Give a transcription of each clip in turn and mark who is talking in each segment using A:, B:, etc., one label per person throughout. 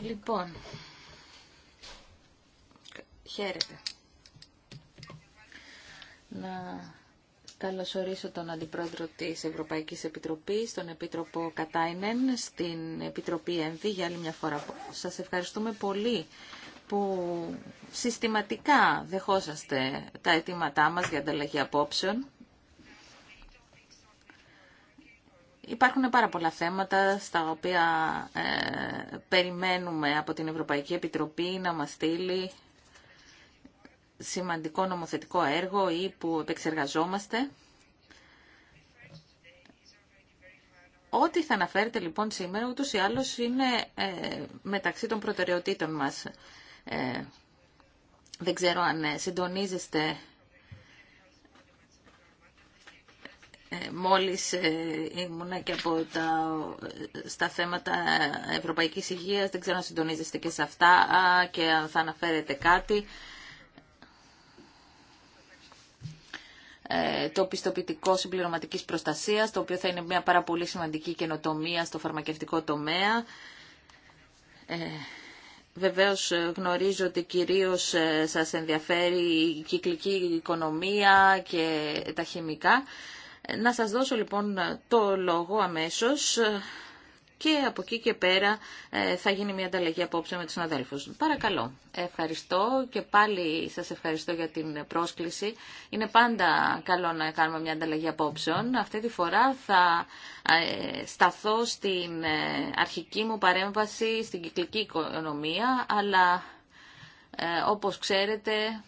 A: Λοιπόν, χαίρετε. Να καλωσορίσω τον Αντιπρόεδρο της Ευρωπαϊκής Επιτροπής, τον Επίτροπο Κατάινεν, στην Επιτροπή ΕΜΒΗ για άλλη μια φορά. Σας ευχαριστούμε πολύ που συστηματικά δεχόσαστε τα αιτήματά μας για ανταλλαγή απόψεων. Υπάρχουν πάρα πολλά θέματα στα οποία ε, περιμένουμε από την Ευρωπαϊκή Επιτροπή να μας στείλει σημαντικό νομοθετικό έργο ή που επεξεργαζόμαστε. Ό,τι θα αναφέρετε λοιπόν σήμερα ούτως ή άλλως είναι ε, μεταξύ των προτεραιοτήτων μας. Ε, δεν ξέρω αν ε, συντονίζεστε Ε, μόλις ε, ήμουνα και από τα, στα θέματα ευρωπαϊκής υγείας, δεν ξέρω αν συντονίζεστε και σε αυτά και αν θα αναφέρετε κάτι. Ε, το πιστοποιητικό συμπληρωματικής προστασίας, το οποίο θα είναι μια πάρα πολύ σημαντική καινοτομία στο φαρμακευτικό τομέα. Βεβαίως γνωρίζω ότι κυρίως σας ενδιαφέρει η κυκλική οικονομία και τα χημικά. Να σας δώσω λοιπόν το λόγο αμέσως και από εκεί και πέρα ε, θα γίνει μια ανταλλαγή απόψε με τους αδέλφους. Παρακαλώ. Ευχαριστώ και πάλι σας ευχαριστώ για την πρόσκληση. Είναι πάντα καλό να κάνουμε μια ανταλλαγή απόψεων. Αυτή τη φορά θα ε, σταθώ στην ε, αρχική μου παρέμβαση στην κυκλική οικονομία, αλλά όπως ξέρετε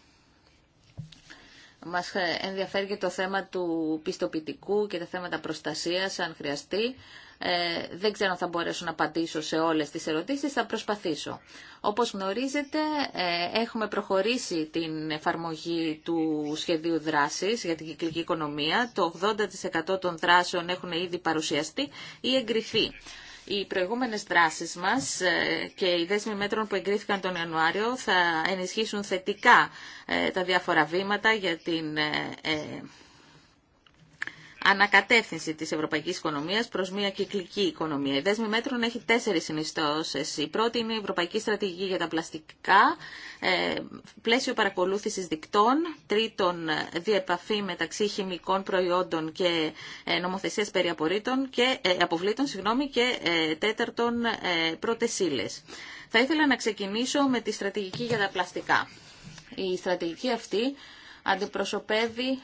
A: μας ενδιαφέρει και το θέμα του πιστοποιητικού και τα θέματα προστασίας, αν χρειαστεί. Ε, δεν ξέρω αν θα μπορέσω να απαντήσω σε όλες τις ερωτήσεις, θα προσπαθήσω. Όπως γνωρίζετε, ε, έχουμε προχωρήσει την εφαρμογή του σχεδίου δράσης για την κυκλική οικονομία. Το 80% των δράσεων έχουν ήδη παρουσιαστεί ή εγκριθεί οι προηγούμενες δράσεις μας ε, και οι δέσμοι μέτρων που εγκρίθηκαν τον Ιανουάριο θα ενισχύσουν θετικά ε, τα διάφορα βήματα για την ε, ανακατεύθυνση της ευρωπαϊκής οικονομίας προς μια κυκλική οικονομία. Η δέσμη μέτρων έχει τέσσερις συνιστώσεις. Η πρώτη είναι η ευρωπαϊκή στρατηγική για τα πλαστικά, ε, πλαίσιο παρακολούθησης δικτών, τρίτον διεπαφή μεταξύ χημικών προϊόντων και ε, νομοθεσίες περί και, ε, αποβλήτων συγγνώμη, και τέταρτον πρώτες ύλες. Θα ήθελα να ξεκινήσω με τη στρατηγική για τα πλαστικά. Η στρατηγική αυτή αντιπροσωπεύει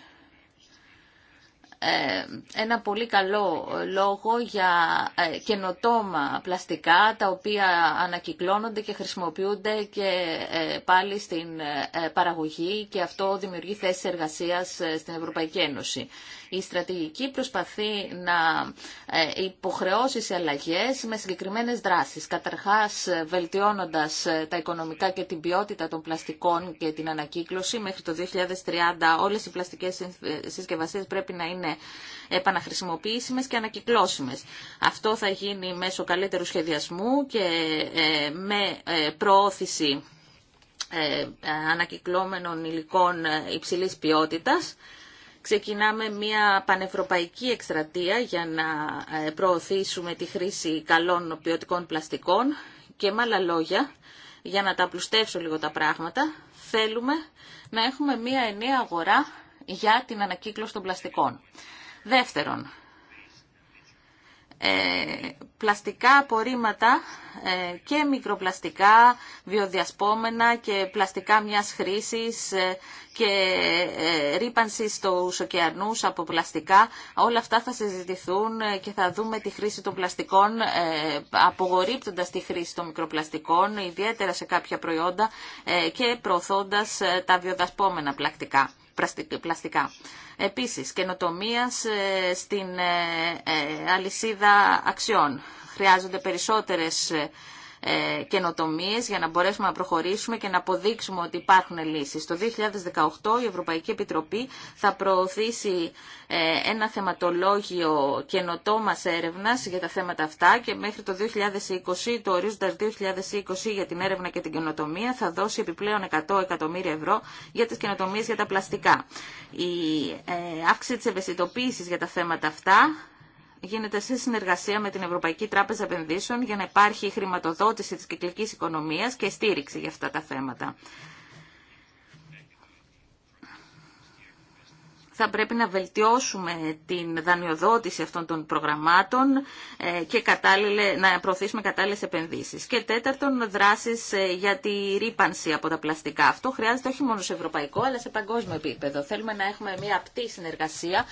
A: ε, ένα πολύ καλό λόγο για ε, καινοτόμα πλαστικά τα οποία ανακυκλώνονται και χρησιμοποιούνται και ε, πάλι στην παραγωγή και αυτό δημιουργεί θέσεις εργασίας στην Ευρωπαϊκή Ένωση. Η στρατηγική προσπαθεί να ε, υποχρεώσει σε αλλαγέ με συγκεκριμένες δράσεις. Καταρχάς, ε, βελτιώνοντας ε, τα οικονομικά και την ποιότητα των πλαστικών και την ανακύκλωση. Μέχρι το 2030 όλες οι πλαστικές συσκευασίες πρέπει να είναι επαναχρησιμοποιήσιμες και ανακυκλώσιμες. Αυτό θα γίνει μέσω καλύτερου σχεδιασμού και με προώθηση ανακυκλώμενων υλικών υψηλής ποιότητας ξεκινάμε μια πανευρωπαϊκή εκστρατεία για να ε, προωθήσουμε τη χρήση καλών ποιοτικών πλαστικών και με άλλα λόγια, για να τα πλουστεύσω λίγο τα πράγματα, θέλουμε να έχουμε μια ενιαία αγορά για την ανακύκλωση των πλαστικών. Δεύτερον, ε, πλαστικά απορρίμματα ε, και μικροπλαστικά, βιοδιασπόμενα και πλαστικά μιας χρήσης ε, και ρήπανση στους ωκεανούς από πλαστικά. Όλα αυτά θα συζητηθούν και θα δούμε τη χρήση των πλαστικών, απογορύπτοντας τη χρήση των μικροπλαστικών, ιδιαίτερα σε κάποια προϊόντα και προωθώντας τα βιοδιασπόμενα πλακτικά πλαστικά. Επίσης, καινοτομία ε, στην ε, ε, αλυσίδα αξιών. Χρειάζονται περισσότερες ε, καινοτομίε για να μπορέσουμε να προχωρήσουμε και να αποδείξουμε ότι υπάρχουν λύσει. Το 2018 η Ευρωπαϊκή Επιτροπή θα προωθήσει ε, ένα θεματολόγιο καινοτόμα έρευνα για τα θέματα αυτά και μέχρι το 2020, το ορίζοντα 2020 για την έρευνα και την καινοτομία θα δώσει επιπλέον 100 εκατομμύρια ευρώ για τι καινοτομίε για τα πλαστικά. Η ε, αύξηση τη ευαισθητοποίηση για τα θέματα αυτά γίνεται σε συνεργασία με την Ευρωπαϊκή Τράπεζα Επενδύσεων για να υπάρχει χρηματοδότηση της κυκλικής οικονομίας και στήριξη για αυτά τα θέματα. θα πρέπει να βελτιώσουμε την δανειοδότηση αυτών των προγραμμάτων ε, και να προωθήσουμε κατάλληλες επενδύσεις. Και τέταρτον, δράσεις ε, για τη ρήπανση από τα πλαστικά. Αυτό χρειάζεται όχι μόνο σε ευρωπαϊκό, αλλά σε παγκόσμιο επίπεδο. Θέλουμε να έχουμε μια απτή συνεργασία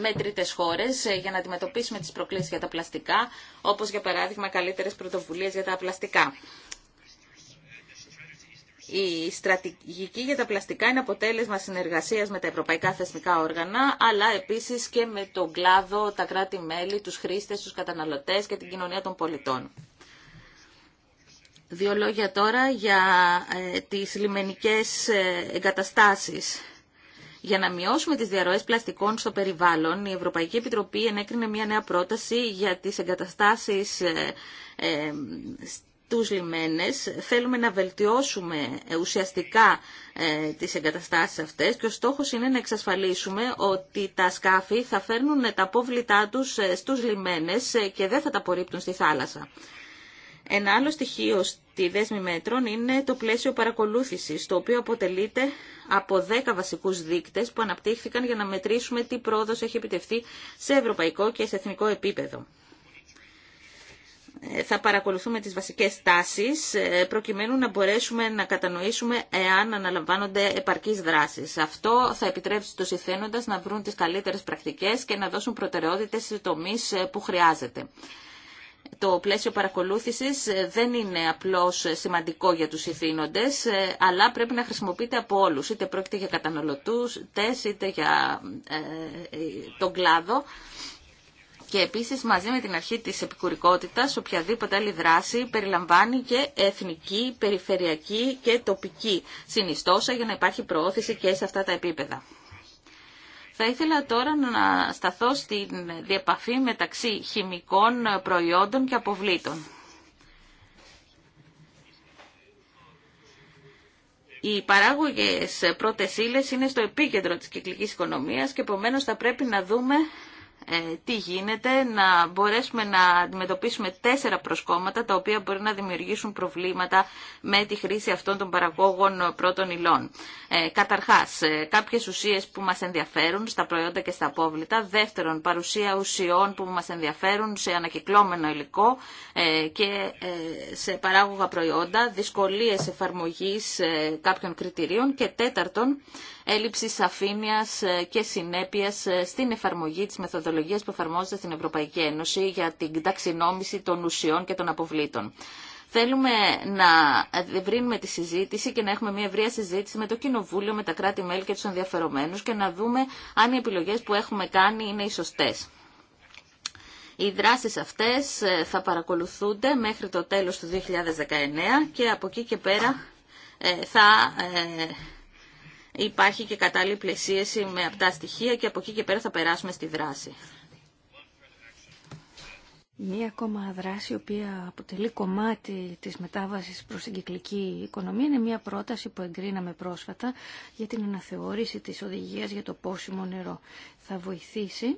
A: με τρίτε χώρες ε, για να αντιμετωπίσουμε τι προκλήσεις για τα πλαστικά, όπως για παράδειγμα καλύτερες πρωτοβουλίες για τα πλαστικά. Η στρατηγική για τα πλαστικά είναι αποτέλεσμα συνεργασίας με τα ευρωπαϊκά θεσμικά όργανα, αλλά επίσης και με τον κλάδο, τα κράτη-μέλη, τους χρήστες, τους καταναλωτές και την κοινωνία των πολιτών. Δύο λόγια τώρα για ε, τις λιμενικές ε, εγκαταστάσεις. Για να μειώσουμε τις διαρροές πλαστικών στο περιβάλλον, η Ευρωπαϊκή Επιτροπή ενέκρινε μια νέα πρόταση για τις εγκαταστάσεις ε, ε, τους λιμένες. Θέλουμε να βελτιώσουμε ε, ουσιαστικά ε, τις εγκαταστάσεις αυτές και ο στόχος είναι να εξασφαλίσουμε ότι τα σκάφη θα φέρνουν τα απόβλητά τους στους λιμένες και δεν θα τα απορρίπτουν στη θάλασσα. Ένα άλλο στοιχείο στη δέσμη μέτρων είναι το πλαίσιο παρακολούθησης, το οποίο αποτελείται από 10 βασικούς δείκτες που αναπτύχθηκαν για να μετρήσουμε τι πρόοδος έχει επιτευχθεί σε ευρωπαϊκό και σε εθνικό επίπεδο ε, θα παρακολουθούμε τις βασικές τάσεις ε, προκειμένου να μπορέσουμε να κατανοήσουμε εάν αναλαμβάνονται επαρκείς δράσεις. Αυτό θα επιτρέψει στους ηθένοντας να βρουν τις καλύτερες πρακτικές και να δώσουν προτεραιότητες σε τομείς ε, που χρειάζεται το πλαίσιο παρακολούθησης ε, δεν είναι απλώς ε, σημαντικό για τους ηθήνοντες, ε, αλλά πρέπει να χρησιμοποιείται από όλους, είτε πρόκειται για καταναλωτούς, είτε για τον κλάδο. Και επίσης μαζί με την αρχή της επικουρικότητας, οποιαδήποτε άλλη δράση περιλαμβάνει και εθνική, περιφερειακή και τοπική συνιστόσα για να υπάρχει προώθηση και σε αυτά τα επίπεδα. Θα ήθελα τώρα να σταθώ στην διαπαφή μεταξύ χημικών προϊόντων και αποβλήτων. Οι παράγωγες πρώτες ύλες είναι στο επίκεντρο της κυκλικής οικονομίας και επομένως θα πρέπει να δούμε ε, τι γίνεται, να μπορέσουμε να αντιμετωπίσουμε τέσσερα προσκόμματα τα οποία μπορεί να δημιουργήσουν προβλήματα με τη χρήση αυτών των παραγόγων πρώτων υλών. Ε, καταρχάς, ε, κάποιες ουσίες που μας ενδιαφέρουν στα προϊόντα και στα απόβλητα. Δεύτερον, παρουσία ουσιών που μας ενδιαφέρουν σε ανακυκλώμενο υλικό ε, και σε παράγωγα προϊόντα. Δυσκολίες εφαρμογής κάποιων κριτηρίων. Και τέταρτον, έλλειψη σαφήνεια ε, και συνέπεια ε, στην εφαρμογή τη μεθοδολογία που εφαρμόζεται στην Ευρωπαϊκή Ένωση για την ταξινόμηση των ουσιών και των αποβλήτων. Θέλουμε να διευρύνουμε τη συζήτηση και να έχουμε μια ευρεία συζήτηση με το Κοινοβούλιο, με τα κράτη-μέλη και του ενδιαφερομένου και να δούμε αν οι επιλογέ που έχουμε κάνει είναι οι σωστέ. Οι δράσεις αυτές ε, θα παρακολουθούνται μέχρι το τέλος του 2019 και από εκεί και πέρα θα υπάρχει και κατάλληλη πλαισίεση με αυτά στοιχεία και από εκεί και πέρα θα περάσουμε στη δράση.
B: Μία ακόμα δράση, η οποία αποτελεί κομμάτι της μετάβασης προς την κυκλική οικονομία, είναι μία πρόταση που εγκρίναμε πρόσφατα για την αναθεώρηση της οδηγίας για το πόσιμο νερό. Θα βοηθήσει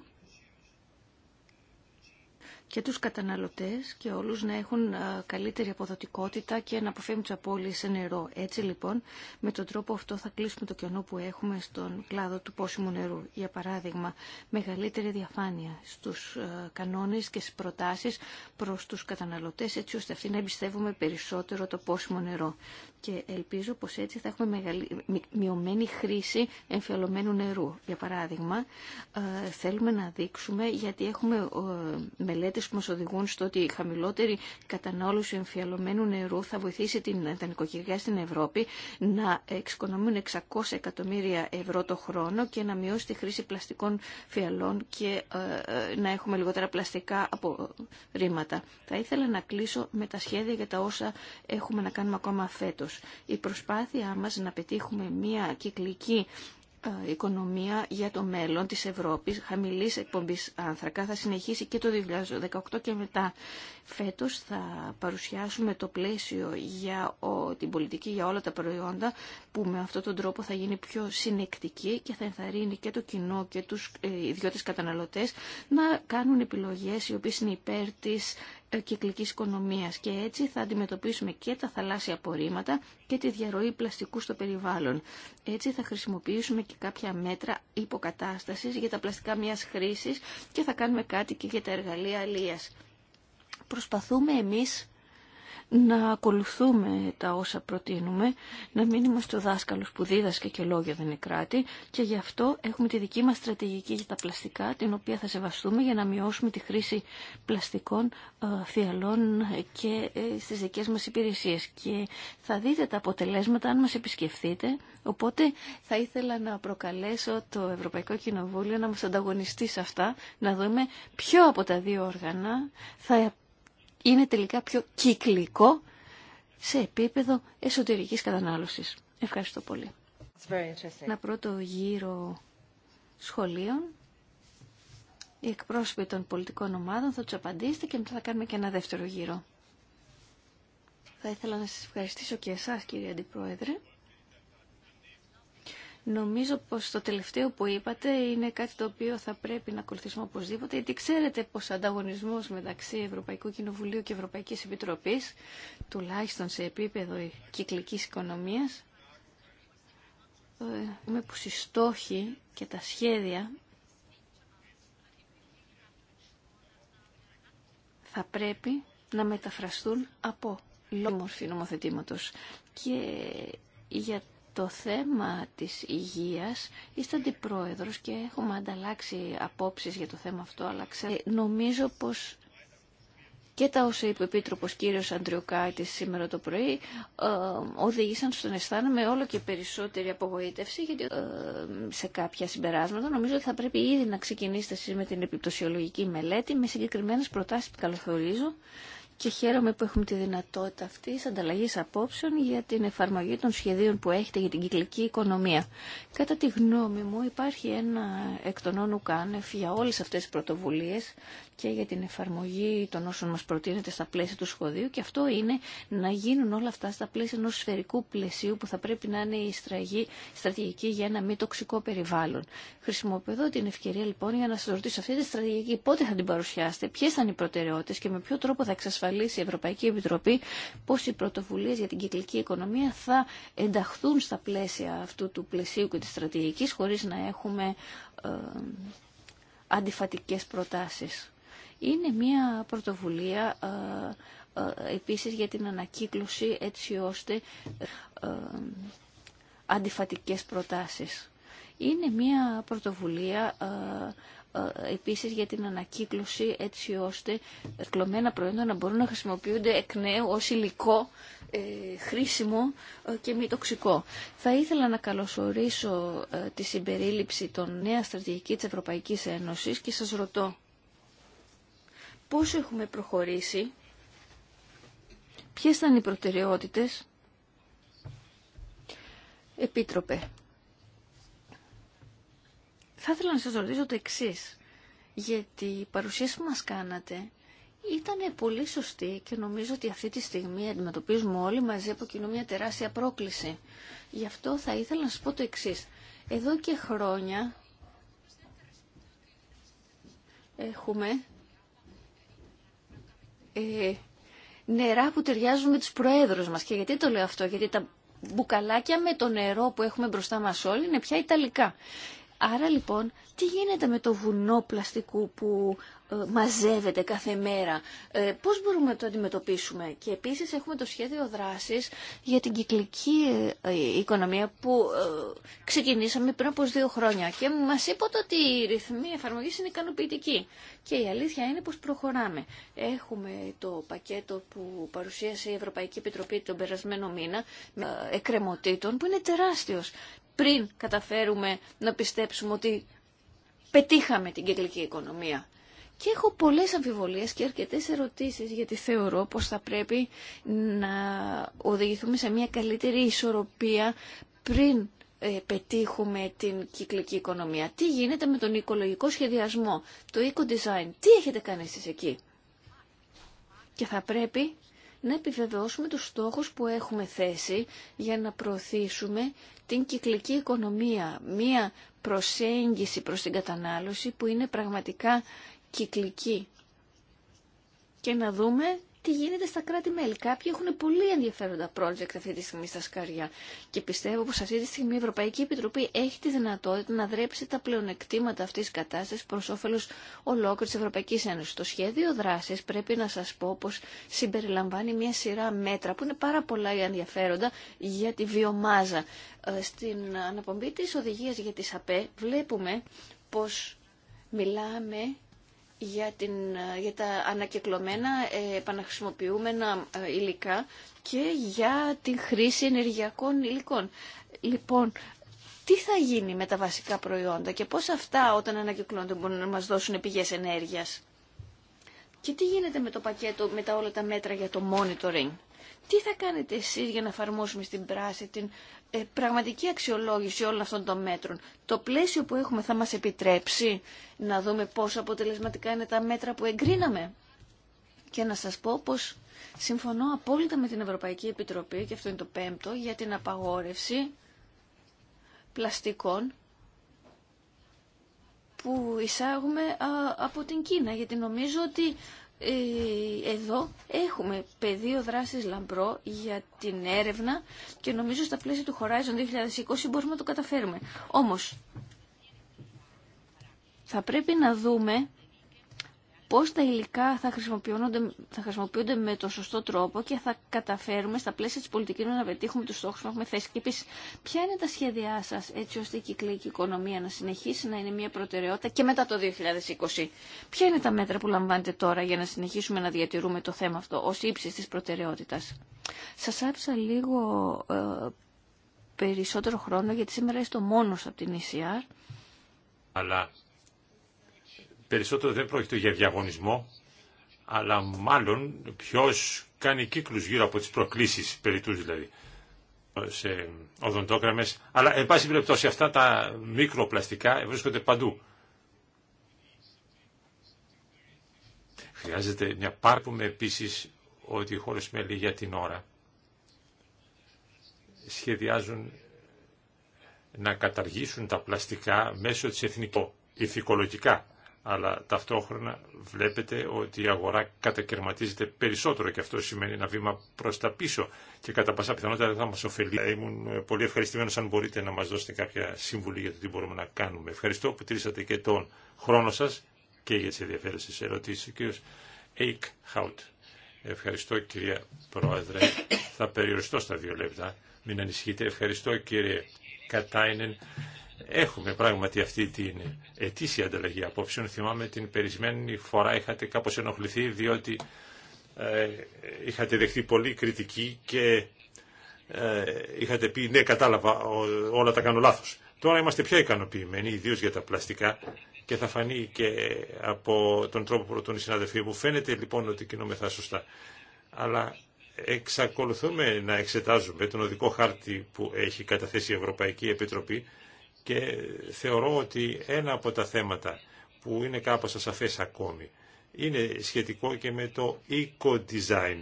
B: και τους καταναλωτές και όλους να έχουν ε, καλύτερη αποδοτικότητα και να αποφεύγουν τις απώλειες σε νερό. Έτσι λοιπόν, με τον τρόπο αυτό θα κλείσουμε το κενό που έχουμε στον κλάδο του πόσιμου νερού. Για παράδειγμα, μεγαλύτερη διαφάνεια στους ε, κανόνες και στις προτάσεις προς τους καταναλωτές, έτσι ώστε αυτοί να εμπιστεύουμε περισσότερο το πόσιμο νερό. Και ελπίζω πως έτσι θα έχουμε μειωμένη χρήση εμφιαλωμένου νερού. Για παράδειγμα, ε, θέλουμε να δείξουμε, γιατί έχουμε μελέτες που μας οδηγούν στο ότι η χαμηλότερη κατανάλωση εμφιαλωμένου νερού θα βοηθήσει την, τα νοικοκυριά στην Ευρώπη να εξοικονομούν 600 εκατομμύρια ευρώ το χρόνο και να μειώσει τη χρήση πλαστικών φιαλών και ε, ε, να έχουμε λιγότερα πλαστικά απορρίμματα. Θα ήθελα να κλείσω με τα σχέδια για τα όσα έχουμε να κάνουμε ακόμα φέτος. Η προσπάθειά μας να πετύχουμε μια κυκλική ε, οικονομία για το μέλλον της Ευρώπης χαμηλής εκπομπής άνθρακα θα συνεχίσει και το 2018 και μετά. Φέτος θα παρουσιάσουμε το πλαίσιο για την πολιτική για όλα τα προϊόντα που με αυτόν τον τρόπο θα γίνει πιο συνεκτική και θα ενθαρρύνει και το κοινό και τους ε, ιδιώτες καταναλωτές να κάνουν επιλογές οι οποίες είναι υπέρ της ε, κυκλικής οικονομίας και έτσι θα αντιμετωπίσουμε και τα θαλάσσια απορρίμματα και τη διαρροή πλαστικού στο περιβάλλον. Έτσι θα χρησιμοποιήσουμε και κάποια μέτρα υποκατάστασης για τα πλαστικά μιας χρήσης και θα κάνουμε κάτι και για τα εργαλεία αλίας. Προσπαθούμε εμείς να ακολουθούμε τα όσα προτείνουμε, να μην είμαστε ο δάσκαλος που δίδασκε και λόγια δεν είναι κράτη και γι' αυτό έχουμε τη δική μας στρατηγική για τα πλαστικά, την οποία θα σεβαστούμε για να μειώσουμε τη χρήση πλαστικών θυαλών ε, και ε, στις δικές μας υπηρεσίες. Και θα δείτε τα αποτελέσματα αν μας επισκεφθείτε, οπότε θα ήθελα να προκαλέσω το Ευρωπαϊκό Κοινοβούλιο να μας ανταγωνιστεί σε αυτά, να δούμε ποιο από τα δύο όργανα θα είναι τελικά πιο κυκλικό σε επίπεδο εσωτερικής κατανάλωσης. Ευχαριστώ πολύ. Ένα πρώτο γύρο σχολείων. Οι εκπρόσωποι των πολιτικών ομάδων θα του απαντήσετε και μετά θα κάνουμε και ένα δεύτερο γύρο. Θα ήθελα να σας ευχαριστήσω και εσάς κύριε Αντιπρόεδρε Νομίζω πως το τελευταίο που είπατε είναι κάτι το οποίο θα πρέπει να ακολουθήσουμε οπωσδήποτε, γιατί ξέρετε πως ο ανταγωνισμός μεταξύ Ευρωπαϊκού Κοινοβουλίου και Ευρωπαϊκής Επιτροπής, τουλάχιστον σε επίπεδο κυκλικής οικονομίας, ε, με πως οι στόχοι και τα σχέδια θα πρέπει να μεταφραστούν από λόγω μορφή νομοθετήματος. Και για το θέμα της υγείας είστε αντιπρόεδρος και έχουμε ανταλλάξει απόψεις για το θέμα αυτό, αλλά ξέρω, ε, νομίζω πως και τα όσα είπε ο Επίτροπος κύριος Αντριοκάητης σήμερα το πρωί ε, οδήγησαν στον αισθάνομαι όλο και περισσότερη απογοήτευση γιατί ε, σε κάποια συμπεράσματα νομίζω ότι θα πρέπει ήδη να ξεκινήσετε εσείς με την επιπτωσιολογική μελέτη με συγκεκριμένες προτάσεις που καλωθορίζω και χαίρομαι που έχουμε τη δυνατότητα αυτή ανταλλαγή απόψεων για την εφαρμογή των σχεδίων που έχετε για την κυκλική οικονομία. Κατά τη γνώμη μου υπάρχει ένα εκ των όνου κάνευ για όλε αυτέ τις πρωτοβουλίε και για την εφαρμογή των όσων μα προτείνεται στα πλαίσια του σχοδίου και αυτό είναι να γίνουν όλα αυτά στα πλαίσια ενό σφαιρικού πλαισίου που θα πρέπει να είναι η στρατηγική για ένα μη τοξικό περιβάλλον. Χρησιμοποιώ την ευκαιρία λοιπόν για να σα ρωτήσω αυτή τη στρατηγική πότε θα την παρουσιάσετε, ποιε θα είναι οι προτεραιότητες και με ποιο τρόπο θα εξασφαλίσετε η Ευρωπαϊκή Επιτροπή πως οι πρωτοβουλίε για την κυκλική οικονομία θα ενταχθούν στα πλαίσια αυτού του πλαισίου και της στρατηγικής χωρίς να έχουμε ε, αντιφατικές προτάσεις. Είναι μια πρωτοβουλία ε, ε επίσης για την ανακύκλωση έτσι ώστε ε, αντιφατικές προτάσεις. Είναι μια πρωτοβουλία ε, ε, επίσης για την ανακύκλωση έτσι ώστε κλωμένα προϊόντα να μπορούν να χρησιμοποιούνται εκ νέου ως υλικό ε, χρήσιμο ε, και μη τοξικό. Θα ήθελα να καλωσορίσω τη συμπερίληψη των νέα στρατηγική της Ευρωπαϊκής Ένωσης και σας ρωτώ πώς έχουμε προχωρήσει, ποιες ήταν οι προτεραιότητες, Επίτροπε, θα ήθελα να σας ρωτήσω το εξή. γιατί η παρουσίαση που μας κάνατε ήταν πολύ σωστή και νομίζω ότι αυτή τη στιγμή αντιμετωπίζουμε όλοι μαζί από κοινού μια τεράστια πρόκληση. Γι' αυτό θα ήθελα να σας πω το εξή. Εδώ και χρόνια έχουμε ε, νερά που ταιριάζουν με τους προέδρους μας. Και γιατί το λέω αυτό, γιατί τα μπουκαλάκια με το νερό που έχουμε μπροστά μας όλοι είναι πια ιταλικά. Άρα λοιπόν, τι γίνεται με το βουνό πλαστικού που ε, μαζεύεται κάθε μέρα, ε, πώς μπορούμε να το αντιμετωπίσουμε. Και επίσης έχουμε το σχέδιο δράσης για την κυκλική ε, οικονομία που ξεκινήσαμε πριν από δύο χρόνια και μας είπατε ότι οι ρυθμοί εφαρμογής είναι ικανοποιητικοί. Και η αλήθεια είναι πως προχωράμε. Έχουμε το πακέτο που παρουσίασε η Ευρωπαϊκή Επιτροπή τον περασμένο μήνα εκκρεμωτήτων που είναι τεράστιος πριν καταφέρουμε να πιστέψουμε ότι πετύχαμε την κυκλική οικονομία. Και έχω πολλές αμφιβολίες και αρκετές ερωτήσεις γιατί θεωρώ πως θα πρέπει να οδηγηθούμε σε μια καλύτερη ισορροπία πριν ε, πετύχουμε την κυκλική οικονομία. Τι γίνεται με τον οικολογικό σχεδιασμό, το eco-design, τι έχετε κάνει εσείς εκεί. Και θα πρέπει να επιβεβαιώσουμε τους στόχους που έχουμε θέσει για να προωθήσουμε την κυκλική οικονομία, μία προσέγγιση προς την κατανάλωση που είναι πραγματικά κυκλική και να δούμε τι γίνεται στα κράτη-μέλη. Κάποιοι έχουν πολύ ενδιαφέροντα project αυτή τη στιγμή στα σκαριά και πιστεύω πω αυτή τη στιγμή η Ευρωπαϊκή Επιτροπή έχει τη δυνατότητα να δρέψει τα πλεονεκτήματα αυτή τη κατάσταση προ όφελο ολόκληρη τη Ευρωπαϊκής Ένωσης. Το σχέδιο δράση πρέπει να σα πω πω συμπεριλαμβάνει μια σειρά μέτρα που είναι πάρα πολλά ενδιαφέροντα για τη βιομάζα. Ε, στην αναπομπή τη οδηγία για τις ΑΠΕ βλέπουμε πω μιλάμε για, την, για τα ανακυκλωμένα ε, επαναχρησιμοποιούμενα ε, υλικά και για την χρήση ενεργειακών υλικών. Λοιπόν, τι θα γίνει με τα βασικά προϊόντα και πώς αυτά όταν ανακυκλώνονται μπορούν να μας δώσουν πηγές ενέργειας. Και τι γίνεται με το πακέτο, με τα όλα τα μέτρα για το monitoring. Τι θα κάνετε εσείς για να εφαρμόσουμε στην πράση την ε, πραγματική αξιολόγηση όλων αυτών των μέτρων. Το πλαίσιο που έχουμε θα μας επιτρέψει να δούμε πόσο αποτελεσματικά είναι τα μέτρα που εγκρίναμε. Και να σας πω πως συμφωνώ απόλυτα με την Ευρωπαϊκή Επιτροπή, και αυτό είναι το πέμπτο, για την απαγόρευση πλαστικών που εισάγουμε από την Κίνα, γιατί νομίζω ότι ε, εδώ έχουμε πεδίο δράσης λαμπρό για την έρευνα και νομίζω στα πλαίσια του Horizon 2020 μπορούμε να το καταφέρουμε. Όμως, θα πρέπει να δούμε πώς τα υλικά θα χρησιμοποιούνται, θα χρησιμοποιούνται με το σωστό τρόπο και θα καταφέρουμε στα πλαίσια της πολιτικής να πετύχουμε τους στόχους που έχουμε θέσει. Και επίσης, ποια είναι τα σχέδιά σας έτσι ώστε η κυκλική οικονομία να συνεχίσει να είναι μια προτεραιότητα και μετά το 2020. Ποια είναι τα μέτρα που λαμβάνετε τώρα για να συνεχίσουμε να διατηρούμε το θέμα αυτό ως ύψης της προτεραιότητας. Σας άφησα λίγο ε, περισσότερο χρόνο γιατί σήμερα είστε μόνο από την ECR.
C: Αλλά περισσότερο δεν πρόκειται για διαγωνισμό, αλλά μάλλον ποιο κάνει κύκλους γύρω από τις προκλήσεις, περί τους δηλαδή, σε οδοντόκραμες. Αλλά, εν πάση περιπτώσει, αυτά τα μικροπλαστικά βρίσκονται παντού. Χρειάζεται μια πάρπουμε επίσης ότι οι χώρες μέλη για την ώρα σχεδιάζουν να καταργήσουν τα πλαστικά μέσω της εθνικό ηθικολογικά αλλά ταυτόχρονα βλέπετε ότι η αγορά κατακαιρματίζεται περισσότερο και αυτό σημαίνει ένα βήμα προς τα πίσω και κατά πάσα πιθανότητα δεν θα μας ωφελεί. Ε, ήμουν ε, πολύ ευχαριστημένος αν μπορείτε να μας δώσετε κάποια σύμβουλη για το τι μπορούμε να κάνουμε. Ευχαριστώ που τηρήσατε και τον χρόνο σας και για τις ενδιαφέρουσες ερωτήσεις. Ο κύριος Ευχαριστώ κυρία Πρόεδρε. θα περιοριστώ στα δύο λεπτά. Μην ανησυχείτε. Ευχαριστώ κύριε Κατάινεν έχουμε πράγματι αυτή την ετήσια ανταλλαγή απόψεων. Θυμάμαι την περισμένη φορά είχατε κάπως ενοχληθεί διότι ε, είχατε δεχτεί πολύ κριτική και ε, είχατε πει ναι κατάλαβα όλα τα κάνω λάθος. Τώρα είμαστε πιο ικανοποιημένοι, ιδίω για τα πλαστικά και θα φανεί και από τον τρόπο που ρωτούν οι συνάδελφοί μου. Φαίνεται λοιπόν ότι κινούμεθα σωστά. Αλλά εξακολουθούμε να εξετάζουμε τον οδικό χάρτη που έχει καταθέσει η Ευρωπαϊκή Επιτροπή και θεωρώ ότι ένα από τα θέματα που είναι κάπως ασαφές ακόμη είναι σχετικό και με το eco-design.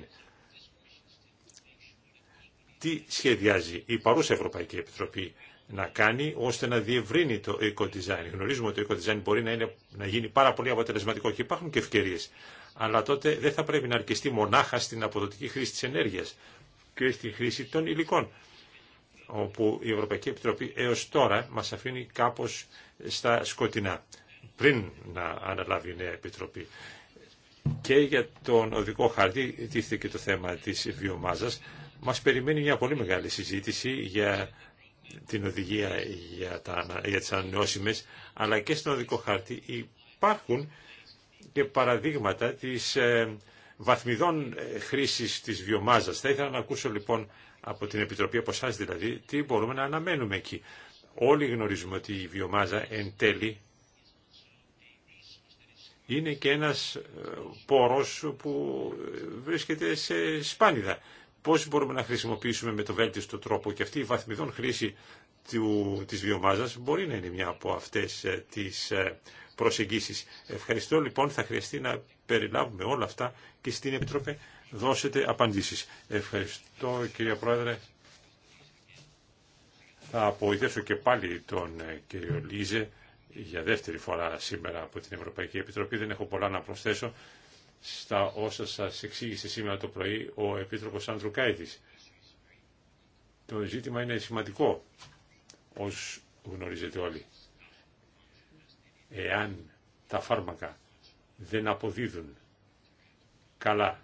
C: Τι σχεδιάζει η παρούσα Ευρωπαϊκή Επιτροπή να κάνει ώστε να διευρύνει το eco-design. Γνωρίζουμε ότι το eco-design μπορεί να, είναι, να γίνει πάρα πολύ αποτελεσματικό και υπάρχουν και ευκαιρίες. Αλλά τότε δεν θα πρέπει να αρκεστεί μονάχα στην αποδοτική χρήση της ενέργειας και στη χρήση των υλικών όπου η Ευρωπαϊκή Επιτροπή έως τώρα μας αφήνει κάπως στα σκοτεινά πριν να αναλάβει η νέα Επιτροπή. Και για τον οδικό χάρτη τίθεται το θέμα της βιομάζας. Μας περιμένει μια πολύ μεγάλη συζήτηση για την οδηγία για, τα, για τις αλλά και στον οδικό χάρτη υπάρχουν και παραδείγματα της ε, βαθμιδών ε, χρήσης της βιομάζας. Θα ήθελα να ακούσω λοιπόν από την Επιτροπή, από εσά δηλαδή, τι μπορούμε να αναμένουμε εκεί. Όλοι γνωρίζουμε ότι η βιομάζα εν τέλει είναι και ένας ε, πόρος που ε, βρίσκεται σε σπάνιδα. Πώς μπορούμε να χρησιμοποιήσουμε με το βέλτιστο τρόπο και αυτή η βαθμιδόν χρήση του, της βιομάζας μπορεί να είναι μια από αυτές ε, τις προσεγγίσεις. Ευχαριστώ λοιπόν, θα χρειαστεί να περιλάβουμε όλα αυτά και στην Επιτροπή δώσετε απαντήσεις. Ευχαριστώ κύριε Πρόεδρε. Θα αποηθέσω και πάλι τον ε, κύριο Λίζε για δεύτερη φορά σήμερα από την Ευρωπαϊκή Επιτροπή. Δεν έχω πολλά να προσθέσω στα όσα σας εξήγησε σήμερα το πρωί ο Επίτροπος Κάιδης Το ζήτημα είναι σημαντικό, ως γνωρίζετε όλοι. Εάν τα φάρμακα δεν αποδίδουν καλά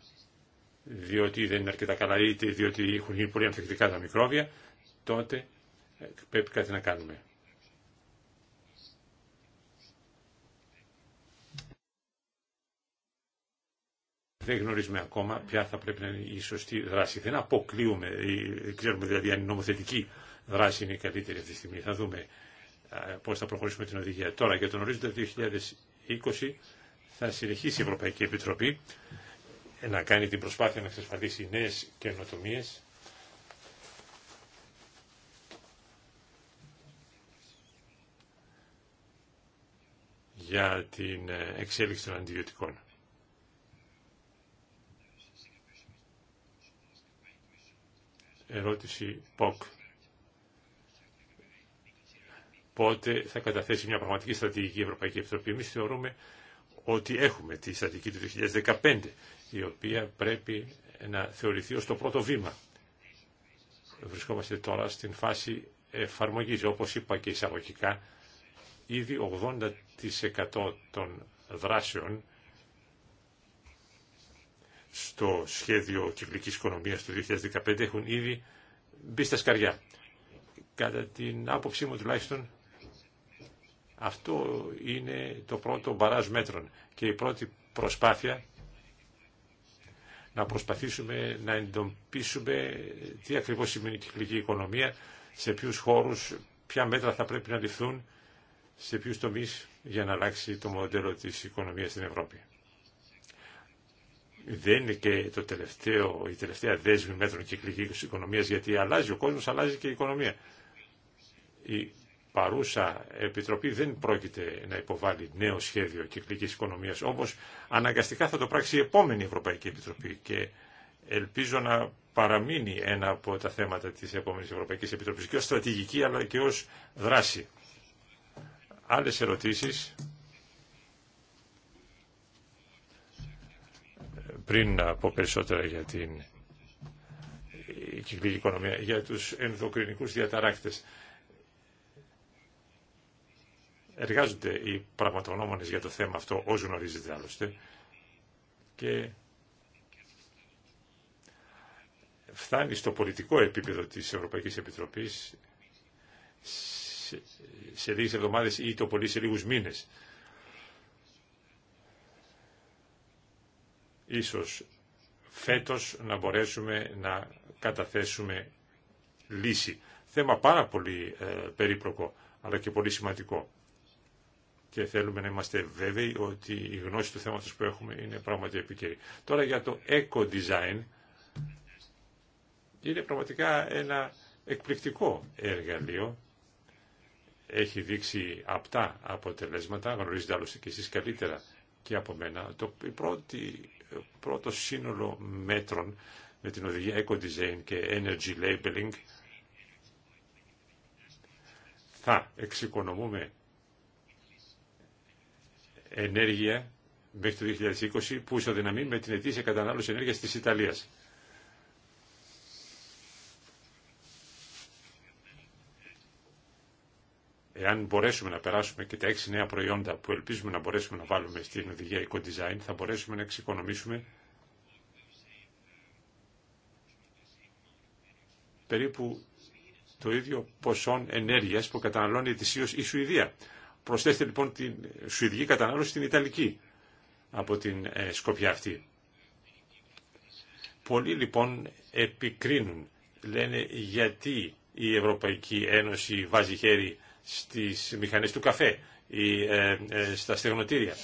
C: διότι δεν είναι αρκετά καλά είτε διότι έχουν γίνει πολύ ανθεκτικά τα μικρόβια, τότε ε, πρέπει κάτι να κάνουμε. Δεν γνωρίζουμε ακόμα ποια θα πρέπει να είναι η σωστή δράση. Δεν αποκλείουμε, ξέρουμε δηλαδή αν η νομοθετική δράση είναι η καλύτερη αυτή τη στιγμή. Θα δούμε ε, πώς θα προχωρήσουμε την οδηγία. Τώρα για τον ορίζοντα 2020 θα συνεχίσει η Ευρωπαϊκή Επιτροπή να κάνει την προσπάθεια να εξασφαλίσει νέε καινοτομίε για την ε, εξέλιξη των αντιβιωτικών. Ερώτηση ΠΟΚ. Πότε θα καταθέσει μια πραγματική στρατηγική Ευρωπαϊκή Επιτροπή. Εμεί θεωρούμε ότι έχουμε τη στρατηγική του 2015 η οποία πρέπει να θεωρηθεί ως το πρώτο βήμα. Βρισκόμαστε τώρα στην φάση εφαρμογής. Όπως είπα και εισαγωγικά, ήδη 80% των δράσεων στο σχέδιο κυκλικής οικονομίας του 2015 έχουν ήδη μπει στα σκαριά. Κατά την άποψή μου τουλάχιστον, αυτό είναι το πρώτο μπαράζ μέτρων και η πρώτη προσπάθεια να προσπαθήσουμε να εντοπίσουμε τι ακριβώς σημαίνει η κυκλική οικονομία, σε ποιους χώρους, ποια μέτρα θα πρέπει να ληφθούν, σε ποιους τομείς για να αλλάξει το μοντέλο της οικονομίας στην Ευρώπη. Δεν είναι και το τελευταίο, η τελευταία δέσμη μέτρων κυκλικής οικονομίας, γιατί αλλάζει ο κόσμος, αλλάζει και η οικονομία παρούσα Επιτροπή δεν πρόκειται να υποβάλει νέο σχέδιο κυκλικής οικονομίας, όμως αναγκαστικά θα το πράξει η επόμενη Ευρωπαϊκή Επιτροπή και ελπίζω να παραμείνει ένα από τα θέματα της επόμενης Ευρωπαϊκής Επιτροπής και ως στρατηγική αλλά και ως δράση. Άλλες ερωτήσεις πριν να πω περισσότερα για την κυκλική οικονομία, για τους ενδοκρινικούς διαταράκτες. Εργάζονται οι πραγματογνώμονες για το θέμα αυτό, ως γνωρίζετε άλλωστε, και φτάνει στο πολιτικό επίπεδο της Ευρωπαϊκής Επιτροπής σε, σε λίγες εβδομάδες ή το πολύ σε λίγους μήνες. Ίσως φέτος να μπορέσουμε να καταθέσουμε λύση. Θέμα πάρα πολύ ε, περίπλοκο, αλλά και πολύ σημαντικό και θέλουμε να είμαστε βέβαιοι ότι η γνώση του θέματος που έχουμε είναι πράγματι επίκαιρη. Τώρα για το eco-design είναι πραγματικά ένα εκπληκτικό εργαλείο. Έχει δείξει απτά αποτελέσματα, γνωρίζετε άλλωστε και εσείς καλύτερα και από μένα. Το πρώτο σύνολο μέτρων με την οδηγία eco-design και energy labeling θα εξοικονομούμε ενέργεια μέχρι το 2020 που ισοδυναμεί με την ετήσια κατανάλωση ενέργειας της Ιταλίας. Εάν μπορέσουμε να περάσουμε και τα έξι νέα προϊόντα που ελπίζουμε να μπορέσουμε να βάλουμε στην οδηγία Eco Design, θα μπορέσουμε να εξοικονομήσουμε περίπου το ίδιο ποσό ενέργειας που καταναλώνει ετησίως η Σουηδία. Προσθέστε λοιπόν την σουηδική κατανάλωση στην ιταλική από την ε, σκοπιά αυτή. Πολλοί λοιπόν επικρίνουν, λένε γιατί η Ευρωπαϊκή Ένωση βάζει χέρι στις μηχανές του καφέ ή ε, ε, στα στεγνοτήρια.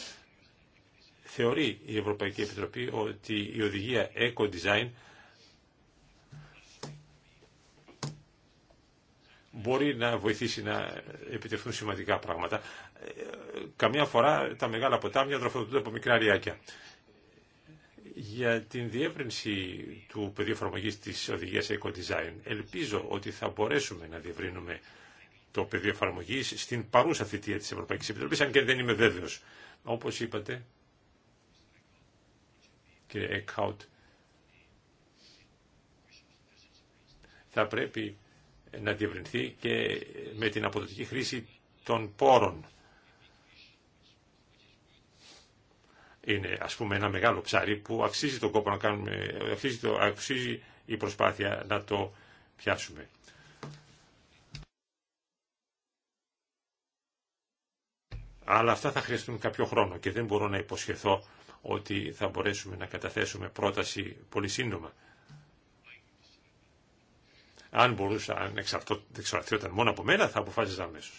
C: Θεωρεί η Ευρωπαϊκή Επιτροπή ότι η οδηγία Eco Design μπορεί να βοηθήσει να επιτευχθούν σημαντικά πράγματα. Ε, καμιά φορά τα μεγάλα ποτάμια τροφοδοτούνται από μικρά ριάκια. Για την διεύρυνση του πεδίου εφαρμογή τη οδηγία Eco Design, ελπίζω ότι θα μπορέσουμε να διευρύνουμε το πεδίο εφαρμογή στην παρούσα θητεία τη Ευρωπαϊκή Επιτροπή, αν και δεν είμαι βέβαιο. Όπω είπατε, κύριε Eckhout, θα πρέπει να διευρυνθεί και με την αποδοτική χρήση των πόρων. Είναι ας πούμε ένα μεγάλο ψάρι που αξίζει τον κόπο να κάνουμε, αξίζει, το, αξίζει η προσπάθεια να το πιάσουμε. Αλλά αυτά θα χρειαστούν κάποιο χρόνο και δεν μπορώ να υποσχεθώ ότι θα μπορέσουμε να καταθέσουμε πρόταση πολύ σύντομα. Αν μπορούσα, αν εξαρτιόταν μόνο από μένα, θα αποφάσιζα αμέσω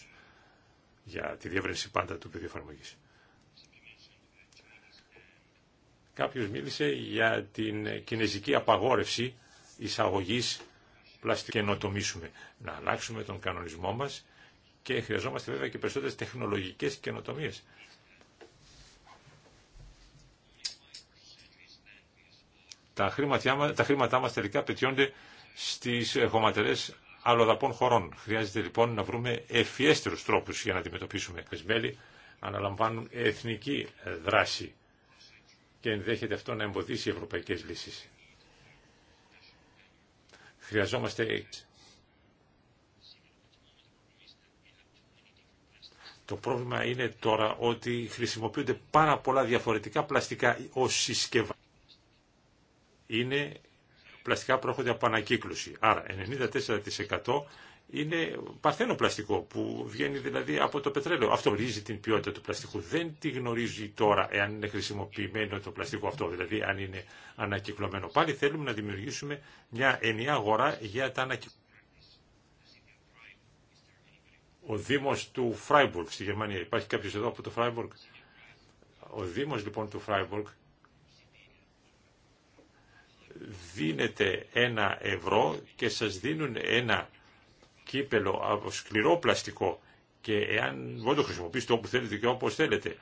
C: για τη διεύρυνση πάντα του πεδίου εφαρμογή. Κάποιο μίλησε για την κινέζικη απαγόρευση εισαγωγή πλαστικού. καινοτομίσουμε Να αλλάξουμε τον κανονισμό μα και χρειαζόμαστε βέβαια και περισσότερε τεχνολογικέ καινοτομίε. Τα χρήματά, μας, τελικά πετιώνται στις ε, χωματέρε αλλοδαπών χωρών. Χρειάζεται λοιπόν να βρούμε ευφιέστερου τρόπους για να αντιμετωπίσουμε. Οι μέλη αναλαμβάνουν εθνική δράση και ενδέχεται αυτό να εμποδίσει ευρωπαϊκές λύσεις. Χρειαζόμαστε Το πρόβλημα είναι τώρα ότι χρησιμοποιούνται πάρα πολλά διαφορετικά πλαστικά ως συσκευά. Είναι πλαστικά προέρχονται από ανακύκλωση. Άρα 94% είναι παρθένο πλαστικό που βγαίνει δηλαδή από το πετρέλαιο. Αυτό ορίζει την ποιότητα του πλαστικού. Δεν τη γνωρίζει τώρα εάν είναι χρησιμοποιημένο το πλαστικό αυτό, δηλαδή αν είναι ανακυκλωμένο. Πάλι θέλουμε να δημιουργήσουμε μια ενιαία αγορά για τα ανακυκλωμένα. Ο δήμο του Φράιμπουργκ στη Γερμανία, υπάρχει κάποιο εδώ από το Φράιμπουργκ. Ο δήμο λοιπόν του Φράιμπουργκ δίνετε ένα ευρώ και σας δίνουν ένα κύπελο από σκληρό πλαστικό και εάν μπορείτε το χρησιμοποιήσετε όπου θέλετε και όπως θέλετε.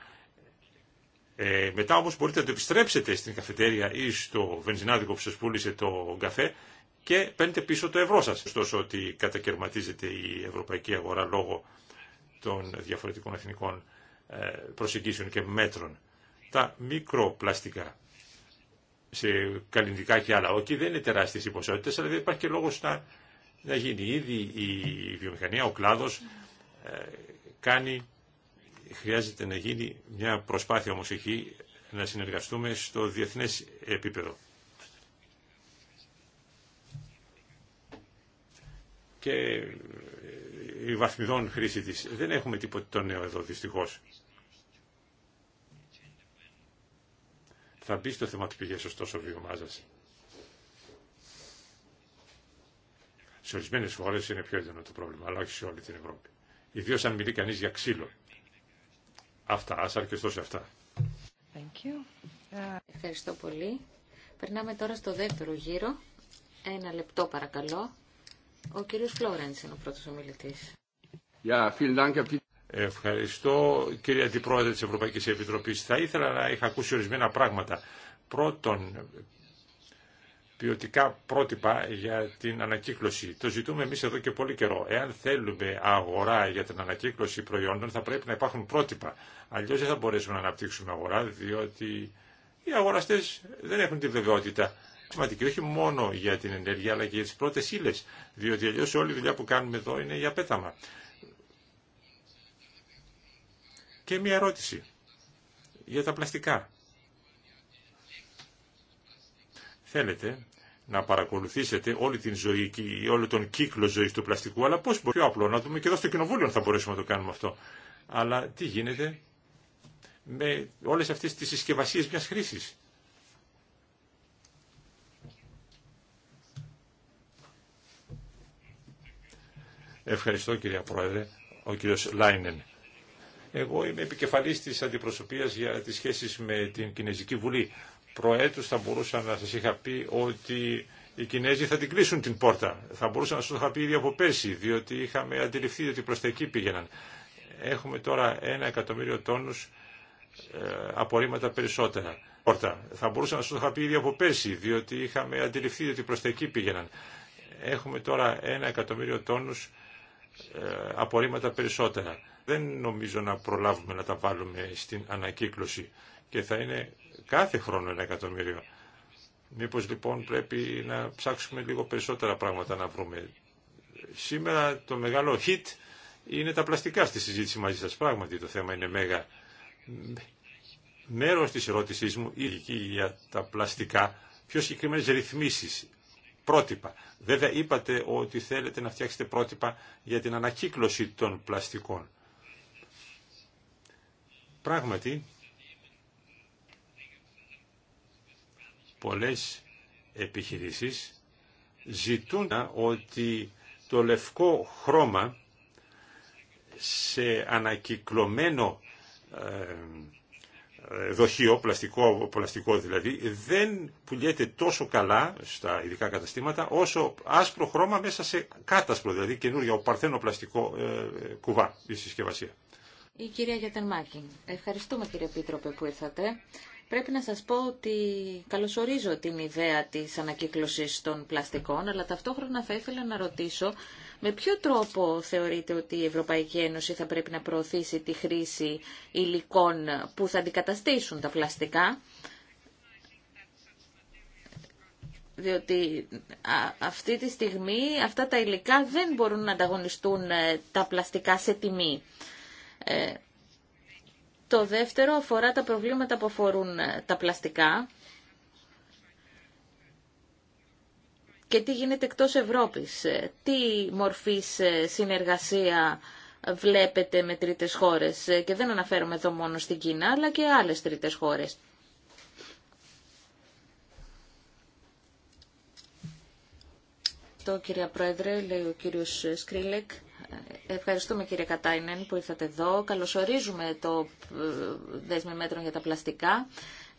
C: Ε, μετά όμως μπορείτε να το επιστρέψετε στην καφετέρια ή στο βενζινάδικο που σας πούλησε το καφέ και παίρνετε πίσω το ευρώ σας. Ωστόσο ότι κατακαιρματίζεται η ευρωπαϊκή αγορά λόγω των διαφορετικών εθνικών ε, προσεγγίσεων και μέτρων. Τα μικροπλαστικά σε καλλιντικά και άλλα. Όχι, δεν είναι τεράστιε οι ποσότητε, αλλά δεν υπάρχει και λόγος να, να γίνει. Ήδη η βιομηχανία, ο κλάδος ε, κάνει, χρειάζεται να γίνει μια προσπάθεια όμως εκεί να συνεργαστούμε στο διεθνές επίπεδο. Και ε, η βαθμιδόν χρήση της. Δεν έχουμε τίποτα το νέο εδώ δυστυχώς. θα μπει στο θέμα του πηγές ωστόσο βιομάζας. Σε ορισμένες χώρες είναι πιο έντονο το πρόβλημα, αλλά όχι σε όλη την Ευρώπη. Ιδίως αν μιλεί κανείς για ξύλο. Αυτά, ας αρκεστώ σε αυτά. Ε,
A: ευχαριστώ πολύ. Περνάμε τώρα στο δεύτερο γύρο. Ένα λεπτό παρακαλώ. Ο κύριος Φλόρενς είναι ο πρώτος ομιλητής.
C: Yeah, Ευχαριστώ κύριε Αντιπρόεδρε της Ευρωπαϊκής Επιτροπής. Θα ήθελα να είχα ακούσει ορισμένα πράγματα. Πρώτον, ποιοτικά πρότυπα για την ανακύκλωση. Το ζητούμε εμείς εδώ και πολύ καιρό. Εάν θέλουμε αγορά για την ανακύκλωση προϊόντων θα πρέπει να υπάρχουν πρότυπα. Αλλιώς δεν θα μπορέσουμε να αναπτύξουμε αγορά διότι οι αγοραστές δεν έχουν τη βεβαιότητα. Σημαντική όχι μόνο για την ενέργεια αλλά και για τις πρώτες ύλες. Διότι αλλιώς όλη η δουλειά που κάνουμε εδώ είναι για πέταμα. Και μια ερώτηση για τα πλαστικά. Θέλετε να παρακολουθήσετε όλη την ζωή και όλο τον κύκλο ζωής του πλαστικού, αλλά πώς μπορεί πιο απλό να δούμε και εδώ στο κοινοβούλιο θα μπορέσουμε να το κάνουμε αυτό. Αλλά τι γίνεται με όλες αυτές τις συσκευασίε μιας χρήσης. Ευχαριστώ κυρία Πρόεδρε, ο κύριος Λάινεν. Εγώ είμαι επικεφαλή τη αντιπροσωπεία για τι σχέσει με την Κινέζικη Βουλή. Προέτου θα μπορούσα να σα είχα πει ότι οι Κινέζοι θα την κλείσουν την πόρτα. Θα μπορούσα να σας είχα πει ήδη από πέρσι, διότι είχαμε αντιληφθεί ότι προ τα εκεί πήγαιναν. Έχουμε τώρα ένα εκατομμύριο τόνους ε, απορρίμματα περισσότερα. Πόρτα. Θα μπορούσα να σας είχα πει ήδη από πέρσι, διότι είχαμε αντιληφθεί ότι προ τα εκεί πήγαιναν. Έχουμε τώρα ένα εκατομμύριο τόνου ε, απορρίμματα περισσότερα δεν νομίζω να προλάβουμε να τα βάλουμε στην ανακύκλωση και θα είναι κάθε χρόνο ένα εκατομμύριο. Μήπως λοιπόν πρέπει να ψάξουμε λίγο περισσότερα πράγματα να βρούμε. Σήμερα το μεγάλο hit είναι τα πλαστικά στη συζήτηση μαζί σας. Πράγματι το θέμα είναι μέγα. Μέρος της ερώτησής μου είναι για τα πλαστικά πιο συγκεκριμένε ρυθμίσεις, πρότυπα. Βέβαια είπατε ότι θέλετε να φτιάξετε πρότυπα για την ανακύκλωση των πλαστικών. Πράγματι, πολλές επιχειρήσεις ζητούν ότι το λευκό χρώμα σε ανακυκλωμένο ε, δοχείο, πλαστικό, πλαστικό δηλαδή, δεν πουλιέται τόσο καλά στα ειδικά καταστήματα όσο άσπρο χρώμα μέσα σε κάτασπρο, δηλαδή καινούργια, ο παρθένο πλαστικό ε, ε, κουβά η συσκευασία.
A: Η κυρία Γιατερμάκη. Ευχαριστούμε κύριε πίτροπε που ήρθατε. Πρέπει να σας πω ότι καλωσορίζω την ιδέα της ανακύκλωσης των πλαστικών, αλλά ταυτόχρονα θα ήθελα να ρωτήσω με ποιο τρόπο θεωρείτε ότι η Ευρωπαϊκή Ένωση θα πρέπει να προωθήσει τη χρήση υλικών που θα αντικαταστήσουν τα πλαστικά, διότι αυτή τη στιγμή αυτά τα υλικά δεν μπορούν να ανταγωνιστούν ε, τα πλαστικά σε τιμή. Ε, το δεύτερο αφορά τα προβλήματα που αφορούν ε, τα πλαστικά και τι γίνεται εκτός Ευρώπης. Ε, τι μορφής συνεργασία βλέπετε με τρίτες χώρες και δεν αναφέρομαι εδώ μόνο στην Κίνα αλλά και άλλες τρίτες χώρες. Το κυρία Πρόεδρε, λέει ο κύριος Σκρίλεκ. Ευχαριστούμε κύριε Κατάινεν που ήρθατε εδώ. Καλωσορίζουμε το ε, δέσμι μέτρων για τα πλαστικά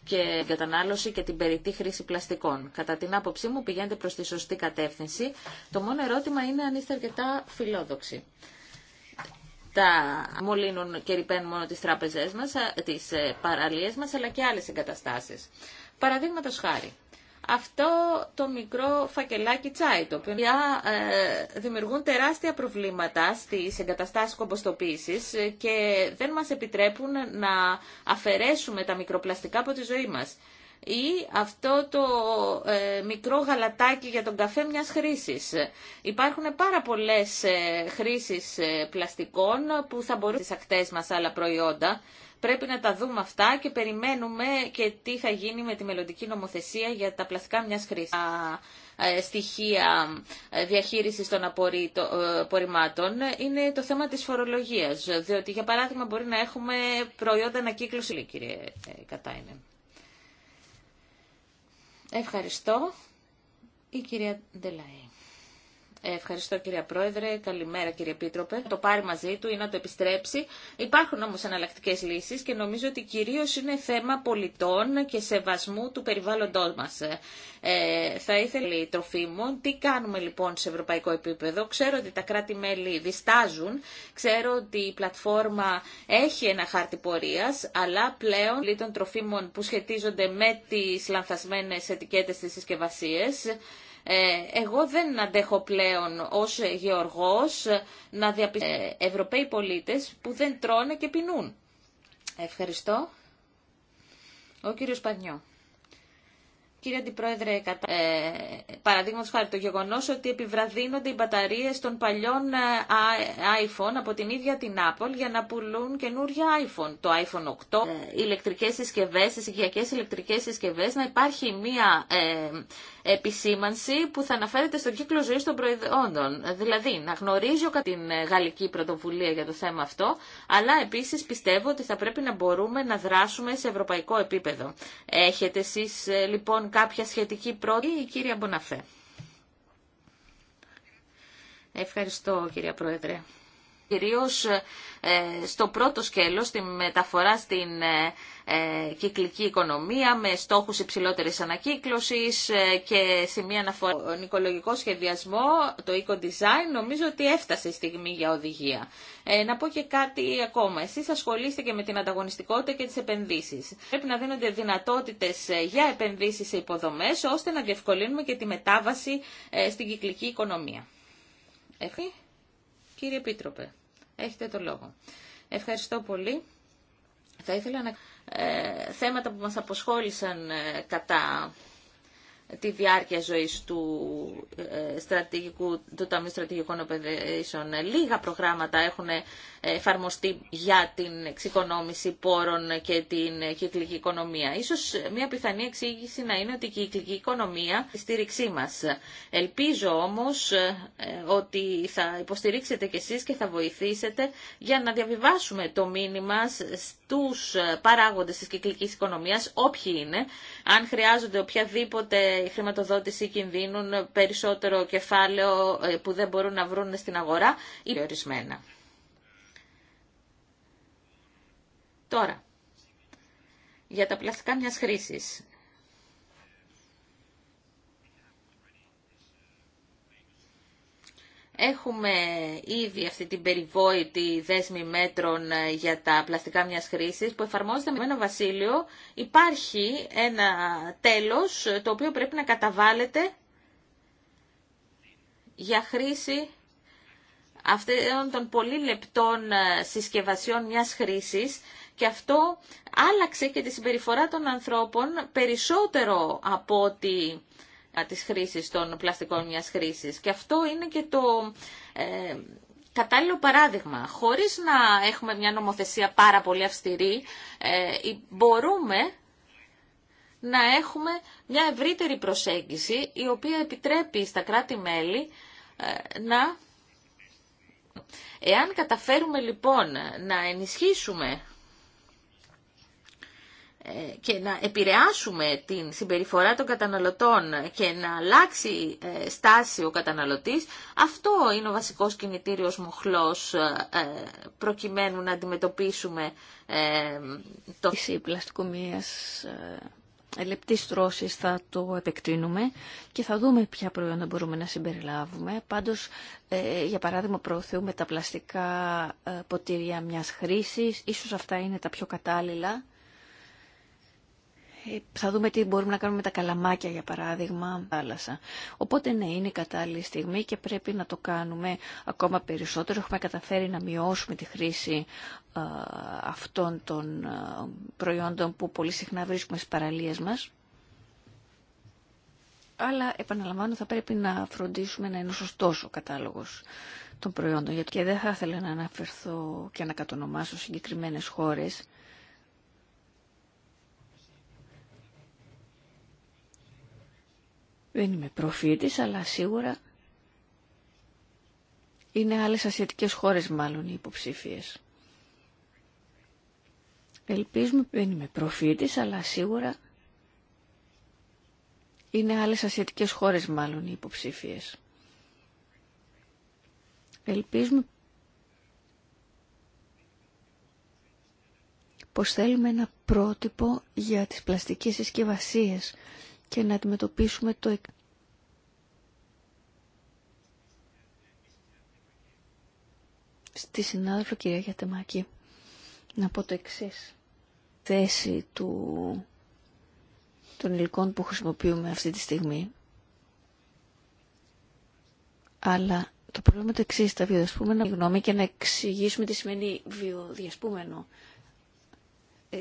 A: και την κατανάλωση και την περιττή χρήση πλαστικών. Κατά την άποψή μου πηγαίνετε προς τη σωστή κατεύθυνση. Το μόνο ερώτημα είναι αν είστε αρκετά φιλόδοξοι. Τα μολύνουν και ρηπαίνουν μόνο τις τράπεζές μας, ε, τις ε, παραλίες μας, αλλά και άλλες εγκαταστάσεις. Παραδείγματος χάρη, αυτό το μικρό φακελάκι τσάι, το οποίο ε, δημιουργούν τεράστια προβλήματα στις εγκαταστάσεις κομποστοποίησης και δεν μας επιτρέπουν να αφαιρέσουμε τα μικροπλαστικά από τη ζωή μας. Ή αυτό το ε, μικρό γαλατάκι για τον καφέ μιας χρήσης. Υπάρχουν πάρα πολλές ε, χρήσεις ε, πλαστικών που θα μπορούν στις ακτές μας άλλα προϊόντα. Πρέπει να τα δούμε αυτά και περιμένουμε και τι θα γίνει με τη μελλοντική νομοθεσία για τα πλαστικά μιας χρήσης. Ε, στοιχεία ε, διαχείρισης των ε, απορριμμάτων είναι το θέμα της φορολογίας. Διότι, για παράδειγμα, μπορεί να έχουμε προϊόντα ανακύκλωση, κύριε Κατάινε. Ευχαριστώ. Η κυρία Ντελαή. Ευχαριστώ κυρία Πρόεδρε, καλημέρα κύριε Επίτροπε. Το πάρει μαζί του ή να το επιστρέψει. Υπάρχουν όμως εναλλακτικέ λύσεις και νομίζω ότι κυρίως είναι θέμα πολιτών και σεβασμού του περιβάλλοντός μας. Ε, θα ήθελε η τροφή μου. Τι κάνουμε λοιπόν σε ευρωπαϊκό επίπεδο. Ξέρω ότι τα κράτη-μέλη διστάζουν. Ξέρω ότι η πλατφόρμα έχει ένα χάρτη πορεία, αλλά πλέον των τροφίμων που σχετίζονται με τις λανθασμένε ετικέτε τη συσκευασίε. Ε, εγώ δεν αντέχω πλέον ως γεωργός να διαπιστεύω Ευρωπαίοι πολίτες που δεν τρώνε και πεινούν. Ευχαριστώ. Ο κύριος Πανιό. Κύριε Αντιπρόεδρε, κατά... ε, παραδείγματος χάρη το γεγονός ότι επιβραδύνονται οι μπαταρίες των παλιών ε, iPhone από την ίδια την Apple για να πουλούν καινούργια iPhone. Το iPhone 8, ε, ηλεκτρικές συσκευές, οικιακές ηλεκτρικές συσκευές, να υπάρχει μία ε, επισήμανση που θα αναφέρεται στον κύκλο ζωής των προϊόντων. Δηλαδή, να γνωρίζει ο την ε, γαλλική πρωτοβουλία για το θέμα αυτό, αλλά επίσης πιστεύω ότι θα πρέπει να μπορούμε να δράσουμε σε ευρωπαϊκό επίπεδο. Έχετε εσείς ε, λοιπόν κάποια σχετική πρώτη η κυρία Μποναφέ. Ευχαριστώ κυρία Πρόεδρε κυρίως ε, στο πρώτο σκέλος, τη μεταφορά στην ε, ε, κυκλική οικονομία με στόχους υψηλότερης ανακύκλωσης και σημεία αναφορά στον οικολογικό σχεδιασμό, το eco-design, νομίζω ότι έφτασε η στιγμή για οδηγία. Ε, να πω και κάτι ακόμα. Εσείς ασχολείστε και με την ανταγωνιστικότητα και τις επενδύσεις. Πρέπει να δίνονται δυνατότητες για επενδύσεις σε υποδομές, ώστε να διευκολύνουμε και τη μετάβαση στην κυκλική οικονομία. Κύριε Επίτροπε, έχετε το λόγο. Ευχαριστώ πολύ. Θα ήθελα να... Ε, θέματα που μας αποσχόλησαν ε, κατά τη διάρκεια ζωής του, ε, στρατηγικού, του Ταμείου Στρατηγικών Επενδύσεων. Λίγα προγράμματα έχουν ε, εφαρμοστεί για την εξοικονόμηση πόρων και την κυκλική οικονομία. Ίσως μια πιθανή εξήγηση να είναι ότι η κυκλική οικονομία στη στήριξή μας. Ελπίζω όμως ε, ότι θα υποστηρίξετε κι εσείς και θα βοηθήσετε για να διαβιβάσουμε το μήνυμα του ε, παράγοντε τη κυκλικής οικονομία, όποιοι είναι, αν χρειάζονται οποιαδήποτε χρηματοδότηση κινδύνουν περισσότερο κεφάλαιο ε, που δεν μπορούν να βρουν στην αγορά ή ορισμένα. Τώρα, για τα πλαστικά μιας χρήσης. Έχουμε ήδη αυτή την περιβόητη δέσμη μέτρων ε, για τα πλαστικά μιας χρήσης που εφαρμόζεται με ένα βασίλειο. Υπάρχει ένα τέλος ε, το οποίο πρέπει να καταβάλλεται για χρήση αυτών των πολύ λεπτών ε, συσκευασιών μιας χρήσης και αυτό άλλαξε και τη συμπεριφορά των ανθρώπων περισσότερο από ότι της χρήσης των πλαστικών μιας χρήσης. Και αυτό είναι και το ε, κατάλληλο παράδειγμα. Χωρίς να έχουμε μια νομοθεσία πάρα πολύ αυστηρή, ε, μπορούμε να έχουμε μια ευρύτερη προσέγγιση η οποία επιτρέπει στα κράτη-μέλη ε, να... Εάν καταφέρουμε λοιπόν να ενισχύσουμε και να επηρεάσουμε την συμπεριφορά των καταναλωτών και να αλλάξει ε, στάση ο καταναλωτής, αυτό είναι ο βασικός κινητήριος μοχλός ε, προκειμένου να αντιμετωπίσουμε ε, το... Η πλαστικομίας
B: λεπτής τρώσης θα το επεκτείνουμε και θα δούμε ποια προϊόντα μπορούμε να συμπεριλάβουμε. Πάντως, για παράδειγμα, προωθούμε τα πλαστικά ποτήρια μιας χρήσης. Ίσως αυτά είναι τα πιο κατάλληλα θα δούμε τι μπορούμε να κάνουμε με τα καλαμάκια, για παράδειγμα, θάλασσα. Οπότε, ναι, είναι η κατάλληλη στιγμή και πρέπει να το κάνουμε ακόμα περισσότερο. Έχουμε καταφέρει να μειώσουμε τη χρήση αυτών των προϊόντων που πολύ συχνά βρίσκουμε στις παραλίες μας. Αλλά, επαναλαμβάνω, θα πρέπει να φροντίσουμε να είναι σωστός ο κατάλογος των προϊόντων. Γιατί και δεν θα ήθελα να αναφερθώ και να κατονομάσω συγκεκριμένες χώρες Δεν είμαι προφήτης, αλλά σίγουρα είναι άλλες ασιατικές χώρες μάλλον οι υποψήφιες. Ελπίζουμε, δεν είμαι προφήτης, αλλά σίγουρα είναι άλλες ασιατικές χώρες μάλλον οι υποψήφιες. Ελπίζουμε πως θέλουμε ένα πρότυπο για τις πλαστικές συσκευασίες και να αντιμετωπίσουμε το εκ... Στη συνάδελφο κυρία Γιατεμάκη να πω το εξή. Θέση του... των υλικών που χρησιμοποιούμε αυτή τη στιγμή. Αλλά το πρόβλημα το εξή. Τα βιοδιασπούμενα γνώμη και να εξηγήσουμε τι σημαίνει βιοδιασπούμενο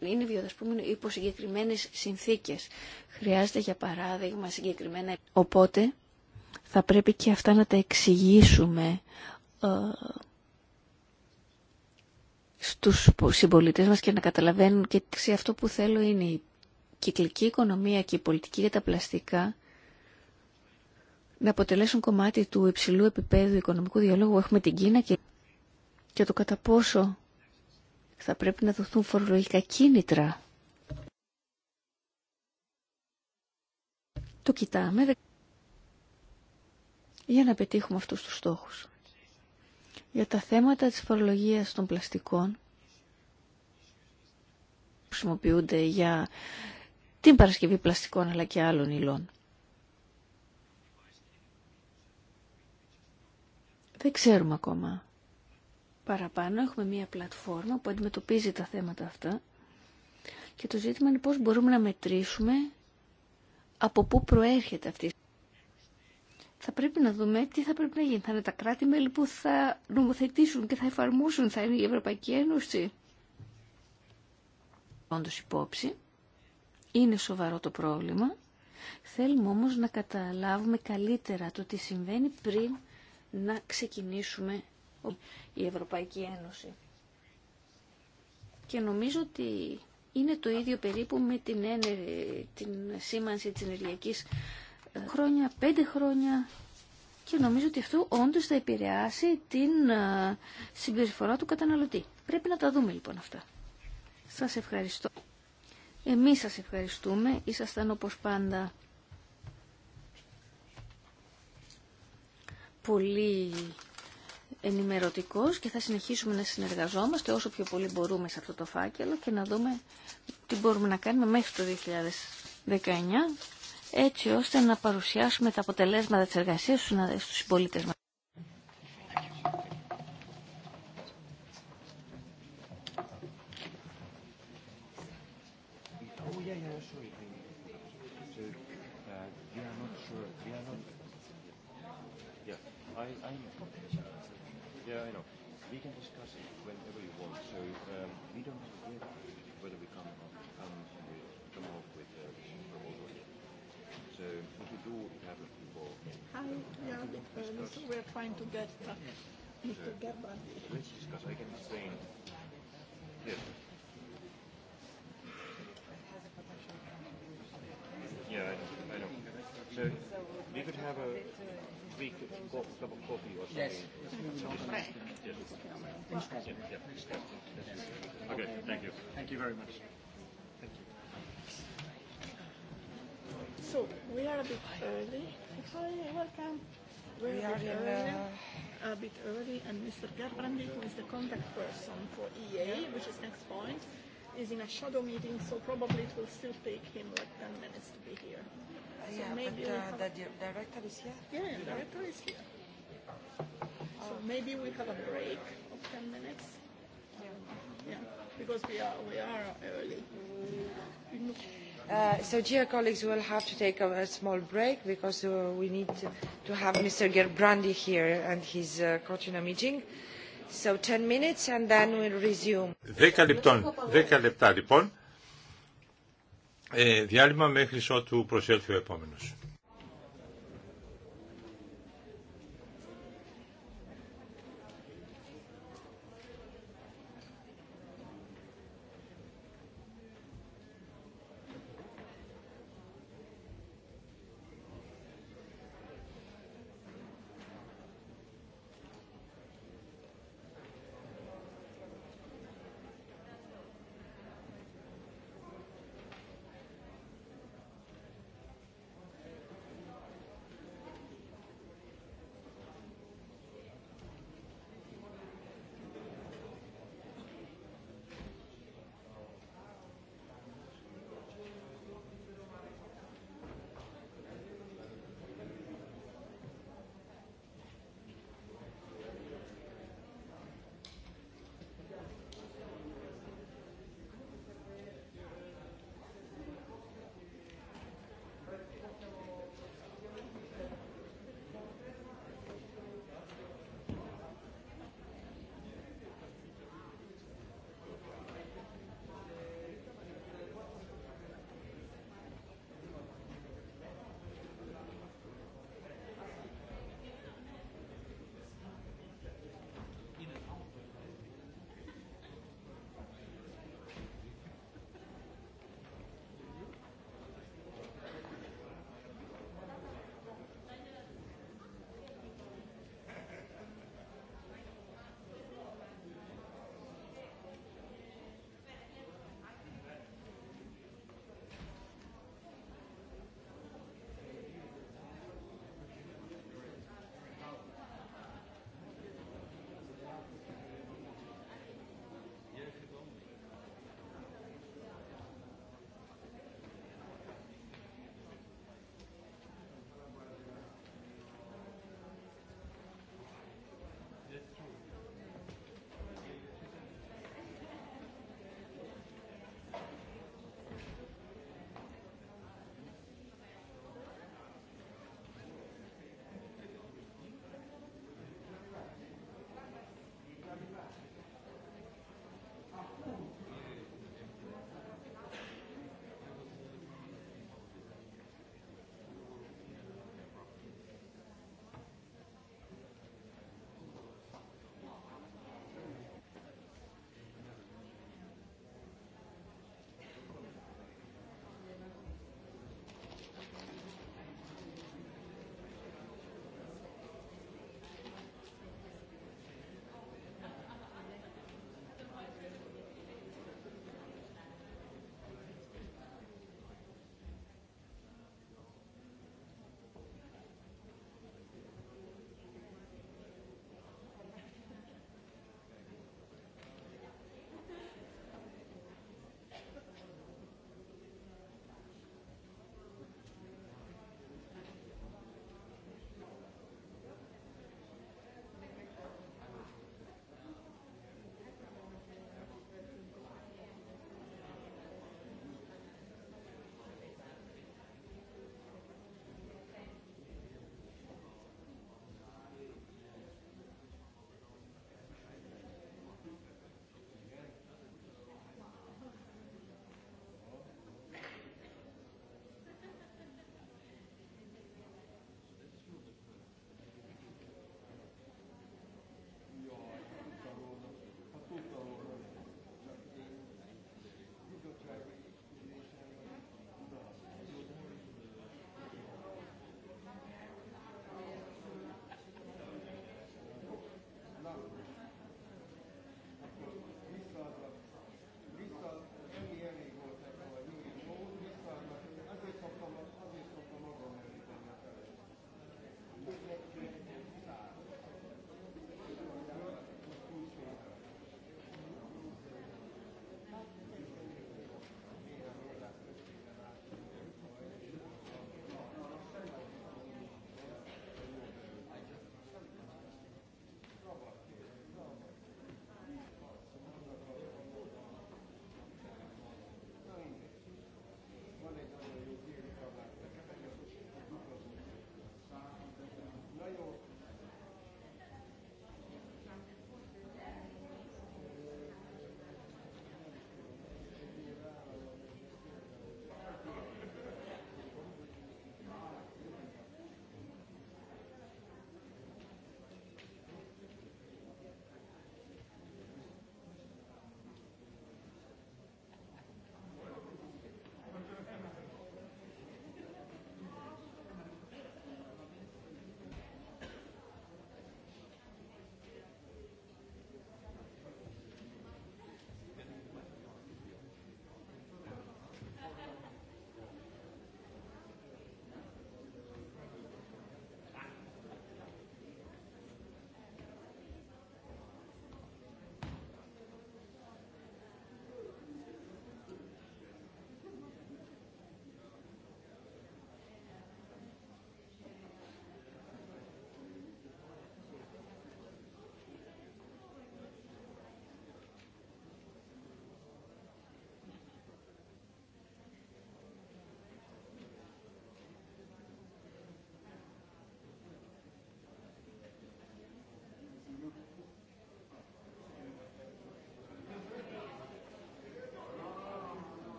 B: είναι βιοδασπούμενο υπό συγκεκριμένε συνθήκες. Χρειάζεται για παράδειγμα συγκεκριμένα... Οπότε θα πρέπει και αυτά να τα εξηγήσουμε ε, στους συμπολίτε μας και να καταλαβαίνουν και σε αυτό που θέλω είναι η κυκλική οικονομία και η πολιτική για τα πλαστικά να αποτελέσουν κομμάτι του υψηλού επίπεδου οικονομικού διαλόγου έχουμε την Κίνα και, και το κατά πόσο θα πρέπει να δοθούν φορολογικά κίνητρα. Το κοιτάμε για να πετύχουμε αυτούς τους στόχους. Για τα θέματα της φορολογίας των πλαστικών που χρησιμοποιούνται για την παρασκευή πλαστικών αλλά και άλλων υλών. Δεν ξέρουμε ακόμα παραπάνω. Έχουμε μία πλατφόρμα που αντιμετωπίζει τα θέματα αυτά και το ζήτημα είναι πώς μπορούμε να μετρήσουμε από πού προέρχεται αυτή. Θα πρέπει να δούμε τι θα πρέπει να γίνει. Θα είναι τα κράτη-μέλη που θα νομοθετήσουν και θα εφαρμόσουν, θα είναι η Ευρωπαϊκή Ένωση. Όντως υπόψη, είναι σοβαρό το πρόβλημα. Θέλουμε όμως να καταλάβουμε καλύτερα το τι συμβαίνει πριν να ξεκινήσουμε η Ευρωπαϊκή Ένωση. Και νομίζω ότι είναι το ίδιο περίπου με την, ένε, την σήμανση της ενεργειακής ε, χρόνια, πέντε χρόνια και νομίζω ότι αυτό όντως θα επηρεάσει την ε, συμπεριφορά του καταναλωτή. Πρέπει να τα δούμε λοιπόν αυτά. Σας ευχαριστώ. Εμείς σας ευχαριστούμε. Ήσασταν όπως πάντα πολύ ενημερωτικός και θα συνεχίσουμε να συνεργαζόμαστε όσο πιο πολύ μπορούμε σε αυτό το φάκελο και να δούμε τι μπορούμε να κάνουμε μέχρι το 2019 έτσι ώστε να παρουσιάσουμε τα αποτελέσματα της εργασίας στους συμπολίτες μας.
A: very much. Thank you.
B: So, we are a bit early. Hi, welcome. we a bit A bit early, and Mr. Gerbrandi, who is the contact person for EA, which is next point, is in a shadow meeting, so probably it will still take him like 10 minutes
C: to be here. So yeah, maybe but the director is here? Yeah, the director is here. So maybe we have a break
B: of 10 minutes. Yeah because we are we are early.
C: So, dear
A: colleagues, we will have to take a small break because we need to have Mr. Gerbrandi here and his Cortina meeting. So, 10 minutes and then we'll resume. 10 λεπτών, 10
C: λεπτά λοιπόν. Ε, διάλειμμα μέχρι ότου προσέλθει ο επόμενος.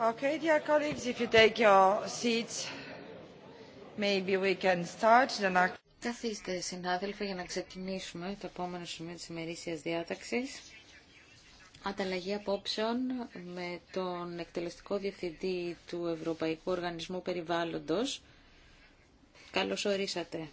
C: Okay, dear colleagues, if you take your
A: seats, maybe Καθίστε, συνάδελφοι, για να ξεκινήσουμε το επόμενο σημείο της ημερήσιας διάταξης. Ανταλλαγή απόψεων με τον εκτελεστικό διευθυντή του Ευρωπαϊκού Οργανισμού Περιβάλλοντος. Καλώς ορίσατε.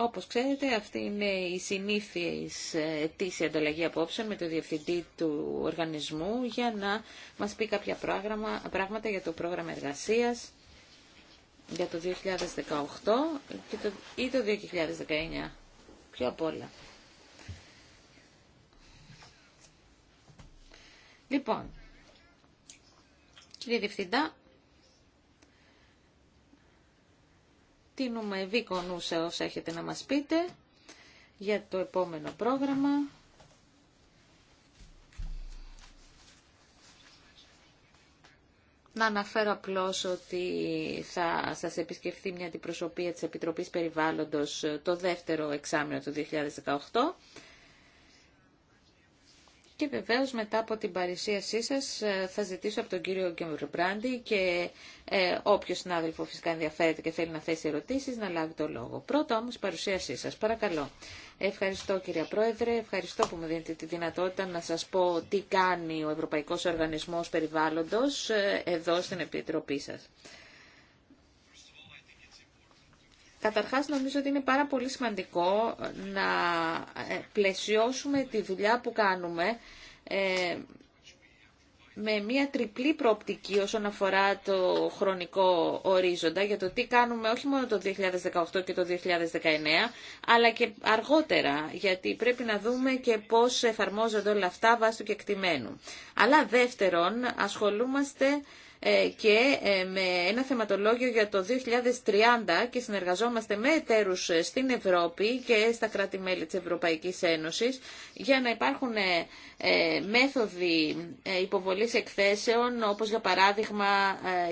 A: Όπως ξέρετε, αυτή είναι η συνήθις ετήσια ανταλλαγή απόψεων με το Διευθυντή του Οργανισμού για να μας πει κάποια πράγμα, πράγματα για το πρόγραμμα εργασίας για το 2018 και το, ή το 2019. Πιο απ' όλα. Λοιπόν, κύριε Διευθυντά, τίνουμε βίκο σε όσα έχετε να μας πείτε για το επόμενο πρόγραμμα. Να αναφέρω απλώς ότι θα σας επισκεφθεί μια αντιπροσωπεία της Επιτροπής Περιβάλλοντος το δεύτερο εξάμεινο του 2018 και βεβαίως μετά από την παρουσίασή σας ε, θα ζητήσω από τον κύριο Μπράντι και ε, όποιο συνάδελφο φυσικά ενδιαφέρεται και θέλει να θέσει ερωτήσεις να λάβει το λόγο. Πρώτα όμως η παρουσίασή σας. Παρακαλώ. Ευχαριστώ κυρία Πρόεδρε, ευχαριστώ που μου δίνετε τη δυνατότητα να σας πω τι κάνει ο Ευρωπαϊκός Οργανισμός Περιβάλλοντος ε, εδώ στην Επιτροπή σας. Καταρχάς νομίζω ότι είναι πάρα πολύ σημαντικό να ε, πλαισιώσουμε τη δουλειά που κάνουμε ε, με μια τριπλή προοπτική όσον αφορά το χρονικό ορίζοντα για το τι κάνουμε όχι μόνο το 2018 και το 2019 αλλά και αργότερα γιατί πρέπει να δούμε και πώς εφαρμόζονται όλα αυτά βάσει του κεκτημένου. Αλλά δεύτερον ασχολούμαστε ε, και ε, με ένα θεματολόγιο για το 2030 και συνεργαζόμαστε με εταίρους ε, στην Ευρώπη και στα κράτη-μέλη της Ευρωπαϊκής Ένωσης για να υπάρχουν μέθοδοι υποβολής εκθέσεων όπως για παράδειγμα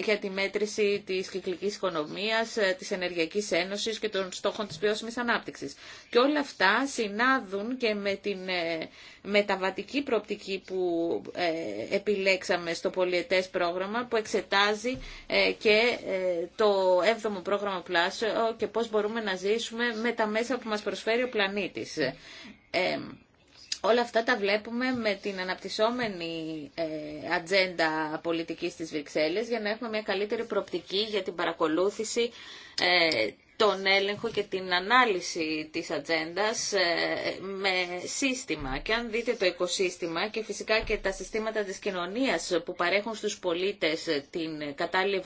A: για τη μέτρηση της κυκλικής οικονομίας, της Ενεργειακής Ένωσης και των στόχων της βιώσιμης ανάπτυξης. Και όλα αυτά συνάδουν και με την μεταβατική προοπτική που επιλέξαμε στο πολιετές πρόγραμμα που εξετάζει ε, και ε, το 7ο πρόγραμμα πλάσιο και πώς μπορούμε να ζήσουμε με τα μέσα που μας προσφέρει ο πλανήτης. Ε, όλα αυτά τα βλέπουμε με την αναπτυσσόμενη ατζέντα πολιτικής της Βρυξέλλες για να έχουμε μια καλύτερη προοπτική για την παρακολούθηση τον έλεγχο και την ανάλυση της ατζέντα ε, με σύστημα. Και αν δείτε το οικοσύστημα και φυσικά και τα συστήματα της κοινωνίας που παρέχουν στους πολίτες την κατάλληλη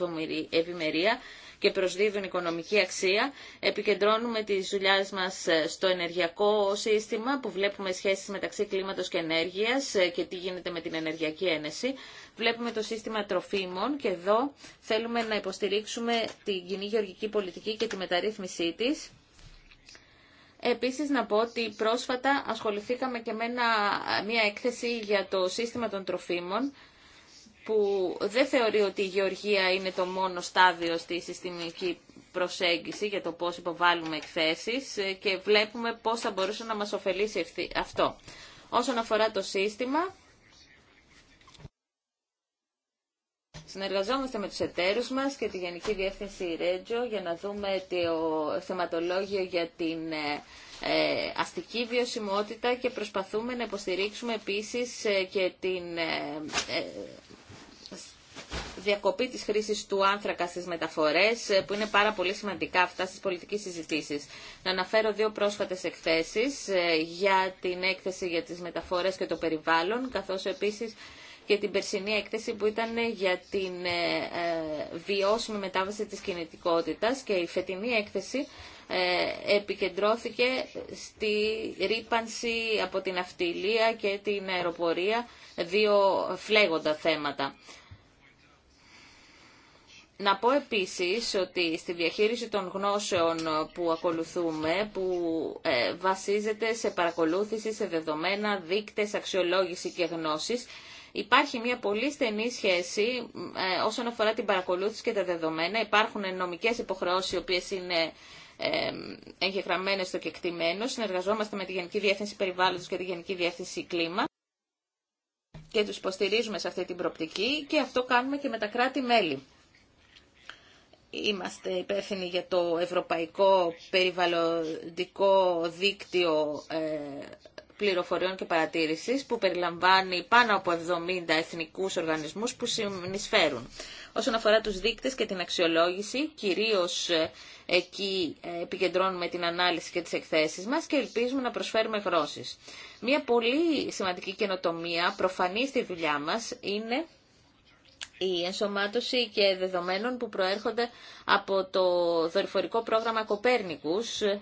A: ευημερία, και προσδίδουν οικονομική αξία. Επικεντρώνουμε τις δουλειά μα ε, στο ενεργειακό σύστημα που βλέπουμε σχέσει μεταξύ κλίματο και ενέργεια ε, και τι γίνεται με την ενεργειακή ένεση. Βλέπουμε το σύστημα τροφίμων και εδώ θέλουμε να υποστηρίξουμε την κοινή γεωργική πολιτική και τη μεταρρύθμισή τη. Επίσης να πω ότι πρόσφατα ασχοληθήκαμε και με μια έκθεση για το σύστημα των τροφίμων που δεν θεωρεί ότι η γεωργία είναι το μόνο στάδιο στη συστημική προσέγγιση για το πώς υποβάλλουμε εκθέσεις ε, και βλέπουμε πώς θα μπορούσε να μας ωφελήσει αυτό. Όσον αφορά το σύστημα, Συνεργαζόμαστε με τους εταίρους μας και τη Γενική Διεύθυνση Ρέτζο για να δούμε το θεματολόγιο για την ε, ε, αστική βιωσιμότητα και προσπαθούμε να υποστηρίξουμε επίσης και την διακοπή της χρήσης του άνθρακα στις μεταφορές, ε, που είναι πάρα πολύ σημαντικά αυτά στις πολιτικές συζητήσεις. Να αναφέρω δύο πρόσφατες εκθέσεις ε, για την έκθεση για τις μεταφορές και το περιβάλλον, καθώς επίσης και την περσινή έκθεση που ήταν ε, για την βιώσιμη μετάβαση της κινητικότητας και η φετινή έκθεση επικεντρώθηκε στη ρήπανση από την αυτιλία και την αεροπορία, δύο φλέγοντα θέματα. Να πω επίσης ότι στη διαχείριση των γνώσεων που ακολουθούμε, που ε, βασίζεται σε παρακολούθηση, σε δεδομένα, δείκτες, αξιολόγηση και γνώσεις, Υπάρχει μια πολύ στενή σχέση ε, όσον αφορά την παρακολούθηση και τα δεδομένα. Υπάρχουν νομικές υποχρεώσεις οι οποίες είναι ε, εγγεγραμμένες στο κεκτημένο. Συνεργαζόμαστε με τη Γενική Διεύθυνση Περιβάλλοντος και τη Γενική Διεύθυνση Κλίμα και τους υποστηρίζουμε σε αυτή την προπτική και αυτό κάνουμε και με τα κράτη-μέλη είμαστε υπεύθυνοι για το Ευρωπαϊκό Περιβαλλοντικό Δίκτυο ε, Πληροφοριών και Παρατήρησης που περιλαμβάνει πάνω από 70 εθνικούς οργανισμούς που συνεισφέρουν. Όσον αφορά τους δείκτες και την αξιολόγηση, κυρίως ε, εκεί ε, επικεντρώνουμε την ανάλυση και τις εκθέσεις μας και ελπίζουμε να προσφέρουμε γνώσεις. Μία πολύ σημαντική καινοτομία προφανή στη δουλειά μας είναι η ενσωμάτωση και δεδομένων που προέρχονται από το δορυφορικό πρόγραμμα Κοπέρνικους, ε,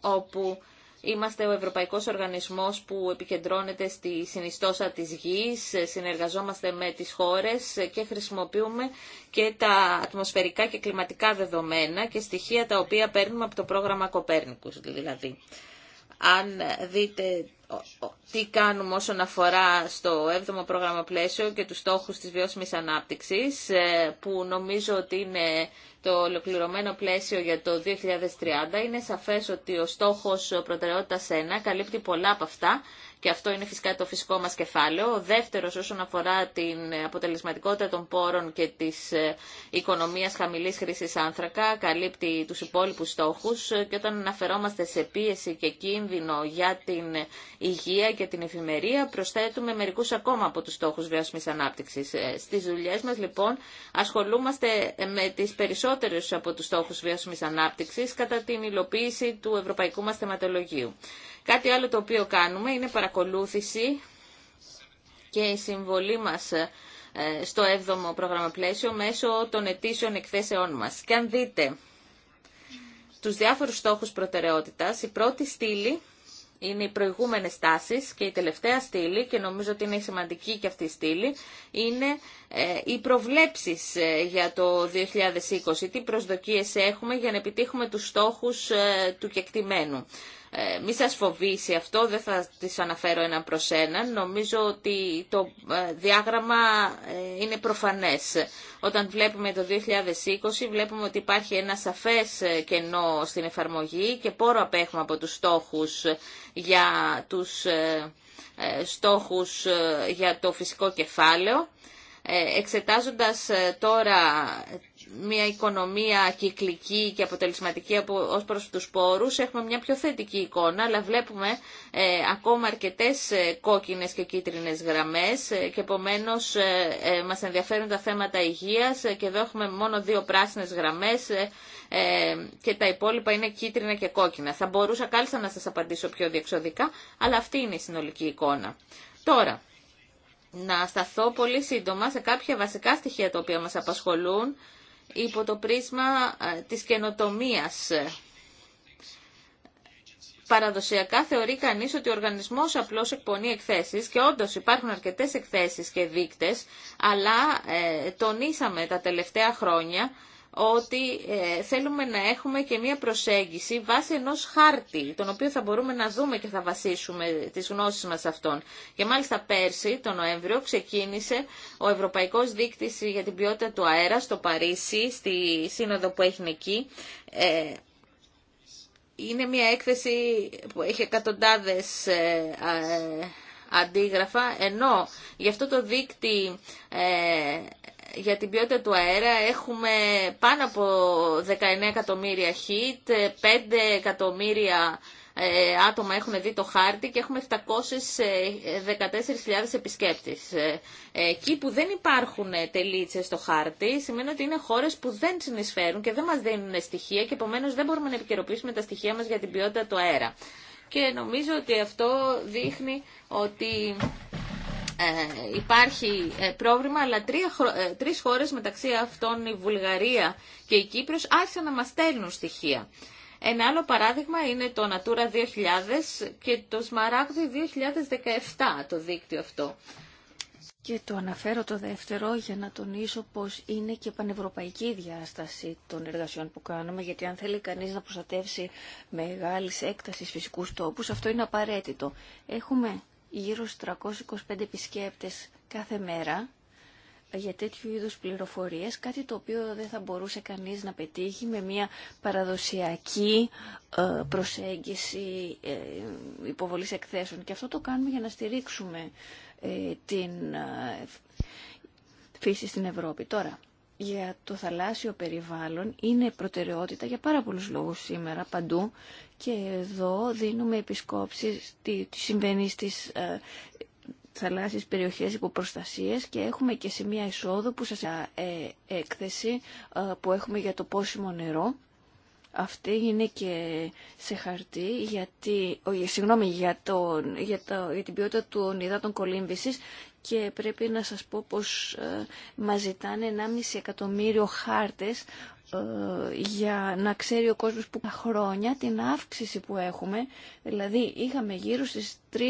A: όπου είμαστε ο Ευρωπαϊκός Οργανισμός που επικεντρώνεται στη συνιστόσα της γης, συνεργαζόμαστε με τις χώρες και χρησιμοποιούμε και τα ατμοσφαιρικά και κλιματικά δεδομένα και στοιχεία τα οποία παίρνουμε από το πρόγραμμα Κοπέρνικους δηλαδή. Αν δείτε τι κάνουμε όσον αφορά στο 7ο πρόγραμμα πλαίσιο και τους στόχους της βιώσιμης ανάπτυξης, ε, που νομίζω ότι είναι το ολοκληρωμένο πλαίσιο για το 2030. Είναι σαφές ότι ο στόχος προτεραιότητας 1 καλύπτει πολλά από αυτά, και αυτό είναι φυσικά το φυσικό μας κεφάλαιο. Ο δεύτερος όσον αφορά την αποτελεσματικότητα των πόρων και της ε, οικονομίας χαμηλής χρήσης άνθρακα καλύπτει τους υπόλοιπους στόχους και όταν αναφερόμαστε σε πίεση και κίνδυνο για την υγεία και την εφημερία προσθέτουμε μερικούς ακόμα από τους στόχους βιώσιμης ανάπτυξης. Ε, στις δουλειές μας λοιπόν ασχολούμαστε ε, με τις περισσότερες από τους στόχους βιώσιμης ανάπτυξης κατά την υλοποίηση του ευρωπαϊκού μας θεματολογίου. Κάτι άλλο το οποίο κάνουμε είναι παρακολούθηση και η συμβολή μας ε, στο 7ο πρόγραμμα πλαίσιο μέσω των ετήσιων εκθέσεών μας. Και αν δείτε τους διάφορους στόχους προτεραιότητας, η πρώτη στήλη είναι οι προηγούμενες τάσεις και η τελευταία στήλη, και νομίζω ότι είναι σημαντική και αυτή η στήλη, είναι ε, οι προβλέψεις ε, για το 2020, τι προσδοκίες έχουμε για να επιτύχουμε τους στόχους του κεκτημένου. Ε, μη σας φοβήσει αυτό, δεν θα τις αναφέρω ένα προς έναν. Νομίζω ότι το ε, διάγραμμα ε, είναι προφανές. Όταν βλέπουμε το 2020 βλέπουμε ότι υπάρχει ένα σαφές ε, κενό στην εφαρμογή και πόρο απέχουμε από τους στόχους για τους στόχους για το φυσικό κεφάλαιο. Εξετάζοντας τώρα μια οικονομία κυκλική και αποτελεσματική ω ως προς τους έχουμε μια πιο θετική εικόνα, αλλά βλέπουμε ε, ακόμα αρκετές κόκκινε κόκκινες και κίτρινες γραμμές ε, και επομένως ε, μας ενδιαφέρουν τα θέματα υγείας και εδώ έχουμε μόνο δύο πράσινες γραμμές και τα υπόλοιπα είναι κίτρινα και κόκκινα. Θα μπορούσα κάλλιστα να σας απαντήσω πιο διεξοδικά, αλλά αυτή είναι η συνολική εικόνα. Τώρα, να σταθώ πολύ σύντομα σε κάποια βασικά στοιχεία τα οποία μας απασχολούν υπό το πρίσμα ε, της καινοτομίας. Παραδοσιακά θεωρεί κανείς ότι ο οργανισμός απλώς εκπονεί εκθέσεις και όντως υπάρχουν αρκετές εκθέσεις και δείκτες, αλλά ε, τονίσαμε τα τελευταία χρόνια ότι ε, θέλουμε να έχουμε και μία προσέγγιση βάσει ενός χάρτη, τον οποίο θα μπορούμε να δούμε και θα βασίσουμε τις γνώσεις μας αυτών. Και μάλιστα πέρσι, τον Νοέμβριο, ξεκίνησε ο Ευρωπαϊκός Δίκτυς για την Ποιότητα του Αέρα στο Παρίσι, στη σύνοδο που έγινε εκεί. Ε, είναι μία έκθεση που έχει εκατοντάδες ε, αντίγραφα, ενώ γι' αυτό το δίκτυ για την ποιότητα του αέρα έχουμε πάνω από 19 εκατομμύρια hit, 5 εκατομμύρια ε, άτομα έχουν δει το χάρτη και έχουμε 714.000 ε, επισκέπτες. Ε, εκεί που δεν υπάρχουν τελίτσες στο χάρτη σημαίνει ότι είναι χώρες που δεν συνεισφέρουν και δεν μας δίνουν στοιχεία και επομένως δεν μπορούμε να επικαιροποιήσουμε τα στοιχεία μας για την ποιότητα του αέρα. Και νομίζω ότι αυτό δείχνει ότι ε, υπάρχει ε, πρόβλημα, αλλά τρία, ε, τρεις χώρες μεταξύ αυτών η Βουλγαρία και η Κύπρος άρχισαν να μας στέλνουν στοιχεία. Ένα άλλο παράδειγμα είναι το Natura 2000 και το Σμαράγδι 2017, το δίκτυο αυτό.
B: Και το αναφέρω το δεύτερο για να τονίσω πως είναι και πανευρωπαϊκή διάσταση των εργασιών που κάνουμε, γιατί αν θέλει κανείς να προστατεύσει μεγάλης έκτασης φυσικούς τόπους, αυτό είναι απαραίτητο. Έχουμε γύρω στους 325 επισκέπτες κάθε μέρα για τέτοιου είδους πληροφορίες, κάτι το οποίο δεν θα μπορούσε κανείς να πετύχει με μια παραδοσιακή ε, προσέγγιση ε, υποβολής εκθέσεων. Και αυτό το κάνουμε για να στηρίξουμε ε, την φύση στην Ευρώπη. Τώρα, για το θαλάσσιο περιβάλλον είναι προτεραιότητα για πάρα πολλούς λόγους σήμερα παντού και εδώ δίνουμε επισκόψεις τι συμβαίνει στις ε, θαλάσσιες περιοχές υποπροστασίες και έχουμε και σημεία εισόδου που σας ε, έκθεση ε, που έχουμε για το πόσιμο νερό. Αυτή είναι και σε χαρτί γιατί, ό, συγγνώμη, για, για, το, για την ποιότητα του υδάτων κολύμβησης και πρέπει να σας πω πως ε, μας ζητάνε 1,5 εκατομμύριο χάρτες ε, για να ξέρει ο κόσμος που χρόνια την αύξηση που έχουμε. Δηλαδή είχαμε γύρω στις 3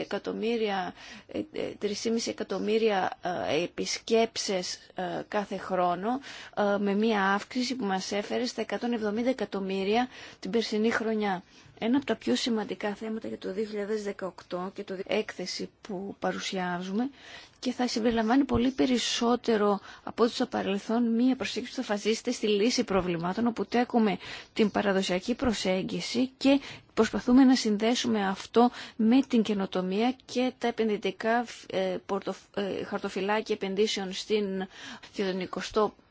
B: εκατομμύρια, 3,5 ε, ε, εκατομμύρια επισκέψεις κάθε χρόνο με μια αύξηση που μας έφερε στα 170 εκατομμύρια την περσινή χρονιά. Ένα από τα πιο σημαντικά θέματα για το 2018 και το έκθεση που παρουσιάζουμε και θα συμπεριλαμβάνει πολύ περισσότερο από ό,τι στο παρελθόν μία προσέγγιση που θα φασίζεται στη λύση προβλημάτων, όπου τέκουμε την παραδοσιακή προσέγγιση και προσπαθούμε να συνδέσουμε αυτό με την καινοτομία και τα επενδυτικά ε, ε, χαρτοφυλάκια επενδύσεων στην τον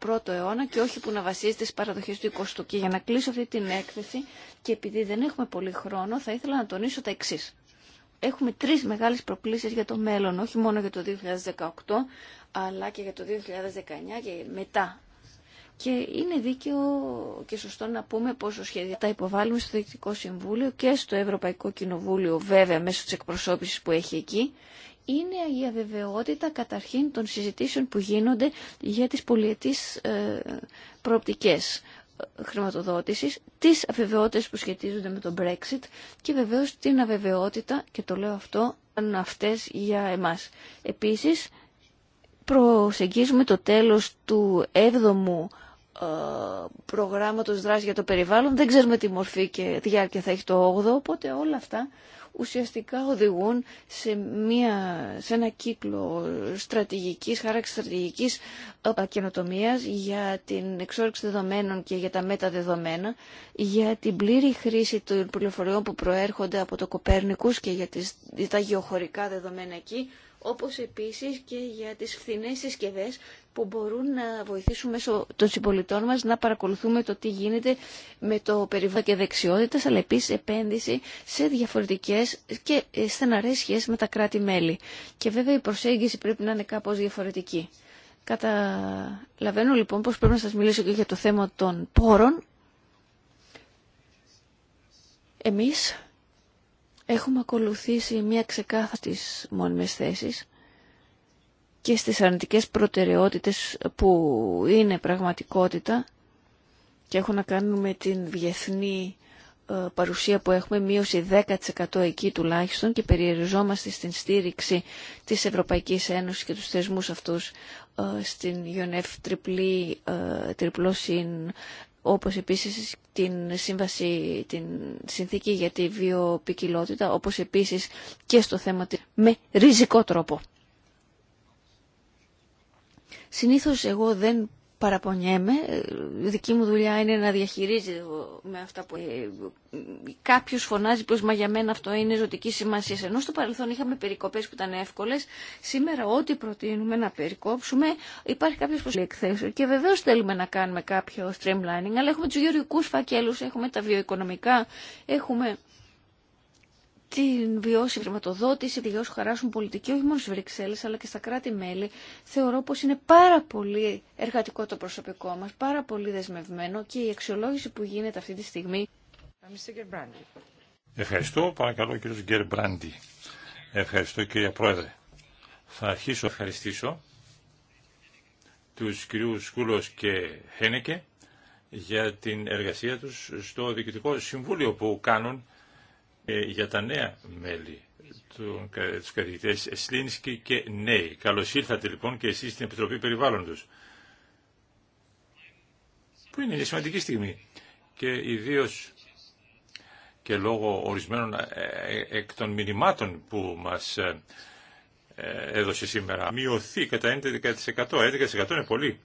B: 21ο αιώνα και όχι που να βασίζεται στις παραδοχές του 20ου. Και για να κλείσω αυτή την έκθεση και επειδή δεν έχουμε πολύ χρόνο θα ήθελα να τονίσω τα εξής έχουμε τρεις μεγάλες προκλήσεις για το μέλλον, όχι μόνο για το 2018, αλλά και για το 2019 και μετά. Και είναι δίκαιο και σωστό να πούμε πόσο σχέδια τα υποβάλλουμε στο Διοικητικό Συμβούλιο και στο Ευρωπαϊκό Κοινοβούλιο, βέβαια, μέσω της εκπροσώπησης που έχει εκεί, είναι η αβεβαιότητα καταρχήν των συζητήσεων που γίνονται για τις πολιετής ε, προοπτικές χρηματοδότησης, τις αβεβαιότητες που σχετίζονται με τον Brexit και βεβαίως την αβεβαιότητα, και το λέω αυτό, αν αυτές για εμάς. Επίσης, προσεγγίζουμε το τέλος του 7ου ε, προγράμματος δράσης για το περιβάλλον. Δεν ξέρουμε τι μορφή και διάρκεια θα έχει το 8ο, οπότε όλα αυτά ουσιαστικά οδηγούν σε, μια, σε ένα κύκλο στρατηγικής, χάραξη στρατηγικής καινοτομίας για την εξόρυξη δεδομένων και για τα μεταδεδομένα, για την πλήρη χρήση των πληροφοριών που προέρχονται από το Κοπέρνικους και για τις, τα γεωχωρικά δεδομένα εκεί, όπως επίσης και για τις φθηνές συσκευές που μπορούν να βοηθήσουν μέσω των συμπολιτών μας να παρακολουθούμε το τι γίνεται με το περιβάλλον και δεξιότητες, αλλά επίσης επένδυση σε διαφορετικές και στεναρές σχέσεις με τα κράτη-μέλη. Και βέβαια η προσέγγιση πρέπει να είναι κάπως διαφορετική. Καταλαβαίνω λοιπόν πως πρέπει να σας μιλήσω και για το θέμα των πόρων. Εμείς έχουμε ακολουθήσει μια ξεκάθαρη στις μόνιμες και στις αρνητικές προτεραιότητες που είναι πραγματικότητα και έχουν να κάνουν με την διεθνή ε, παρουσία που έχουμε, μείωση 10% εκεί τουλάχιστον και περιεριζόμαστε στην στήριξη της Ευρωπαϊκής Ένωσης και τους θεσμούς αυτούς ε, στην UNF τριπλή, ε, τριπλό συν, όπως επίσης την, σύμβαση, την συνθήκη για τη βιοπικιλότητα, όπως επίσης και στο θέμα με ριζικό τρόπο. Συνήθως εγώ δεν παραπονιέμαι. Η ε, δική μου δουλειά είναι να διαχειρίζει με αυτά που... Ε, κάποιος φωνάζει πως μα για μένα αυτό είναι ζωτική σημασία. Ενώ στο παρελθόν είχαμε περικοπές που ήταν εύκολες. Σήμερα ό,τι προτείνουμε να περικόψουμε υπάρχει κάποιος που εκθέσεων. Και βεβαίως θέλουμε να κάνουμε κάποιο streamlining. Αλλά έχουμε τους γεωργικούς φακέλους, έχουμε τα βιοοικονομικά, έχουμε την βιώσιμη χρηματοδότηση, τη βιώσιμη χαράσουν πολιτική, όχι μόνο στι Βρυξέλλε αλλά και στα κράτη-μέλη, θεωρώ πως είναι πάρα πολύ εργατικό το προσωπικό μα, πάρα πολύ δεσμευμένο και η αξιολόγηση που γίνεται αυτή τη στιγμή.
C: Ευχαριστώ, παρακαλώ κύριο Γκερμπράντι. Ευχαριστώ κύριε Πρόεδρε. Θα αρχίσω να ευχαριστήσω τους κυρίους Σκούλος και Χένεκε για την εργασία τους στο Διοικητικό Συμβούλιο που κάνουν ε, για τα νέα μέλη, του, τους καθηγητές Σλίνσκι και Νέη. Καλώς ήρθατε λοιπόν και εσείς στην Επιτροπή Περιβάλλοντος, που είναι μια σημαντική στιγμή και ιδίω και λόγω ορισμένων ε, ε, εκ των μηνυμάτων που μας έδωσε σήμερα. Μειωθεί κατά 11%. 11% είναι πολύ.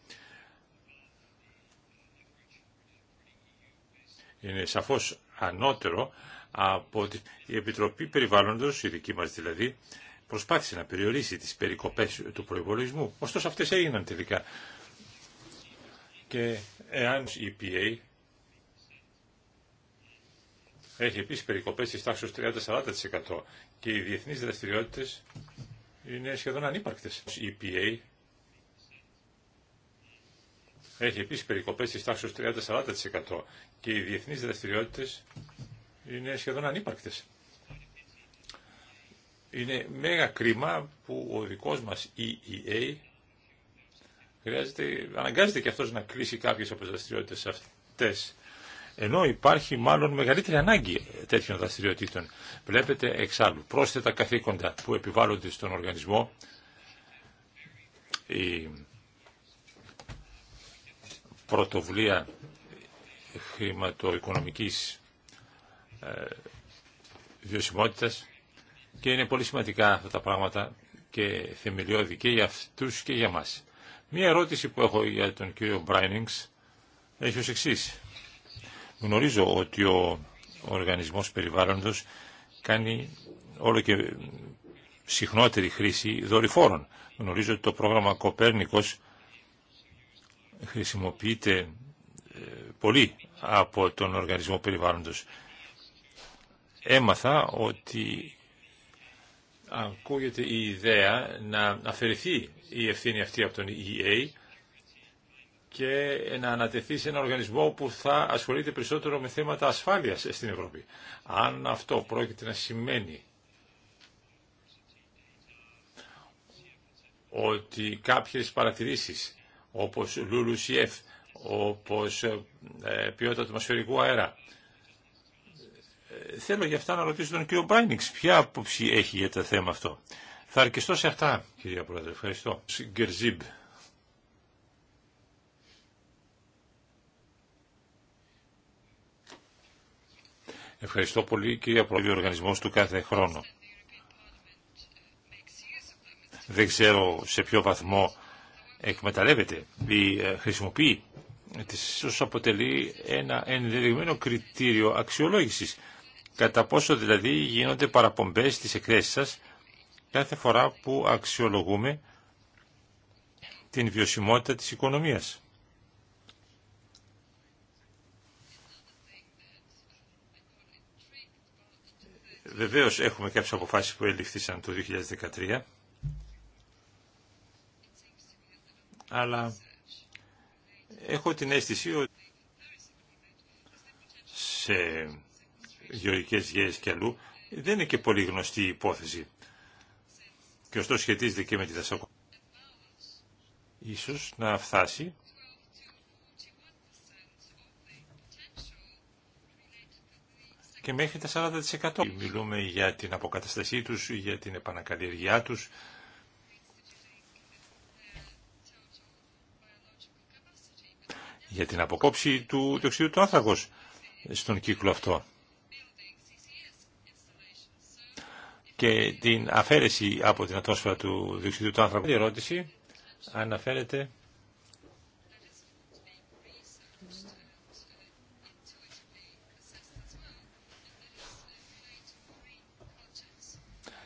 C: Είναι σαφώς ανώτερο από η Επιτροπή Περιβάλλοντος, η δική μας δηλαδή, προσπάθησε να περιορίσει τις περικοπές του προϋπολογισμού. Ωστόσο αυτές έγιναν τελικά. Και εάν η EPA έχει επίσης περικοπές της τάξης 30-40% και οι διεθνείς δραστηριότητες είναι σχεδόν ανύπαρκτες. Η EPA έχει επίσης περικοπές της τάξης 30-40% και οι διεθνείς δραστηριότητες είναι σχεδόν ανύπαρκτες. Είναι μέγα κρίμα που ο δικός μας EEA χρειάζεται, αναγκάζεται και αυτός να κλείσει κάποιες από τις δραστηριότητες αυτές. Ενώ υπάρχει μάλλον μεγαλύτερη ανάγκη τέτοιων δραστηριοτήτων. Βλέπετε εξάλλου πρόσθετα καθήκοντα που επιβάλλονται στον οργανισμό. Η πρωτοβουλία χρηματοοικονομικής ε, βιωσιμότητα και είναι πολύ σημαντικά αυτά τα πράγματα και θεμελιώδη και για αυτούς και για μας. Μία ερώτηση που έχω για τον κύριο Μπράινινγκς έχει ως εξή. Γνωρίζω ότι ο οργανισμός περιβάλλοντος κάνει όλο και συχνότερη χρήση δορυφόρων. Γνωρίζω ότι το πρόγραμμα Κοπέρνικος χρησιμοποιείται ε, πολύ από τον οργανισμό περιβάλλοντος έμαθα ότι ακούγεται η ιδέα να αφαιρεθεί η ευθύνη αυτή από τον EA και να ανατεθεί σε ένα οργανισμό που θα ασχολείται περισσότερο με θέματα ασφάλειας στην Ευρώπη. Αν αυτό πρόκειται να σημαίνει ότι κάποιες παρατηρήσεις όπως LULUCF, όπως ε, ποιότητα του αέρα, θέλω για αυτά να ρωτήσω τον κύριο Μπράινιξ ποια άποψη έχει για το θέμα αυτό. Θα αρκεστώ σε αυτά, κυρία Πρόεδρε. Ευχαριστώ. Ευχαριστώ πολύ, κυρία Πρόεδρε, ο οργανισμός του κάθε χρόνο. Δεν ξέρω σε ποιο βαθμό εκμεταλλεύεται ή ε, χρησιμοποιεί. Ε, Της αποτελεί ένα ενδεδειγμένο κριτήριο αξιολόγησης κατά πόσο δηλαδή γίνονται παραπομπές στις εκθέσεις σας κάθε φορά που αξιολογούμε την βιωσιμότητα της οικονομίας. Βεβαίως έχουμε κάποιες αποφάσεις που ελήφθησαν το 2013, αλλά έχω την αίσθηση ότι σε γεωργικές γέε και αλλού, δεν είναι και πολύ γνωστή η υπόθεση. Και ωστόσο σχετίζεται και με τη δασοκοπή. Ίσως να φτάσει και μέχρι τα 40%. Μιλούμε για την αποκαταστασή τους, για την επανακαλλιεργιά τους. για την αποκόψη του διοξιδίου του άνθρακος στον κύκλο αυτό. και την αφαίρεση από την ατμόσφαιρα του διοξιδίου του άνθρωπου. Η ερώτηση αναφέρεται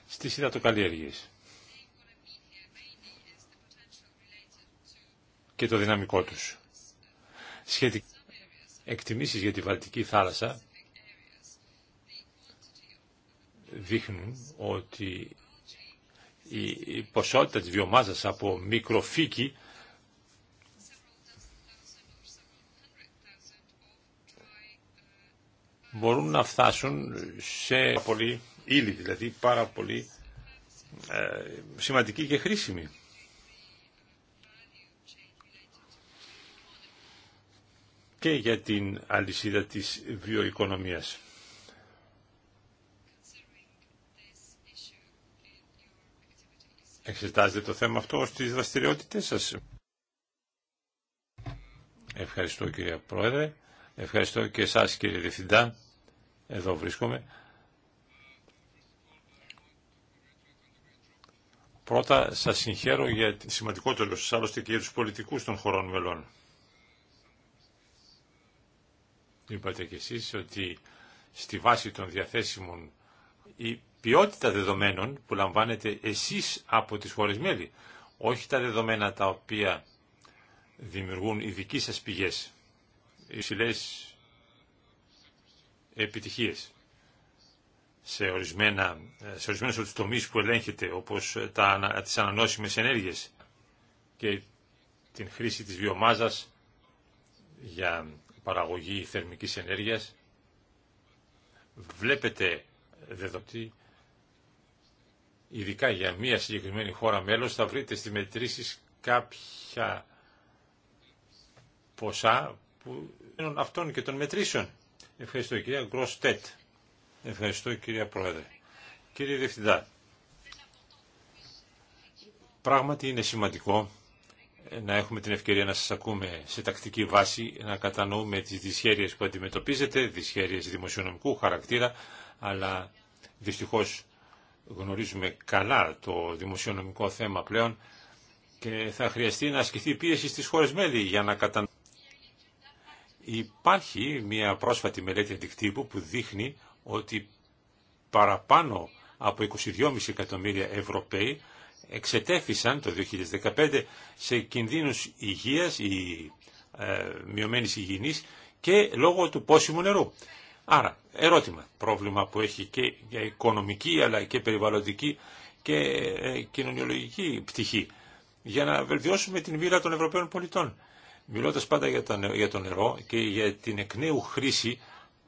C: στις υδατοκαλλιέργειες και το δυναμικό τους. Σχετικά εκτιμήσεις για τη Βαλτική θάλασσα δείχνουν ότι η ποσότητα της βιομάζας από μικροφύκη μπορούν να φτάσουν σε πολύ ύλη, δηλαδή πάρα πολύ ε, σημαντική και χρήσιμη. και για την αλυσίδα της βιοοικονομίας. Εξετάζετε το θέμα αυτό στις δραστηριότητες σας. Ευχαριστώ κύριε Πρόεδρε. Ευχαριστώ και εσάς κύριε Διευθυντά. Εδώ βρίσκομαι. Πρώτα σας συγχαίρω για τη σημαντικότερο σας άλλωστε και για τους πολιτικούς των χωρών μελών. Είπατε κι εσείς ότι στη βάση των διαθέσιμων ή ποιότητα δεδομένων που λαμβάνετε εσείς από τις χώρες μέλη, όχι τα δεδομένα τα οποία δημιουργούν οι δικοί σας πηγές, υψηλές επιτυχίες σε, ορισμένα, σε ορισμένους τομείς που ελέγχεται, όπως τα, τις ανανόσιμες ενέργειες και την χρήση της βιομάζας για παραγωγή θερμικής ενέργειας. Βλέπετε δεδοτή ειδικά για μία συγκεκριμένη χώρα μέλος, θα βρείτε στη μετρήσεις κάποια ποσά που είναι αυτών και των μετρήσεων. Ευχαριστώ κυρία Γκροστέτ. Ευχαριστώ κυρία Πρόεδρε. Κύριε Διευθυντά, πράγματι είναι σημαντικό να έχουμε την ευκαιρία να σας ακούμε σε τακτική βάση, να κατανοούμε τις δυσχέρειες που αντιμετωπίζετε, δυσχέρειες δημοσιονομικού χαρακτήρα, αλλά δυστυχώς γνωρίζουμε καλά το δημοσιονομικό θέμα πλέον και θα χρειαστεί να ασκηθεί πίεση στις χώρες μέλη για να κατανοήσουμε. Υπάρχει μια πρόσφατη μελέτη αντικτύπου που δείχνει ότι παραπάνω από 22,5 εκατομμύρια Ευρωπαίοι εξετέφησαν το 2015 σε κινδύνους υγείας ή ε, μειωμένης υγιεινής και λόγω του πόσιμου νερού. Άρα, ερώτημα, πρόβλημα που έχει και οικονομική αλλά και περιβαλλοντική και ε, κοινωνιολογική πτυχή για να βελτιώσουμε την μοίρα των Ευρωπαίων πολιτών. Μιλώντας πάντα για το νερό και για την εκ νέου χρήση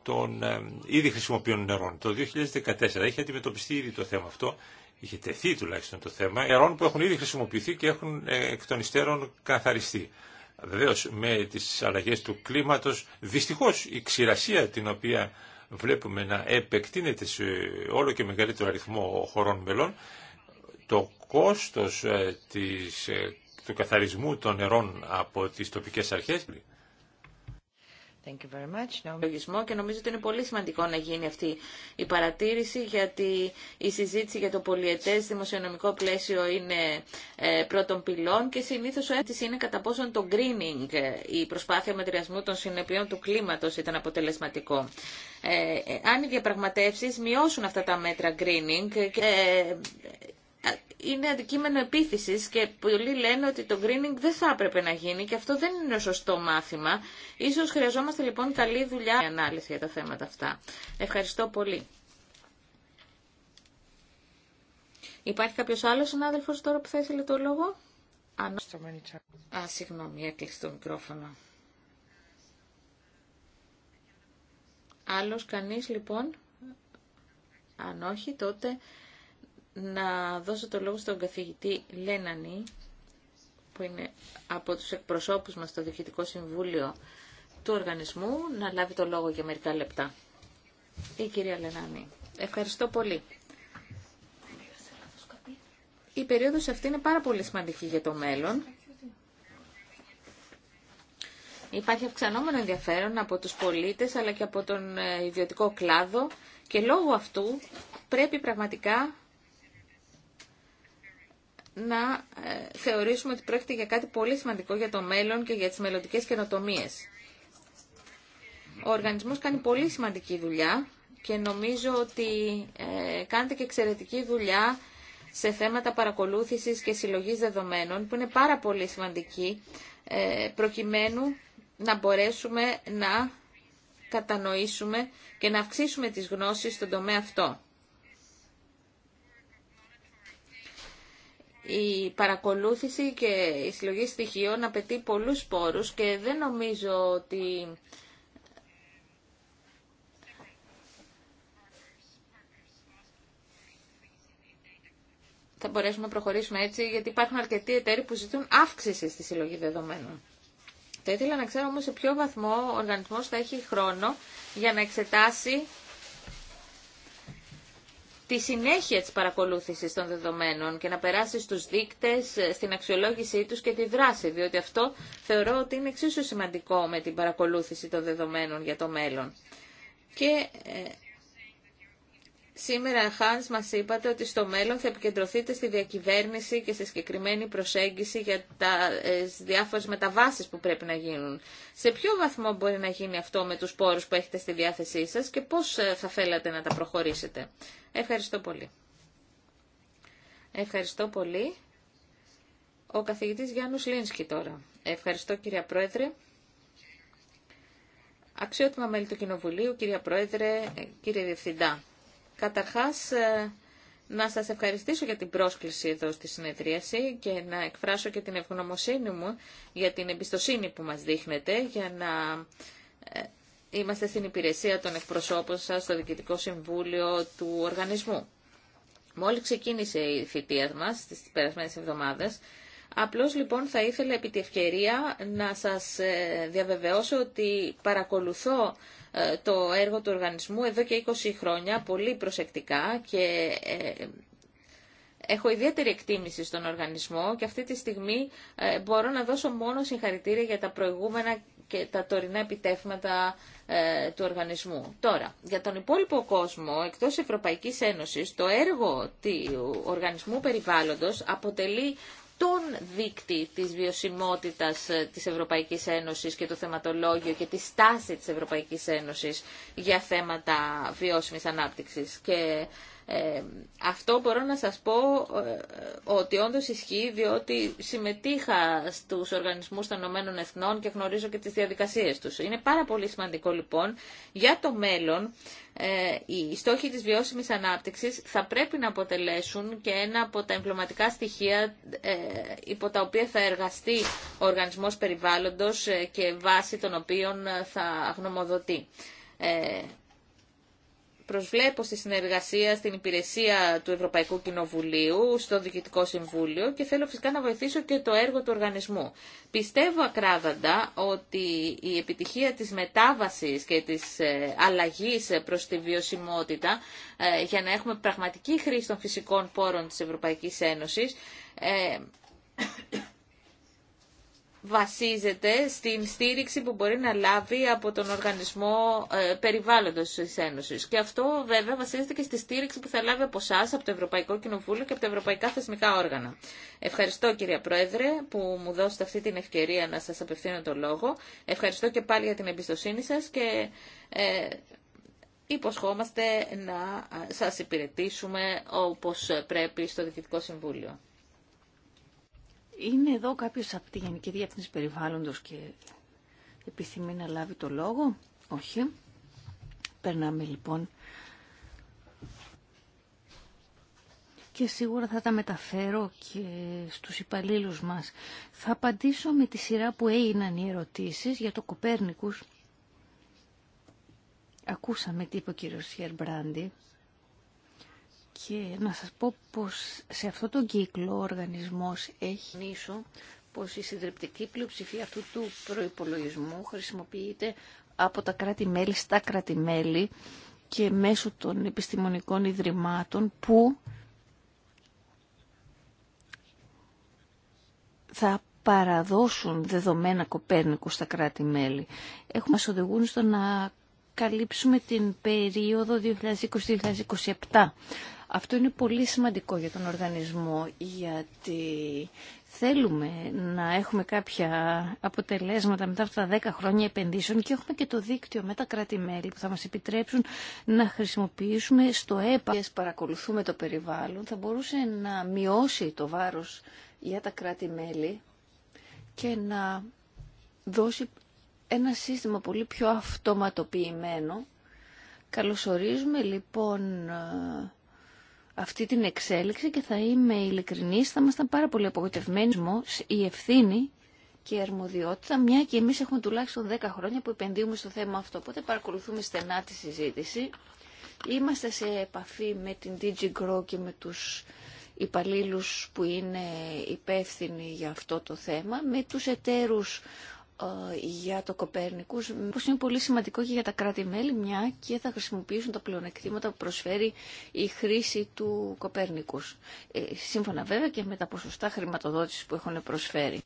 C: των ε, ήδη χρησιμοποιών νερών. Το 2014 είχε αντιμετωπιστεί ήδη το θέμα αυτό, είχε τεθεί τουλάχιστον το θέμα, νερών που έχουν ήδη χρησιμοποιηθεί και έχουν ε, εκ των υστέρων καθαριστεί. Βεβαίω, με τις αλλαγές του κλίματος, δυστυχώς η ξηρασία την οποία βλέπουμε να επεκτείνεται σε όλο και μεγαλύτερο αριθμό χωρών μελών, το κόστος ε, της, ε, του καθαρισμού των νερών από τις τοπικές αρχές
A: Thank you very much. και νομίζω ότι είναι πολύ σημαντικό να γίνει αυτή η παρατήρηση γιατί η συζήτηση για το πολιετές δημοσιονομικό πλαίσιο είναι ε, πρώτων πυλών και συνήθως ο έτσι είναι κατά πόσον το greening, ε, η προσπάθεια μετριασμού των συνεπειών του κλίματος ήταν αποτελεσματικό. Ε, ε, αν οι διαπραγματεύσεις μειώσουν αυτά τα μέτρα greening και ε, είναι αντικείμενο επίθεση και πολλοί λένε ότι το greening δεν θα έπρεπε να γίνει και αυτό δεν είναι σωστό μάθημα. Ίσως χρειαζόμαστε λοιπόν καλή δουλειά και ανάλυση για τα θέματα αυτά. Ευχαριστώ πολύ. Υπάρχει κάποιο άλλο συνάδελφο τώρα που θα ήθελε το λόγο. Α, συγγνώμη, έκλεισε το μικρόφωνο. Άλλος κανείς λοιπόν, αν όχι τότε να δώσω το λόγο στον καθηγητή Λένανη, που είναι από τους εκπροσώπους μας στο Διοικητικό Συμβούλιο του Οργανισμού, να λάβει το λόγο για μερικά λεπτά. Η κυρία Λένανη, ευχαριστώ πολύ. Η περίοδος αυτή είναι πάρα πολύ σημαντική για το μέλλον. Υπάρχει αυξανόμενο ενδιαφέρον από τους πολίτες αλλά και από τον ε, ιδιωτικό κλάδο και λόγω αυτού πρέπει πραγματικά να ε, θεωρήσουμε ότι πρόκειται για κάτι πολύ σημαντικό για το μέλλον και για τις μελλοντικές καινοτομίες. Ο οργανισμός κάνει πολύ σημαντική δουλειά και νομίζω ότι ε, κάνετε και εξαιρετική δουλειά σε θέματα παρακολούθησης και συλλογής δεδομένων που είναι πάρα πολύ σημαντική ε, προκειμένου να μπορέσουμε να κατανοήσουμε και να αυξήσουμε τις γνώσεις στον τομέα αυτό. η παρακολούθηση και η συλλογή στοιχείων απαιτεί πολλούς πόρους και δεν νομίζω ότι θα μπορέσουμε να προχωρήσουμε έτσι, γιατί υπάρχουν αρκετοί εταίροι που ζητούν αύξηση στη συλλογή δεδομένων. Θα ήθελα να ξέρω όμως σε ποιο βαθμό ο οργανισμός θα έχει χρόνο για να εξετάσει τη συνέχεια της παρακολούθησης των δεδομένων και να περάσει στους δείκτες, ε, στην αξιολόγησή τους και τη δράση, διότι αυτό θεωρώ ότι είναι εξίσου σημαντικό με την παρακολούθηση των δεδομένων για το μέλλον. Και ε, Σήμερα, Χάνς, μας είπατε ότι στο μέλλον θα επικεντρωθείτε στη διακυβέρνηση και στη συγκεκριμένη προσέγγιση για τα ε, διάφορες μεταβάσεις που πρέπει να γίνουν. Σε ποιο βαθμό μπορεί να γίνει αυτό με τους πόρους που έχετε στη διάθεσή σας και πώς ε, θα θέλατε να τα προχωρήσετε. Ευχαριστώ πολύ. Ευχαριστώ πολύ. Ο καθηγητής Γιάννου Λίνσκι τώρα. Ευχαριστώ κυρία Πρόεδρε. Αξιότιμα μέλη του Κοινοβουλίου, κυρία Πρόεδρε, ε, κύριε Διευθυντά. Καταρχάς, ε, να σας ευχαριστήσω για την πρόσκληση εδώ στη συνεδρίαση και να εκφράσω και την ευγνωμοσύνη μου για την εμπιστοσύνη που μας δείχνετε για να ε, είμαστε στην υπηρεσία των εκπροσώπων σας στο Διοικητικό Συμβούλιο του Οργανισμού. Μόλις ξεκίνησε η θητεία μας τις περασμένες εβδομάδες, Απλώς λοιπόν θα ήθελα επί τη ευκαιρία να σας ε, διαβεβαιώσω ότι παρακολουθώ ε, το έργο του οργανισμού εδώ και 20 χρόνια πολύ προσεκτικά και ε, έχω ιδιαίτερη εκτίμηση στον οργανισμό και αυτή τη στιγμή ε, μπορώ να δώσω μόνο συγχαρητήρια για τα προηγούμενα και τα τωρινά επιτεύγματα του οργανισμού. Τώρα, για τον υπόλοιπο κόσμο, εκτός Ευρωπαϊκής Ένωσης, το έργο του οργανισμού περιβάλλοντος αποτελεί τον δείκτη της βιωσιμότητας ε, της Ευρωπαϊκής Ένωσης και το θεματολόγιο και τη στάση της Ευρωπαϊκής Ένωσης για θέματα βιώσιμης ανάπτυξης. Και ε, αυτό μπορώ να σας πω ε, ότι όντως ισχύει διότι συμμετείχα στους οργανισμούς των Ηνωμένων Εθνών και γνωρίζω και τις διαδικασίες τους. Είναι πάρα πολύ σημαντικό λοιπόν για το μέλλον ε, οι στόχοι της βιώσιμης ανάπτυξης θα πρέπει να αποτελέσουν και ένα από τα εμπλωματικά στοιχεία υπό τα οποία θα εργαστεί ο Οργανισμός Περιβάλλοντος και βάση των οποίων θα γνωμοδοτεί προσβλέπω στη συνεργασία στην υπηρεσία του Ευρωπαϊκού Κοινοβουλίου, στο Διοικητικό Συμβούλιο και θέλω φυσικά να βοηθήσω και το έργο του οργανισμού. Πιστεύω ακράδαντα ότι η επιτυχία της μετάβασης και της ε, αλλαγής προς τη βιωσιμότητα ε, για να έχουμε πραγματική χρήση των φυσικών πόρων της Ευρωπαϊκής Ένωσης ε, βασίζεται στην στήριξη που μπορεί να λάβει από τον Οργανισμό ε, Περιβάλλοντος της Ένωσης. Και αυτό βέβαια βασίζεται και στη στήριξη που θα λάβει από εσά, από το Ευρωπαϊκό Κοινοβούλιο και από τα ευρωπαϊκά θεσμικά όργανα. Ευχαριστώ κυρία Πρόεδρε που μου δώσετε αυτή την ευκαιρία να σας απευθύνω το λόγο. Ευχαριστώ και πάλι για την εμπιστοσύνη σας και ε, υποσχόμαστε να ε, σας υπηρετήσουμε όπως πρέπει στο Διοικητικό Συμβούλιο. Είναι εδώ
B: κάποιο από τη Γενική Διεύθυνση Περιβάλλοντος και επιθυμεί να λάβει το λόγο. Όχι. Περνάμε λοιπόν. Και σίγουρα θα τα μεταφέρω και στους υπαλλήλους μας. Θα απαντήσω με τη σειρά που έγιναν οι ερωτήσεις για το Κοπέρνικους. Ακούσαμε τι είπε ο κύριος και να σας πω πως σε αυτό τον κύκλο ο οργανισμός έχει νήσο πως η συντριπτική πλειοψηφία αυτού του προϋπολογισμού χρησιμοποιείται από τα κράτη-μέλη στα κράτη-μέλη και μέσω των επιστημονικών ιδρυμάτων που θα παραδώσουν δεδομένα Κοπέρνικου στα κράτη-μέλη. Έχουμε μας στο να καλύψουμε την περίοδο 2020-2027. Αυτό είναι πολύ σημαντικό για τον οργανισμό γιατί θέλουμε να έχουμε κάποια αποτελέσματα μετά από τα 10 χρόνια επενδύσεων και έχουμε και το δίκτυο με τα κράτη-μέλη που θα μας επιτρέψουν να χρησιμοποιήσουμε στο ΕΠΑ. Παρακολουθούμε το περιβάλλον, θα μπορούσε να μειώσει το βάρος για τα κράτη-μέλη και να δώσει ένα σύστημα πολύ πιο αυτοματοποιημένο. Καλωσορίζουμε λοιπόν αυτή την εξέλιξη και θα είμαι ειλικρινή. θα ήμασταν πάρα πολύ απογοητευμένοι. Η ευθύνη και η αρμοδιότητα, μια και εμείς έχουμε τουλάχιστον 10 χρόνια που επενδύουμε στο θέμα αυτό. Οπότε παρακολουθούμε στενά τη συζήτηση. Είμαστε σε επαφή με την Grow και με τους υπαλλήλου που είναι υπεύθυνοι για αυτό το θέμα, με τους εταίρους για το Κοπέρνικους, πως είναι πολύ σημαντικό και για τα κράτη-μέλη, μια και θα χρησιμοποιήσουν τα πλεονεκτήματα που προσφέρει η χρήση του Κοπέρνικους. Ε, σύμφωνα βέβαια και με τα ποσοστά χρηματοδότησης που έχουν προσφέρει.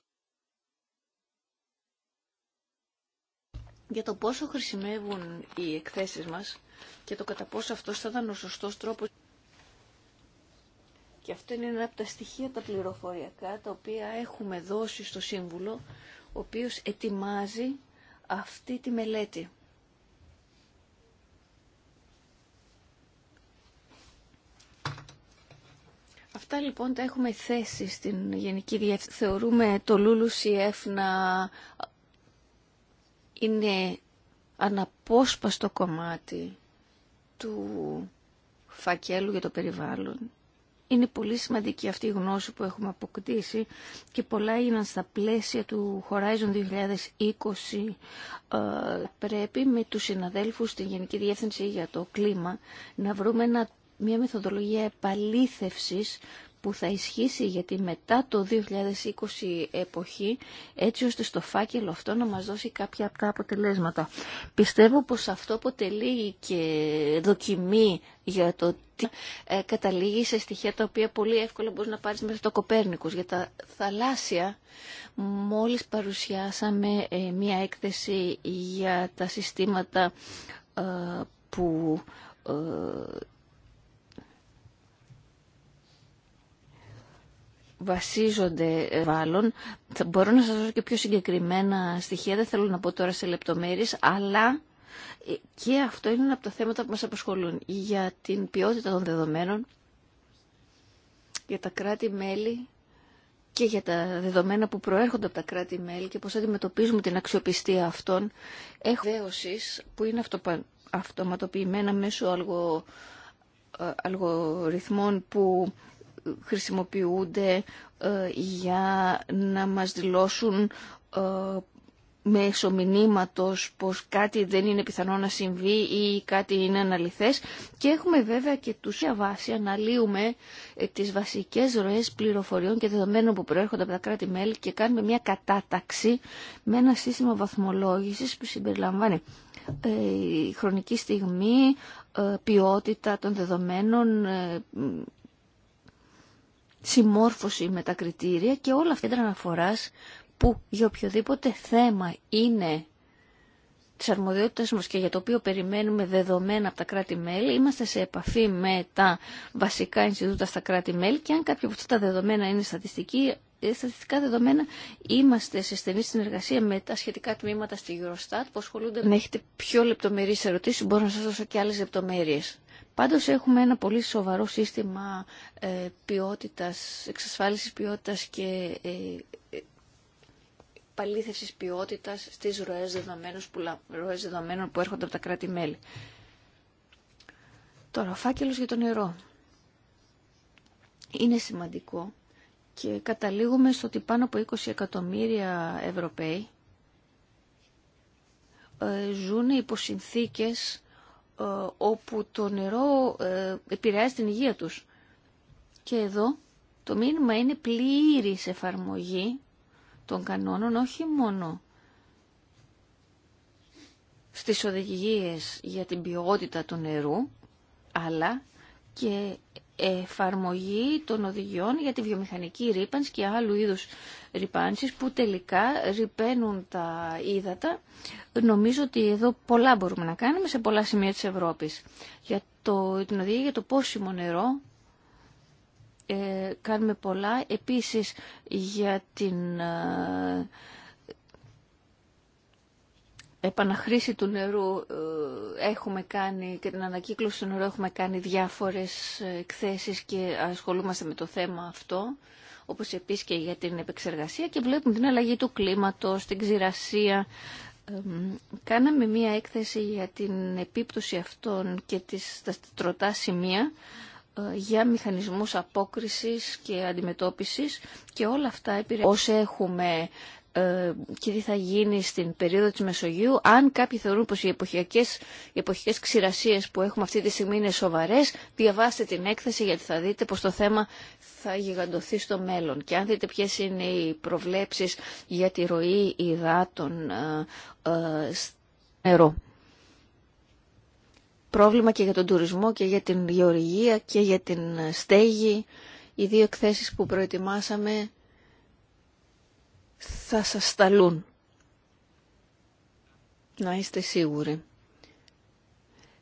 B: Για το πόσο χρησιμεύουν οι εκθέσεις μας και το κατά πόσο αυτός θα ήταν ο σωστός τρόπος. Και αυτό είναι ένα από τα στοιχεία τα πληροφοριακά τα οποία έχουμε δώσει στο Σύμβουλο ο οποίος ετοιμάζει αυτή τη μελέτη. Αυτά λοιπόν τα έχουμε θέσει στην Γενική Διεύθυνση. Θεωρούμε το Λούλου Σιέφ να είναι αναπόσπαστο κομμάτι του φακέλου για το περιβάλλον. Είναι πολύ σημαντική αυτή η γνώση που έχουμε αποκτήσει και πολλά έγιναν στα πλαίσια του Horizon 2020. Ε, πρέπει με τους συναδέλφους στην Γενική Διεύθυνση για το Κλίμα να βρούμε μια μεθοδολογία επαλήθευσης που θα ισχύσει για τη μετά το 2020 εποχή έτσι ώστε στο φάκελο αυτό να μας δώσει κάποια από τα αποτελέσματα. Πιστεύω πως αυτό αποτελεί και δοκιμή για το τι ε, καταλήγει σε στοιχεία τα οποία πολύ εύκολα μπορεί να πάρεις μέσα στο Κοπέρνικος. Για τα θαλάσσια μόλις παρουσιάσαμε ε, μία έκθεση για τα συστήματα ε, που βασίζονται ε, βάλλον. Μπορώ να σας δώσω και πιο συγκεκριμένα στοιχεία, δεν θέλω να πω τώρα σε λεπτομέρειες, αλλά ε, και αυτό είναι ένα από τα θέματα που μας απασχολούν. Για την ποιότητα των δεδομένων, για τα κράτη-μέλη και για τα δεδομένα που προέρχονται από τα κράτη-μέλη και πώς αντιμετωπίζουμε την αξιοπιστία αυτών, έχω δέωσης που είναι αυτοματοποιημένα μέσω αλγο, ε, αλγοριθμών που χρησιμοποιούνται ε, για να μας δηλώσουν ε, μέσω μηνύματος πως κάτι δεν είναι πιθανό να συμβεί ή κάτι είναι αναλυθές και έχουμε βέβαια και τους βάση αναλύουμε ε, τις βασικές ροές πληροφοριών και δεδομένων που προέρχονται από τα κράτη-μέλη και κάνουμε μια κατάταξη με ένα σύστημα βαθμολόγησης που συμπεριλαμβάνει η χρονική στιγμή, ποιότητα των δεδομένων, συμμόρφωση με τα κριτήρια και όλα αυτά τα αναφορά που για οποιοδήποτε θέμα είναι της αρμοδιότητας μας και για το οποίο περιμένουμε δεδομένα από τα κράτη-μέλη. Είμαστε σε επαφή με τα βασικά Ινστιτούτα στα κράτη-μέλη και αν κάποια από αυτά τα δεδομένα είναι στατιστική, ε, στατιστικά δεδομένα είμαστε σε στενή συνεργασία με τα σχετικά τμήματα στη Eurostat που ασχολούνται. Να έχετε πιο λεπτομερείς ερωτήσεις μπορώ να σας δώσω και άλλες λεπτομέρειες. Πάντως έχουμε ένα πολύ σοβαρό σύστημα ε, ποιότητας, εξασφάλισης ποιότητας και ε, ε, παλήθευσης ποιότητας στις ροές δεδομένων που, ροές δεδομένων που έρχονται από τα κράτη-μέλη. Τώρα, ο φάκελος για το νερό. Είναι σημαντικό και καταλήγουμε στο ότι πάνω από 20 εκατομμύρια Ευρωπαίοι ζουν υπό συνθήκες ε, όπου το νερό ε, επηρεάζει την υγεία τους. Και εδώ το μήνυμα είναι πλήρης εφαρμογή των κανόνων, όχι μόνο στις οδηγίες για την ποιότητα του νερού, αλλά και εφαρμογή των οδηγιών για τη βιομηχανική ρήπανση και άλλου είδους ρήπανσης που τελικά ρηπαίνουν τα ύδατα. Νομίζω ότι εδώ πολλά μπορούμε να κάνουμε σε πολλά σημεία της Ευρώπης. Για το, την οδηγία για το πόσιμο νερό ε, κάνουμε πολλά. Επίσης για την... Ε, επαναχρήση του νερού ε, έχουμε κάνει και την ανακύκλωση του νερού έχουμε κάνει διάφορες ε, εκθέσεις και ασχολούμαστε με το θέμα αυτό όπως επίσης και για την επεξεργασία και βλέπουμε την αλλαγή του κλίματος, την ξηρασία. Κάναμε μία έκθεση για την επίπτωση αυτών και τις, τα τροτά σημεία ε, για μηχανισμούς απόκρισης και αντιμετώπισης και όλα αυτά όσοι έχουμε ε, και τι θα γίνει στην περίοδο της Μεσογείου αν κάποιοι θεωρούν πως οι εποχιακές, οι εποχικές ξηρασίες που έχουμε αυτή τη στιγμή είναι σοβαρές διαβάστε την έκθεση γιατί θα δείτε πως το θέμα θα γιγαντωθεί στο μέλλον και αν δείτε ποιες είναι οι προβλέψεις για τη ροή υδάτων ε, ε νερό πρόβλημα και για τον τουρισμό και για την γεωργία και για την στέγη οι δύο εκθέσεις που προετοιμάσαμε θα σας σταλούν. Να είστε σίγουροι.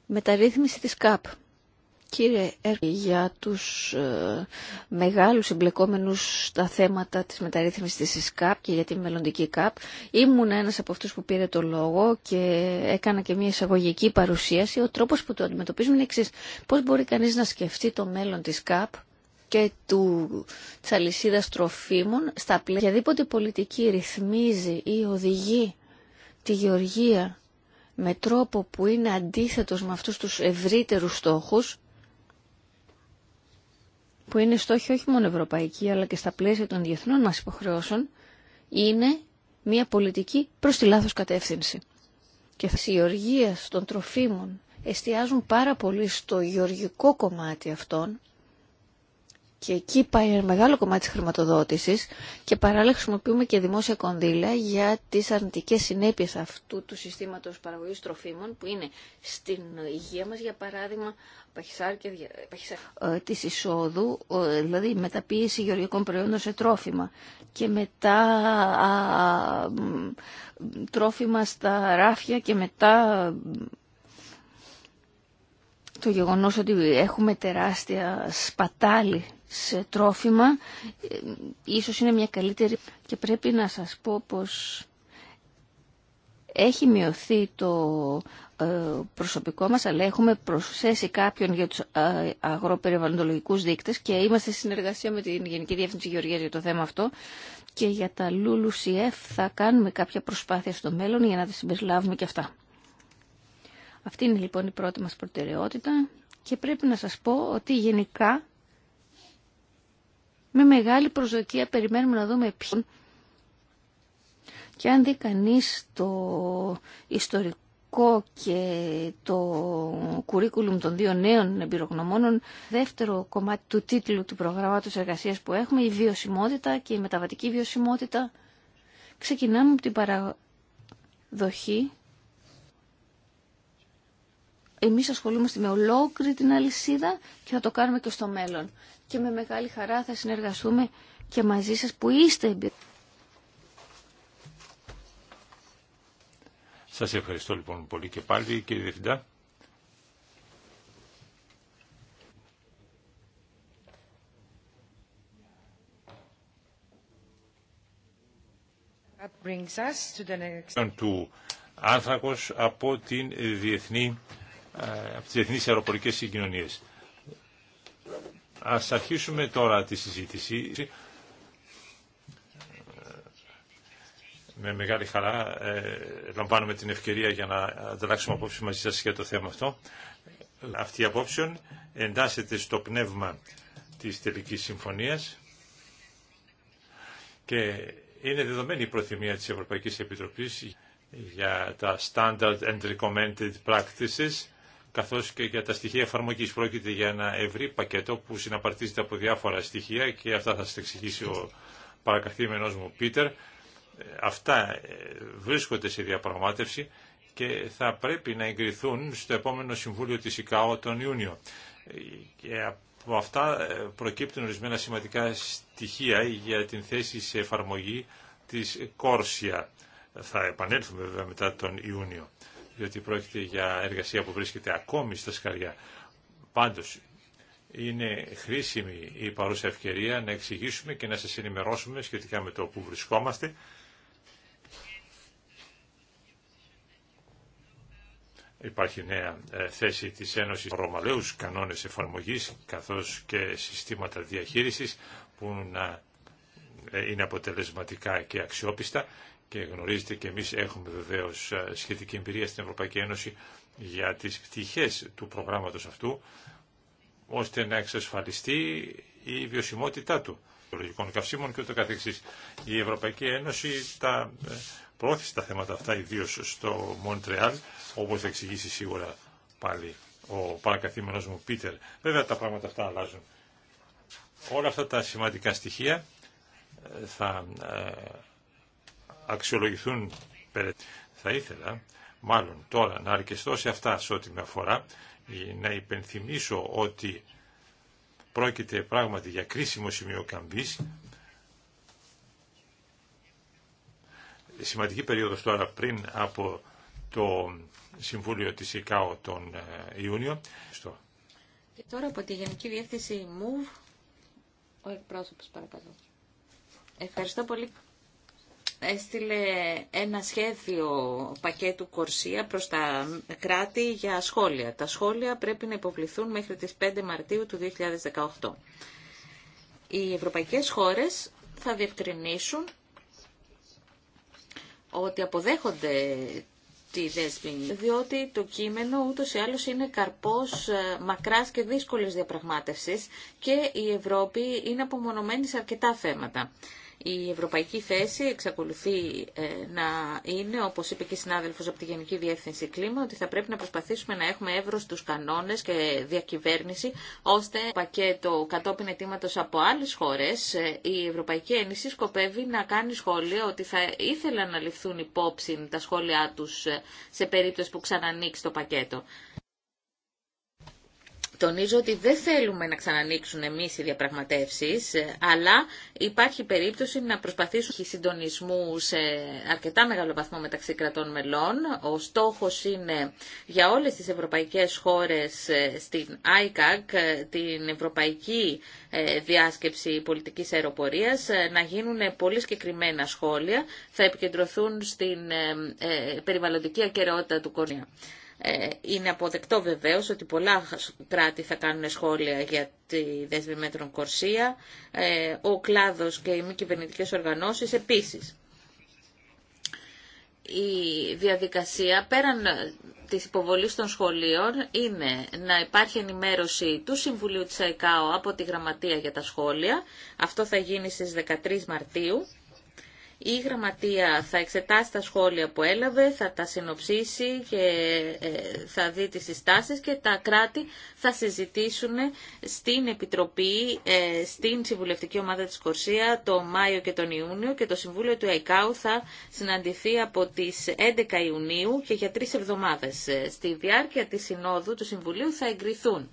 B: Μεταρρύθμιση της ΚΑΠ. Κύριε Έρκη, για τους ε, μεγάλους εμπλεκόμενους στα θέματα της μεταρρύθμισης της ΚΑΠ και για τη μελλοντική ΚΑΠ, ήμουν ένας από αυτούς που πήρε το λόγο και έκανα και μια εισαγωγική παρουσίαση. Ο τρόπος που το αντιμετωπίζουμε είναι εξής. Πώς μπορεί κανείς να σκεφτεί το μέλλον της ΚΑΠ και του, της αλυσίδας τροφίμων στα πλαίσια. Οποιαδήποτε πολιτική ρυθμίζει ή οδηγεί τη γεωργία με τρόπο που είναι αντίθετος με αυτούς τους ευρύτερους στόχους, που είναι στόχοι όχι μόνο ευρωπαϊκοί, αλλά και στα πλαίσια των διεθνών μας υποχρεώσεων, είναι μια πολιτική προς τη λάθος κατεύθυνση. Και θα γεωργίας των τροφίμων εστιάζουν πάρα πολύ στο γεωργικό κομμάτι αυτών, και εκεί πάει ένα μεγάλο κομμάτι της χρηματοδότησης και παράλληλα χρησιμοποιούμε και δημόσια κονδύλια για τις αρνητικές συνέπειες αυτού του συστήματος παραγωγής τροφίμων που είναι στην υγεία μας, για παράδειγμα, τη ε, της εισόδου, ε, δηλαδή μεταποίηση γεωργικών προϊόντων σε τρόφιμα και μετά α, τρόφιμα στα ράφια και μετά το γεγονός ότι έχουμε τεράστια σπατάλη σε τρόφιμα ε, ίσως είναι μια καλύτερη και πρέπει να σας πω πως έχει μειωθεί το ε, προσωπικό μας αλλά έχουμε προσθέσει κάποιον για τους ε, αγροπεριβαλλοντολογικούς δείκτες και είμαστε σε συνεργασία με την Γενική Διεύθυνση Γεωργίας για το θέμα αυτό και για τα LULUCF θα κάνουμε κάποια προσπάθεια στο μέλλον για να τα συμπεριλάβουμε και αυτά. Αυτή είναι λοιπόν η πρώτη μας προτεραιότητα και πρέπει να σας πω ότι γενικά με μεγάλη προσδοκία περιμένουμε να δούμε ποιον. Και αν δει κανεί το ιστορικό και το κουρίκουλουμ των δύο νέων εμπειρογνωμόνων, δεύτερο κομμάτι του τίτλου του προγράμματος εργασίας που έχουμε, η βιωσιμότητα και η μεταβατική βιωσιμότητα, ξεκινάμε από την παραδοχή. Εμείς ασχολούμαστε με ολόκληρη την αλυσίδα και θα το κάνουμε και στο μέλλον και με μεγάλη χαρά θα συνεργαστούμε και μαζί σας που είστε εμπειροί.
C: Σας ευχαριστώ λοιπόν πολύ και πάλι κύριε Διευθυντά. του άνθρακος από, την διεθνή, ε, από τις διεθνείς αεροπορικές συγκοινωνίες. Ας αρχίσουμε τώρα τη συζήτηση. Με μεγάλη χαρά ε, λαμβάνουμε την ευκαιρία για να ανταλλάξουμε απόψη μαζί σας για το θέμα αυτό. Αυτή η απόψη εντάσσεται στο πνεύμα της τελικής συμφωνίας και είναι δεδομένη η προθυμία της Ευρωπαϊκής Επιτροπής για τα Standard and Recommended Practices καθώς και για τα στοιχεία εφαρμογής. Πρόκειται για ένα ευρύ πακέτο που συναπαρτίζεται από διάφορα στοιχεία και αυτά θα σας εξηγήσει ο παρακαθήμενός μου Πίτερ. Αυτά ε, βρίσκονται σε διαπραγμάτευση και θα πρέπει να εγκριθούν στο επόμενο Συμβούλιο της ΙΚΑΟ τον Ιούνιο. Και ε, από αυτά ε, προκύπτουν ορισμένα σημαντικά στοιχεία για την θέση σε εφαρμογή της Κόρσια. Θα επανέλθουμε βέβαια μετά τον Ιούνιο διότι πρόκειται για εργασία που βρίσκεται ακόμη στα σκαριά. Πάντως, είναι χρήσιμη η παρούσα ευκαιρία να εξηγήσουμε και να σας ενημερώσουμε σχετικά με το που βρισκόμαστε. Υπάρχει νέα ε, θέση της Ένωσης Ρωμαλαίους, κανόνες εφαρμογής καθώς και συστήματα διαχείρισης που να ε, είναι αποτελεσματικά και αξιόπιστα και γνωρίζετε και εμείς έχουμε βεβαίως ε, σχετική εμπειρία στην Ευρωπαϊκή Ένωση για τις πτυχές του προγράμματος αυτού, ώστε να εξασφαλιστεί η βιωσιμότητά του λογικών καυσίμων και ούτω καθεξής. Η Ευρωπαϊκή Ένωση τα ε, πρόθεσε τα θέματα αυτά, ιδίω στο Μοντρεάλ, όπως θα εξηγήσει σίγουρα πάλι ο παρακαθήμενος μου Πίτερ. Βέβαια τα πράγματα αυτά αλλάζουν. Όλα αυτά τα σημαντικά στοιχεία ε, θα αξιολογηθούν Θα ήθελα μάλλον τώρα να αρκεστώ σε αυτά σε ό,τι με αφορά, να υπενθυμίσω ότι πρόκειται πράγματι για κρίσιμο σημείο καμπής. Σημαντική περίοδος τώρα πριν από το Συμβούλιο της ΕΚΑΟ τον ε, Ιούνιο.
A: Και τώρα από τη Γενική Διεύθυνση Move, ο εκπρόσωπος παρακαλώ. Ευχαριστώ πολύ έστειλε ένα σχέδιο πακέτου Κορσία προς τα κράτη για σχόλια. Τα σχόλια πρέπει να υποβληθούν μέχρι τις 5 Μαρτίου του 2018. Οι ευρωπαϊκές χώρες θα διευκρινίσουν ότι αποδέχονται τη δέσμη, διότι το κείμενο ούτως ή άλλως είναι καρπός ε, μακράς και δύσκολης διαπραγμάτευσης και η Ευρώπη είναι απομονωμένη σε αρκετά θέματα. Η ευρωπαϊκή θέση εξακολουθεί ε, να είναι, όπως είπε και η συνάδελφος από τη Γενική Διεύθυνση Κλίμα, ότι θα πρέπει να προσπαθήσουμε να έχουμε εύρος τους κανόνες και διακυβέρνηση, ώστε το πακέτο κατόπιν αιτήματος από άλλες χώρες, ε, η Ευρωπαϊκή Ένωση σκοπεύει να κάνει σχόλια ότι θα ήθελα να ληφθούν υπόψη τα σχόλιά τους ε, σε περίπτωση που ξανανοίξει το πακέτο. Τονίζω ότι δεν θέλουμε να ξανανοίξουν εμεί οι διαπραγματεύσεις, ε, αλλά υπάρχει περίπτωση να προσπαθήσουν συντονισμού σε αρκετά μεγάλο βαθμό μεταξύ κρατών μελών. Ο στόχος είναι για όλες τις ευρωπαϊκές χώρες ε, στην ICAG, ε, την Ευρωπαϊκή Διάσκεψη Πολιτικής αεροπορία, να γίνουν πολύ συγκεκριμένα σχόλια. Θα επικεντρωθούν στην περιβαλλοντική ακαιρεότητα του κορνία. Ε, είναι αποδεκτό βεβαίως ότι πολλά κράτη θα κάνουν σχόλια για τη δέσμη μέτρων Κορσία, ε, ο κλάδος και οι μη κυβερνητικέ οργανώσεις επίσης. Η διαδικασία πέραν της υποβολής των σχολείων είναι να υπάρχει ενημέρωση του Συμβουλίου της ΑΕΚΑΟ από τη Γραμματεία για τα σχόλια. Αυτό θα γίνει στις 13 Μαρτίου. Η Γραμματεία θα εξετάσει τα σχόλια που έλαβε, θα τα συνοψίσει και ε, θα δει τις συστάσεις και τα κράτη θα συζητήσουν στην Επιτροπή, ε, στην Συμβουλευτική Ομάδα της Κορσία το Μάιο και τον Ιούνιο και το Συμβούλιο του ΑΙΚΑΟ θα συναντηθεί από τις 11 Ιουνίου και για τρεις εβδομάδες. Ε, στη διάρκεια της Συνόδου του Συμβουλίου θα εγκριθούν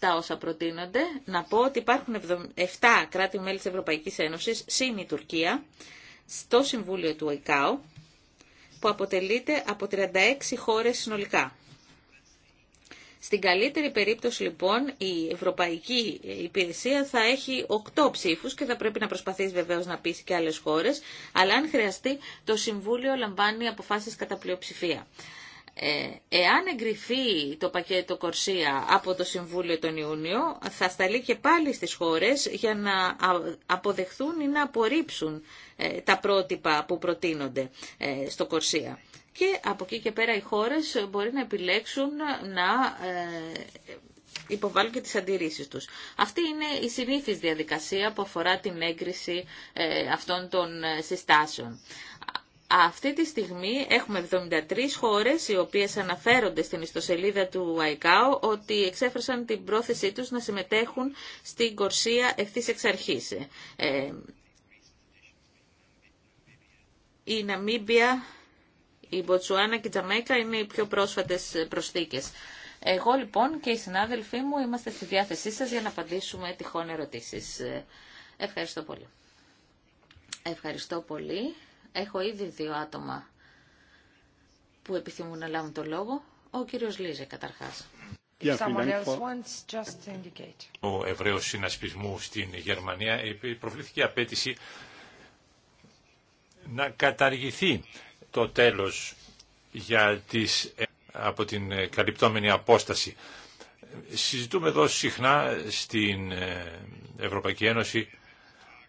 A: τα όσα προτείνονται, να πω ότι υπάρχουν 7 κράτη-μέλη της Ευρωπαϊκής Ένωσης, σύν η Τουρκία, στο Συμβούλιο του ΟΙΚΑΟ, που αποτελείται από 36 χώρες συνολικά. Στην καλύτερη περίπτωση λοιπόν η Ευρωπαϊκή Υπηρεσία θα έχει 8 ψήφους και θα πρέπει να προσπαθήσει βεβαίως να πείσει και άλλες χώρες, αλλά αν χρειαστεί το Συμβούλιο λαμβάνει αποφάσεις κατά πλειοψηφία. Ε, εάν εγκριθεί το πακέτο Κορσία από το Συμβούλιο τον Ιούνιο, θα σταλεί και πάλι στις χώρες για να αποδεχθούν ή να απορρίψουν ε, τα πρότυπα που προτείνονται ε, στο Κορσία. Και από εκεί και πέρα οι χώρες μπορεί να επιλέξουν να υποβάλουν και τις αντιρρήσεις τους. Αυτή είναι η συνήθις διαδικασία που αφορά την έγκριση αυτών των συστάσεων. Αυτή τη στιγμή έχουμε 73 χώρες οι οποίες αναφέρονται στην ιστοσελίδα του ΑΙΚΑΟ ότι εξέφρασαν την πρόθεσή τους να συμμετέχουν στην κορσία ευθύς εξ αρχής. Ε, η Ναμίμπια, η Μποτσουάνα και η Τζαμέκα είναι οι πιο πρόσφατες προσθήκες. Εγώ λοιπόν και οι συνάδελφοί μου είμαστε στη διάθεσή σας για να απαντήσουμε τυχόν ερωτήσεις. Ε, ευχαριστώ πολύ. Ευχαριστώ πολύ. Έχω ήδη δύο άτομα που επιθυμούν να λάβουν το λόγο. Ο κύριος Λίζε καταρχάς.
C: Ο Εβραίος Συνασπισμού στην Γερμανία προβλήθηκε απέτηση να καταργηθεί το τέλος για τις, ε, από την ε, καλυπτόμενη απόσταση. Συζητούμε εδώ συχνά στην ε, Ευρωπαϊκή Ένωση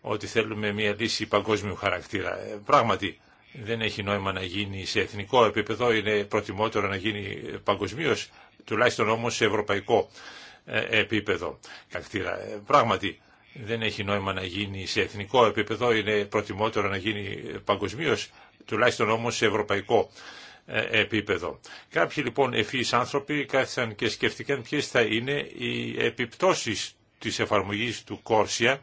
C: ότι θέλουμε μια λύση παγκόσμιου χαρακτήρα. Ε, πράγματι, δεν έχει νόημα να γίνει σε εθνικό επίπεδο, είναι προτιμότερο να γίνει παγκοσμίω, τουλάχιστον όμω σε ευρωπαϊκό ε, επίπεδο χαρακτήρα. Ε, πράγματι, δεν έχει νόημα να γίνει σε εθνικό επίπεδο, είναι προτιμότερο να γίνει παγκοσμίω, τουλάχιστον όμως σε ευρωπαϊκό επίπεδο. Κάποιοι λοιπόν ευφύς άνθρωποι κάθισαν και σκέφτηκαν ποιες θα είναι οι επιπτώσεις της εφαρμογής του Κόρσια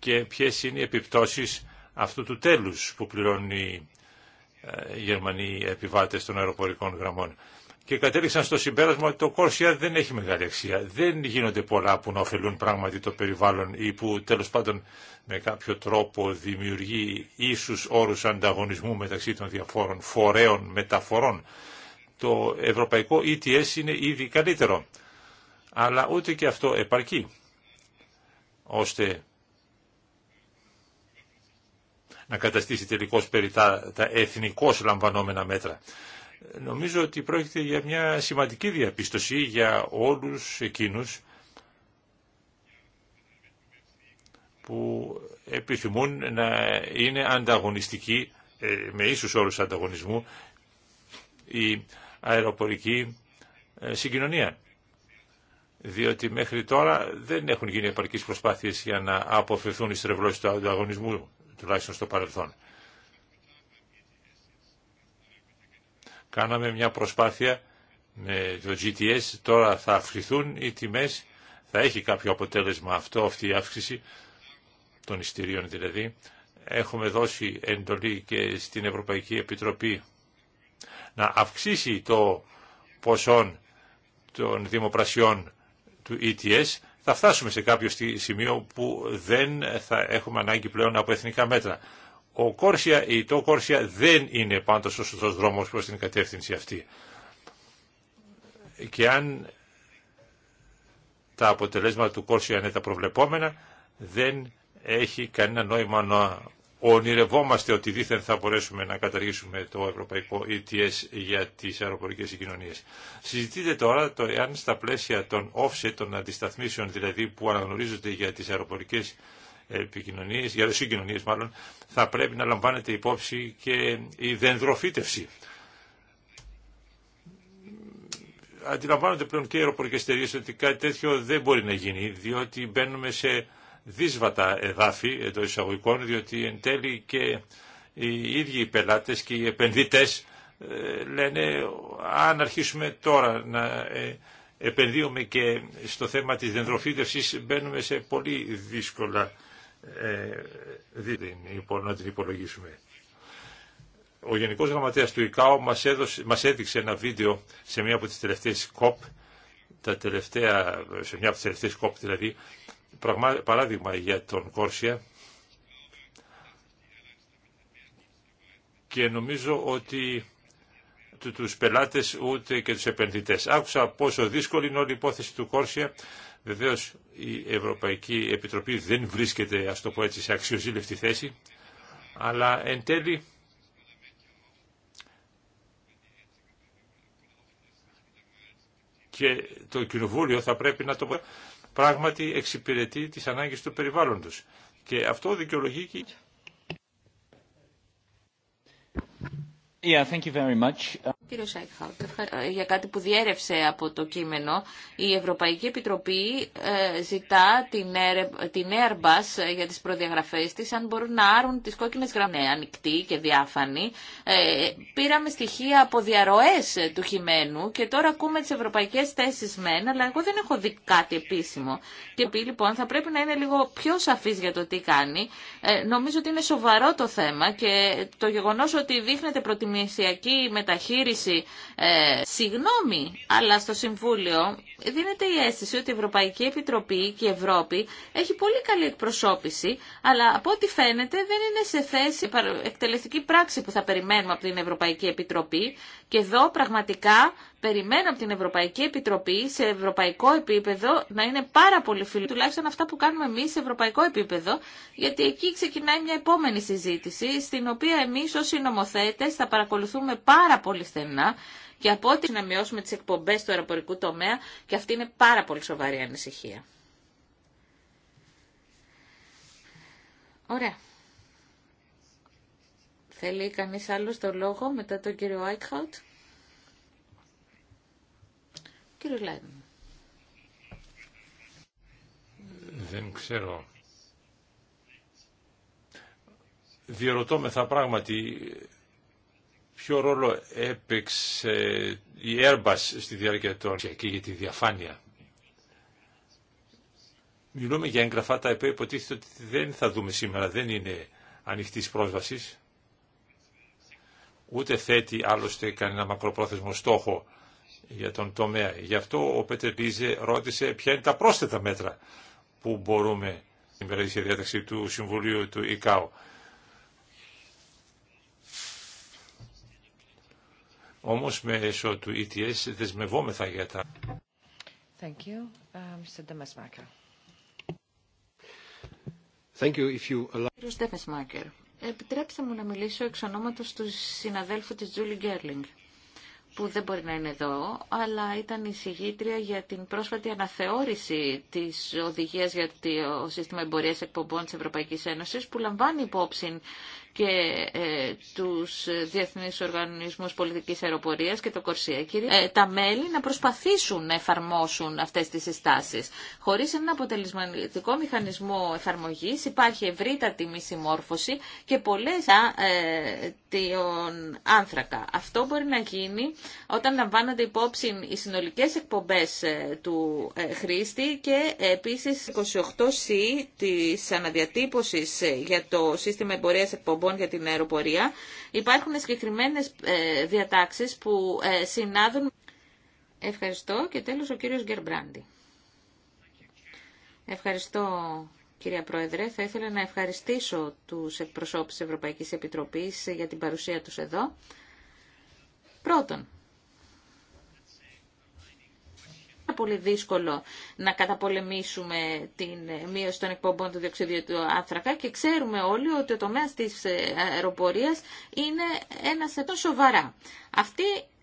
C: και ποιες είναι οι επιπτώσεις αυτού του τέλους που πληρώνουν ε, οι Γερμανοί επιβάτες των αεροπορικών γραμμών. Και κατέληξαν στο συμπέρασμα ότι το Κόρσια δεν έχει μεγάλη αξία. Δεν γίνονται πολλά που να ωφελούν πράγματι το περιβάλλον ή που τέλος πάντων με κάποιο τρόπο δημιουργεί ίσους όρους ανταγωνισμού μεταξύ των διαφόρων φορέων μεταφορών. Το ευρωπαϊκό ETS είναι ήδη καλύτερο. Αλλά ούτε και αυτό επαρκεί ώστε να καταστήσει τελικώ περί τα, τα λαμβανόμενα μέτρα. Νομίζω ότι πρόκειται για μια σημαντική διαπίστωση για όλους εκείνους που επιθυμούν να είναι ανταγωνιστικοί, ε, με ίσους όρους ανταγωνισμού, η αεροπορική ε, συγκοινωνία. Διότι μέχρι τώρα δεν έχουν γίνει επαρκείς προσπάθειες για να αποφευθούν οι στρεβλώσεις του ανταγωνισμού τουλάχιστον στο παρελθόν. Κάναμε μια προσπάθεια με το GTS, τώρα θα αυξηθούν οι τιμές, θα έχει κάποιο αποτέλεσμα αυτό, αυτή η αύξηση των ειστηρίων δηλαδή. Έχουμε δώσει εντολή και στην Ευρωπαϊκή Επιτροπή να αυξήσει το ποσό των δημοπρασιών του ETS θα φτάσουμε σε κάποιο σημείο που δεν θα έχουμε ανάγκη πλέον από εθνικά μέτρα. Ο Κόρσια ή το Κόρσια δεν είναι πάντως ο σωστός δρόμος προς την κατεύθυνση αυτή. Και αν τα αποτελέσματα του Κόρσια είναι τα προβλεπόμενα, δεν έχει κανένα νόημα να ονειρευόμαστε ότι δήθεν θα μπορέσουμε να καταργήσουμε το ευρωπαϊκό ETS για τις αεροπορικές συγκοινωνίες. Συζητείτε τώρα το εάν στα πλαίσια των offset, των αντισταθμίσεων δηλαδή που αναγνωρίζονται για τις αεροπορικές επικοινωνίες, για συγκοινωνίες μάλλον, θα πρέπει να λαμβάνεται υπόψη και η δενδροφύτευση. Αντιλαμβάνονται πλέον και οι αεροπορικές εταιρείε ότι κάτι τέτοιο δεν μπορεί να γίνει, διότι μπαίνουμε σε δύσβατα εδάφη εντό εισαγωγικών, διότι εν τέλει και οι ίδιοι οι πελάτες και οι επενδυτές ε, λένε αν αρχίσουμε τώρα να ε, επενδύουμε και στο θέμα της δεντροφύτευση, μπαίνουμε σε πολύ δύσκολα ε, λοιπόν, να την υπολογίσουμε. Ο Γενικός Γραμματέας του ΙΚΑΟ μας, έδωσε, μας έδειξε ένα βίντεο σε μια από τις τελευταίες κοπ τα τελευταία, σε μια από τις τελευταίες κοπ δηλαδή, παράδειγμα για τον Κόρσια και νομίζω ότι τους πελάτες ούτε και τους επενδυτές. Άκουσα πόσο δύσκολη είναι όλη η υπόθεση του Κόρσια. Βεβαίως η Ευρωπαϊκή Επιτροπή δεν βρίσκεται, ας το πω έτσι, σε αξιοζήλευτη θέση, αλλά εν τέλει και το Κοινοβούλιο θα πρέπει να το πράγματι εξυπηρετεί τις ανάγκες του περιβάλλοντος. Και αυτό δικαιολογεί και...
A: Κύριο Σάικχαουτ, ε, για κάτι που διέρευσε από το κείμενο, η Ευρωπαϊκή Επιτροπή ε, ζητά την Airbus ε, για τις προδιαγραφές της, αν μπορούν να άρουν τις κόκκινες γραμμές, ναι, ανοιχτή και διάφανη. Πήραμε στοιχεία από διαρροές του χειμένου και τώρα ακούμε τις ευρωπαϊκές θέσεις μεν, αλλά εγώ δεν έχω δει κάτι επίσημο. Και πει λοιπόν θα πρέπει να είναι λίγο πιο σαφής για το τι κάνει. Νομίζω ότι είναι σοβαρό το θέμα και το γεγονός ότι δείχνεται προτιμησιακή μεταχείριση ε, συγγνώμη, αλλά στο Συμβούλιο δίνεται η αίσθηση ότι η Ευρωπαϊκή Επιτροπή και η Ευρώπη έχει πολύ καλή εκπροσώπηση, αλλά από ό,τι φαίνεται δεν είναι σε θέση, εκτελεστική πράξη που θα περιμένουμε από την Ευρωπαϊκή Επιτροπή, και εδώ πραγματικά περιμένω από την Ευρωπαϊκή Επιτροπή σε ευρωπαϊκό επίπεδο να είναι πάρα πολύ φιλό. τουλάχιστον αυτά που κάνουμε εμεί σε ευρωπαϊκό επίπεδο, γιατί εκεί ξεκινάει μια επόμενη συζήτηση, στην οποία εμεί ω συνομοθέτε θα παρακολουθούμε πάρα πολύ στενά και από ό,τι να μειώσουμε τι εκπομπέ του αεροπορικού τομέα, και αυτή είναι πάρα πολύ σοβαρή ανησυχία. Ωραία. Θέλει κανείς άλλος το λόγο μετά τον κύριο Άικχαουτ. Κύριο Λάιν.
C: Δεν ξέρω. Διερωτώ μεθα πράγματι ποιο ρόλο έπαιξε η Airbus στη διάρκεια των και για τη διαφάνεια. Μιλούμε για έγγραφα τα οποία υποτίθεται ότι δεν θα δούμε σήμερα, δεν είναι ανοιχτής πρόσβασης ούτε θέτει άλλωστε κανένα μακροπρόθεσμο στόχο για τον τομέα. Γι' αυτό ο Πέτερ ρώτησε ποια είναι τα πρόσθετα μέτρα που μπορούμε στην περαιτέρω διάταξη του Συμβουλίου του ΙΚΑΟ. Όμως μέσω του ETS δεσμευόμεθα για τα...
A: Thank you. Uh, Mr. Thank you if you allow... Επιτρέψτε μου να μιλήσω εξ ονόματος του συναδέλφου της Τζούλι Γκέρλινγκ, που δεν μπορεί να είναι εδώ, αλλά ήταν η συγγήτρια για την πρόσφατη αναθεώρηση της οδηγίας για το σύστημα εμπορίας εκπομπών της Ευρωπαϊκής Ένωσης, που λαμβάνει υπόψη και ε, τους διεθνείς οργανισμούς πολιτικής αεροπορίας και το Κορσία. Ε, τα μέλη να προσπαθήσουν να εφαρμόσουν αυτές τις συστάσεις. Χωρίς ένα αποτελεσματικό μηχανισμό εφαρμογής υπάρχει ευρύτατη μη συμμόρφωση και πολλές ε, άνθρακα. Αυτό μπορεί να γίνει όταν λαμβάνονται υπόψη οι συνολικές εκπομπές ε, του χρήστη και επίσης 28C της αναδιατύπωσης για το σύστημα εμπορίας εκπομπών εκπομπών για την αεροπορία, υπάρχουν συγκεκριμένε ε, διατάξεις που ε, συνάδουν. Ευχαριστώ και τέλος ο κύριος Γκερμπράντι. Ευχαριστώ κυρία Πρόεδρε. Θα ήθελα να ευχαριστήσω τους εκπροσώπους της Ευρωπαϊκής Επιτροπής για την παρουσία τους εδώ. Πρώτον, πολύ δύσκολο να καταπολεμήσουμε την μείωση των εκπομπών του διοξιδίου του άνθρακα και ξέρουμε όλοι ότι ο τομέας της αεροπορίας είναι ένας ετών σοβαρά. Αυτή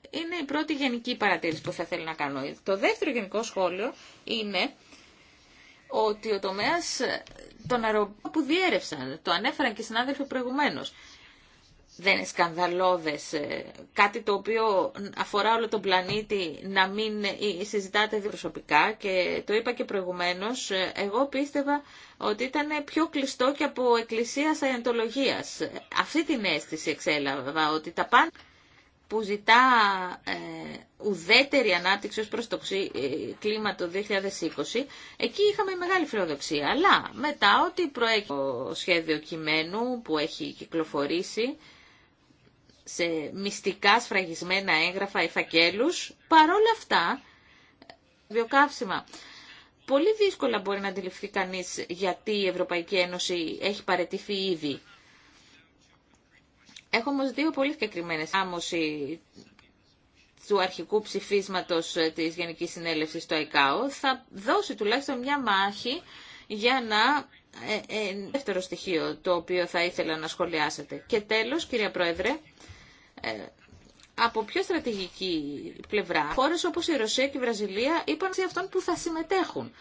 A: είναι η πρώτη γενική παρατήρηση που θα θέλω να κάνω. Το δεύτερο γενικό σχόλιο είναι ότι ο τομέας των αεροπορών που διέρευσαν, το ανέφεραν και οι συνάδελφοι προηγουμένως, δεν είναι σκανδαλώδες, ε, κάτι το οποίο αφορά όλο τον πλανήτη να μην ε, συζητάτε προσωπικά και το είπα και προηγουμένως, ε, εγώ πίστευα ότι ήταν πιο κλειστό και από εκκλησία σαϊντολογίας. Αυτή την αίσθηση εξέλαβα, ότι τα πάντα που ζητά ε, ουδέτερη ανάπτυξη ως προς το κλίμα το 2020, εκεί είχαμε μεγάλη φιλοδοξία. Αλλά μετά ότι προέκυψε το σχέδιο κειμένου που έχει κυκλοφορήσει, σε μυστικά σφραγισμένα έγγραφα ή φακέλους, παρόλα αυτά, βιοκαύσιμα. Πολύ δύσκολα μπορεί να αντιληφθεί κανείς γιατί η Ευρωπαϊκή Ένωση έχει παρετηθεί ήδη. Έχω όμω δύο πολύ συγκεκριμένε άμωση του αρχικού ψηφίσματος της Γενικής Συνέλευσης στο ΕΚΑΟ θα δώσει τουλάχιστον μια μάχη για να ε, ε, δεύτερο στοιχείο το οποίο θα ήθελα να σχολιάσετε. Και τέλος, κυρία Πρόεδρε, ε, από πιο στρατηγική πλευρά, χώρες όπως η Ρωσία και η Βραζιλία είπαν σε αυτών που θα συμμετέχουν.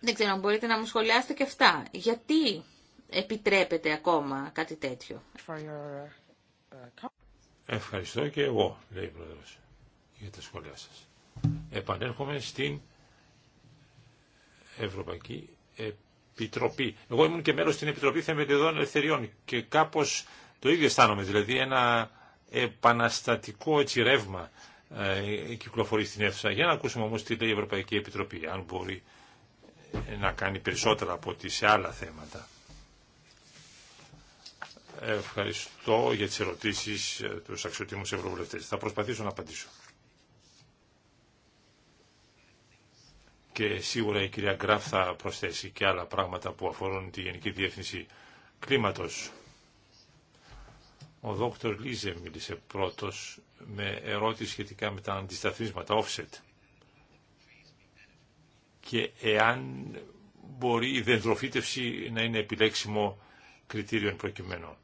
A: Δεν ξέρω αν μπορείτε να μου σχολιάσετε και αυτά. Γιατί επιτρέπεται ακόμα κάτι τέτοιο. Uh,
C: Ευχαριστώ και εγώ, λέει η Πρόεδρος, για τα σχόλιά σας. Επανέρχομαι στην Ευρωπαϊκή Επιτροπή. Εγώ ήμουν και μέλος στην Επιτροπή Θεμελιωδών Ελευθεριών και κάπως το ίδιο αισθάνομαι, δηλαδή ένα επαναστατικό έτσι ρεύμα ε, κυκλοφορεί στην αίθουσα. Για να ακούσουμε όμως τι λέει η Ευρωπαϊκή Επιτροπή, αν μπορεί ε, να κάνει περισσότερα από ό,τι σε άλλα θέματα. Ευχαριστώ για τις ερωτήσεις ε, του αξιωτήμους ευρωβουλευτές. Θα προσπαθήσω να απαντήσω. Και σίγουρα η κυρία Γκράφ θα προσθέσει και άλλα πράγματα που αφορούν τη Γενική Διεύθυνση Κλίματος. Ο Δόκτωρ Λίζε μίλησε πρώτος με ερώτηση σχετικά με τα αντισταθμίσματα offset και εάν μπορεί η δεντροφύτευση να είναι επιλέξιμο κριτήριο προκειμένου.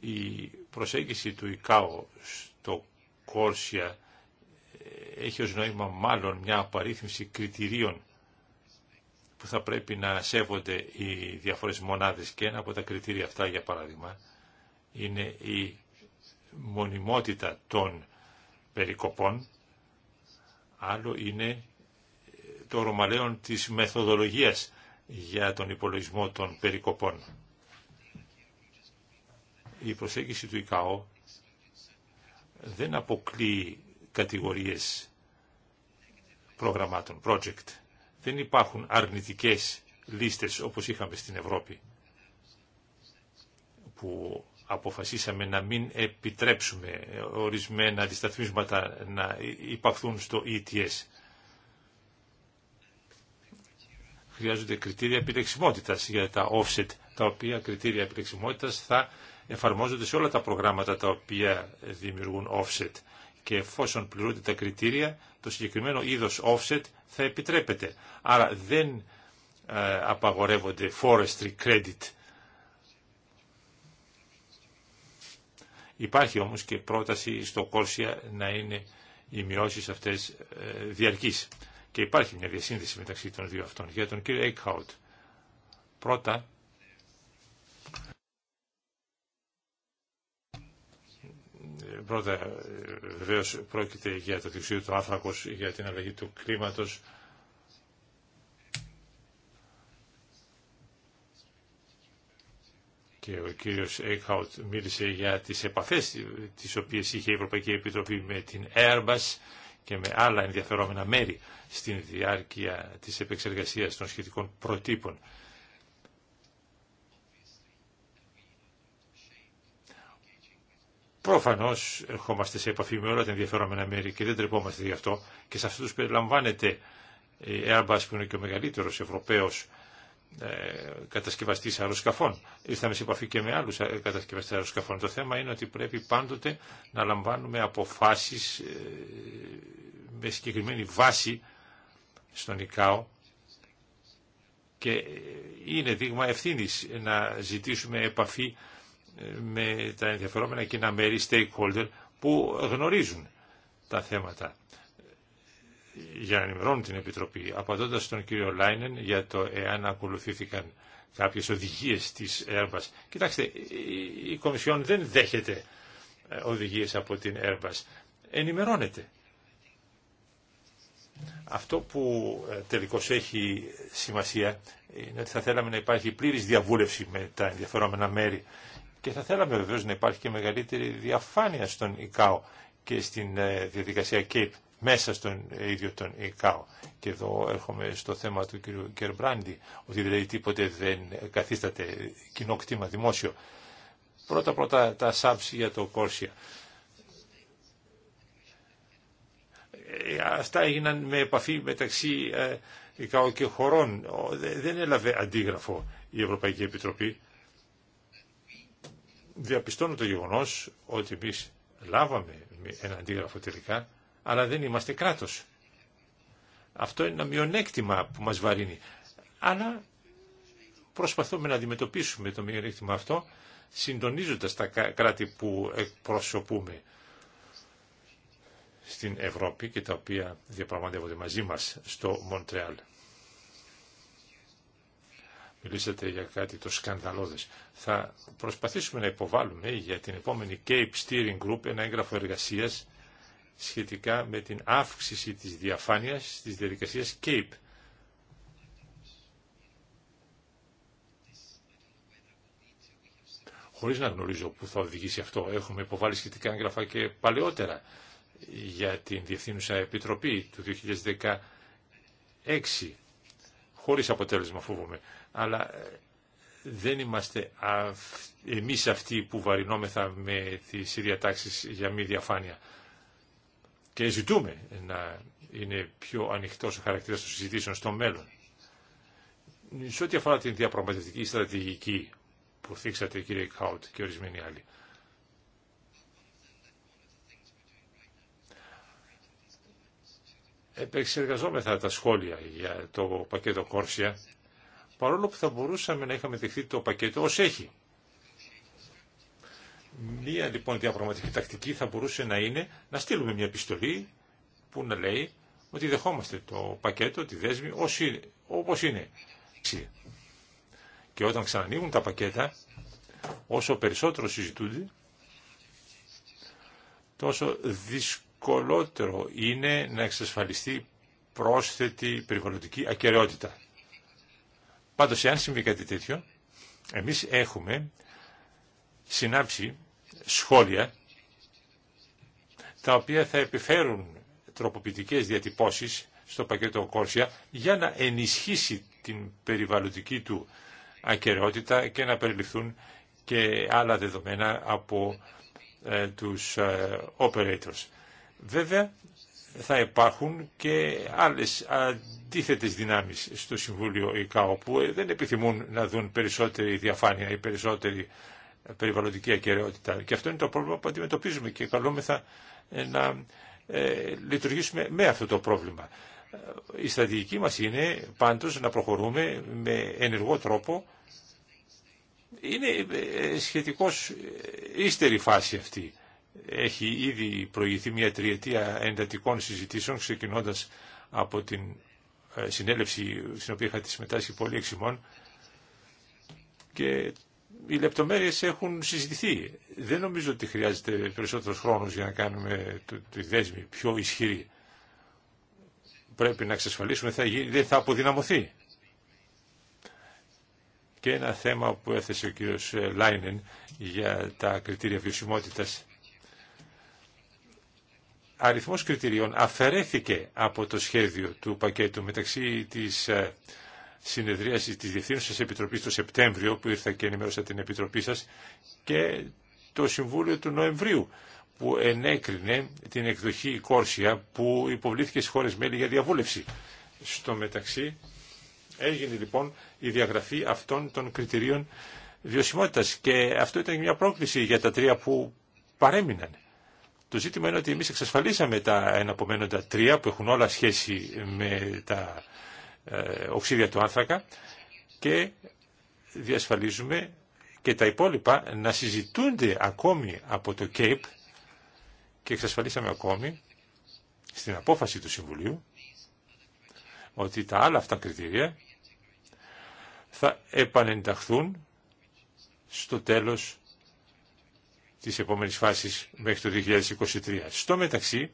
C: Η προσέγγιση του ΙΚΑΟ στο Κόρσια ε, έχει ως νόημα μάλλον μια απαρίθμηση κριτηρίων που θα πρέπει να σέβονται οι διαφορές μονάδες και ένα από τα κριτήρια αυτά για παράδειγμα είναι η μονιμότητα των περικοπών, άλλο είναι το ρωμαλαίον της μεθοδολογίας για τον υπολογισμό των περικοπών. Η προσέγγιση του ΙΚΑΟ δεν αποκλεί κατηγορίες προγραμμάτων, project. Δεν υπάρχουν αρνητικές λίστες όπως είχαμε στην Ευρώπη που αποφασίσαμε να μην επιτρέψουμε ορισμένα αντισταθμίσματα να υπαχθούν στο ETS. Χρειάζονται κριτήρια επιλεξιμότητας για τα offset, τα οποία κριτήρια επιλεξιμότητας θα εφαρμόζονται σε όλα τα προγράμματα τα οποία δημιουργούν offset και εφόσον πληρούνται τα κριτήρια, το συγκεκριμένο είδος offset θα επιτρέπεται. Άρα δεν ε, απαγορεύονται forestry credit Υπάρχει όμως και πρόταση στο Κόρσια να είναι οι μειώσεις αυτές ε, διαρκείς. Και υπάρχει μια διασύνδεση μεταξύ των δύο αυτών. Για τον κύριο Eichhout, πρώτα πρώτα ε, βεβαίω πρόκειται για το διοξείδιο του άνθρακος, για την αλλαγή του κλίματος, και ο κύριος Eichhout μίλησε για τις επαφές τις οποίες είχε η Ευρωπαϊκή Επιτροπή με την Airbus και με άλλα ενδιαφερόμενα μέρη στην διάρκεια της επεξεργασίας των σχετικών προτύπων. Προφανώς ερχόμαστε σε επαφή με όλα τα ενδιαφερόμενα μέρη και δεν τρεπόμαστε γι' αυτό και σε αυτούς περιλαμβάνεται η Airbus που είναι και ο μεγαλύτερος Ευρωπαίος ε, κατασκευαστής αεροσκαφών. Ήρθαμε σε επαφή και με άλλου ε, κατασκευαστέ αεροσκαφών. Το θέμα είναι ότι πρέπει πάντοτε να λαμβάνουμε αποφάσεις ε, με συγκεκριμένη βάση στον ΙΚΑΟ και είναι δείγμα ευθύνη να ζητήσουμε επαφή με τα ενδιαφερόμενα κοινά μέρη, stakeholder, που γνωρίζουν τα θέματα για να ενημερώνουν την Επιτροπή, απαντώντα στον κύριο Λάινεν για το εάν ακολουθήθηκαν κάποιε οδηγίε τη Airbus. Κοιτάξτε, η Κομισιόν δεν δέχεται ε, οδηγίε από την Airbus. Ενημερώνεται. Αυτό που ε, τελικώ έχει σημασία είναι ότι θα θέλαμε να υπάρχει πλήρη διαβούλευση με τα ενδιαφερόμενα μέρη και θα θέλαμε βεβαίω να υπάρχει και μεγαλύτερη διαφάνεια στον ΙΚΑΟ και στην ε, διαδικασία ΚΕΙΠ μέσα στον ίδιο τον ΙΚΑΟ. Και εδώ έρχομαι στο θέμα του κ. Κερμπράντη, ότι δηλαδή τίποτε δεν καθίσταται κοινό κτήμα δημόσιο. Πρώτα-πρώτα τα ΣΑΠΣ για το Κόρσια. Ε, αυτά έγιναν με επαφή μεταξύ ε, ΙΚΑΟ και χωρών. Δεν έλαβε αντίγραφο η Ευρωπαϊκή Επιτροπή. Διαπιστώνω το γεγονός ότι εμεί λάβαμε ένα αντίγραφο τελικά αλλά δεν είμαστε κράτος. Αυτό είναι ένα μειονέκτημα που μας βαρύνει. Αλλά προσπαθούμε να αντιμετωπίσουμε το μειονέκτημα αυτό συντονίζοντας τα κράτη που εκπροσωπούμε στην Ευρώπη και τα οποία διαπραγματεύονται μαζί μας στο Μοντρεάλ. Μιλήσατε για κάτι το σκανδαλώδες. Θα προσπαθήσουμε να υποβάλουμε για την επόμενη Cape Steering Group ένα έγγραφο εργασίας σχετικά με την αύξηση της διαφάνειας της διαδικασίας CAPE. Χωρίς να γνωρίζω πού θα οδηγήσει αυτό, έχουμε υποβάλει σχετικά έγγραφα και παλαιότερα για την Διευθύνουσα Επιτροπή του 2016, χωρίς αποτέλεσμα φούβουμε. αλλά ε, δεν είμαστε αυ... εμείς αυτοί που βαρινόμεθα με τις τάξεις για μη διαφάνεια και ζητούμε να είναι πιο ανοιχτό ο χαρακτήρας των συζητήσεων στο μέλλον. Σε ό,τι αφορά την διαπραγματευτική στρατηγική που θίξατε κύριε Κάουτ και ορισμένοι άλλοι, επεξεργαζόμεθα τα σχόλια για το πακέτο Κόρσια, παρόλο που θα μπορούσαμε να είχαμε δεχθεί το πακέτο ως έχει. Μία λοιπόν διαπραγματική τακτική θα μπορούσε να είναι να στείλουμε μια επιστολή που να λέει ότι δεχόμαστε το πακέτο, τη δέσμη, όπως είναι. Και όταν ξανανοίγουν τα πακέτα, όσο περισσότερο συζητούνται, τόσο δυσκολότερο είναι να εξασφαλιστεί πρόσθετη περιβαλλοντική ακαιρεότητα. Πάντως, εάν συμβεί κάτι τέτοιο, εμείς έχουμε συνάψει σχόλια τα οποία θα επιφέρουν τροποποιητικές διατυπώσεις στο πακέτο Κόρσια για να ενισχύσει την περιβαλλοντική του ακαιρεότητα και να περιληφθούν και άλλα δεδομένα από ε, τους ε, operators. Βέβαια, θα υπάρχουν και άλλες αντίθετες δυνάμεις στο Συμβούλιο ΙΚΑΟ που ε, δεν επιθυμούν να δουν περισσότερη διαφάνεια ή περισσότερη περιβαλλοντική ακαιρεότητα. Και αυτό είναι το πρόβλημα που αντιμετωπίζουμε και καλούμεθα ε, να ε, λειτουργήσουμε με αυτό το πρόβλημα. Ε, η στρατηγική μας είναι πάντως να προχωρούμε με ενεργό τρόπο. Είναι σχετικώς ύστερη φάση αυτή. Έχει ήδη προηγηθεί μια τριετία εντατικών συζητήσεων ξεκινώντας από την συνέλευση στην οποία τη συμμετάσχει πολύ εξημών και οι λεπτομέρειες έχουν συζητηθεί. Δεν νομίζω ότι χρειάζεται περισσότερο χρόνο για να κάνουμε τη δέσμη πιο ισχυρή. Πρέπει να εξασφαλίσουμε θα δεν θα αποδυναμωθεί. Και ένα θέμα που έθεσε ο κύριος ε, Λάινεν για τα κριτήρια βιωσιμότητα. Αριθμός κριτηρίων αφαιρέθηκε από το σχέδιο του πακέτου μεταξύ της ε, συνεδρίαση της Διευθύνουσας Επιτροπής το Σεπτέμβριο που ήρθα και ενημέρωσα την Επιτροπή σας και το Συμβούλιο του Νοεμβρίου που ενέκρινε την εκδοχή Κόρσια που υποβλήθηκε στις χώρες μέλη για διαβούλευση. Στο μεταξύ έγινε λοιπόν η διαγραφή αυτών των κριτηρίων βιωσιμότητας και αυτό ήταν μια πρόκληση για τα τρία που παρέμειναν. Το ζήτημα είναι ότι εμείς εξασφαλίσαμε τα εναπομένοντα τρία που έχουν όλα σχέση με τα ε, οξύδια του άνθρακα και διασφαλίζουμε και τα υπόλοιπα να συζητούνται ακόμη από το ΚΕΙΠ και εξασφαλίσαμε ακόμη στην απόφαση του Συμβουλίου ότι τα άλλα αυτά κριτήρια θα επανενταχθούν στο τέλος της επόμενης φάσης μέχρι το 2023. Στο μεταξύ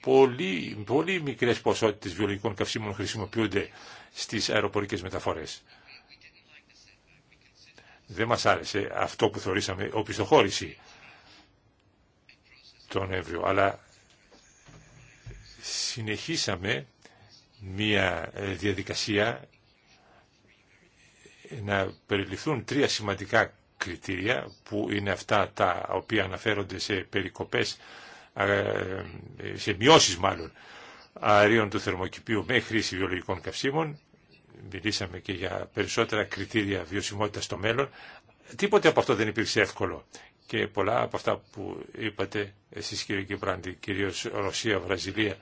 C: πολύ, πολύ μικρές ποσότητες βιολογικών καυσίμων χρησιμοποιούνται στις αεροπορικές μεταφορές. Δεν μας άρεσε αυτό που θεωρήσαμε οπισθοχώρηση τον Εύριο, αλλά συνεχίσαμε μια διαδικασία να περιληφθούν τρία σημαντικά κριτήρια που είναι αυτά τα οποία αναφέρονται σε περικοπές σε ε, μειώσεις μάλλον αερίων του θερμοκηπίου με χρήση βιολογικών καυσίμων. Μιλήσαμε και για περισσότερα κριτήρια βιωσιμότητας στο μέλλον. Τίποτε από αυτό δεν υπήρξε εύκολο. Και πολλά από αυτά που είπατε εσείς κύριε Κυπράντη, κυρίως Ρωσία, Βραζιλία,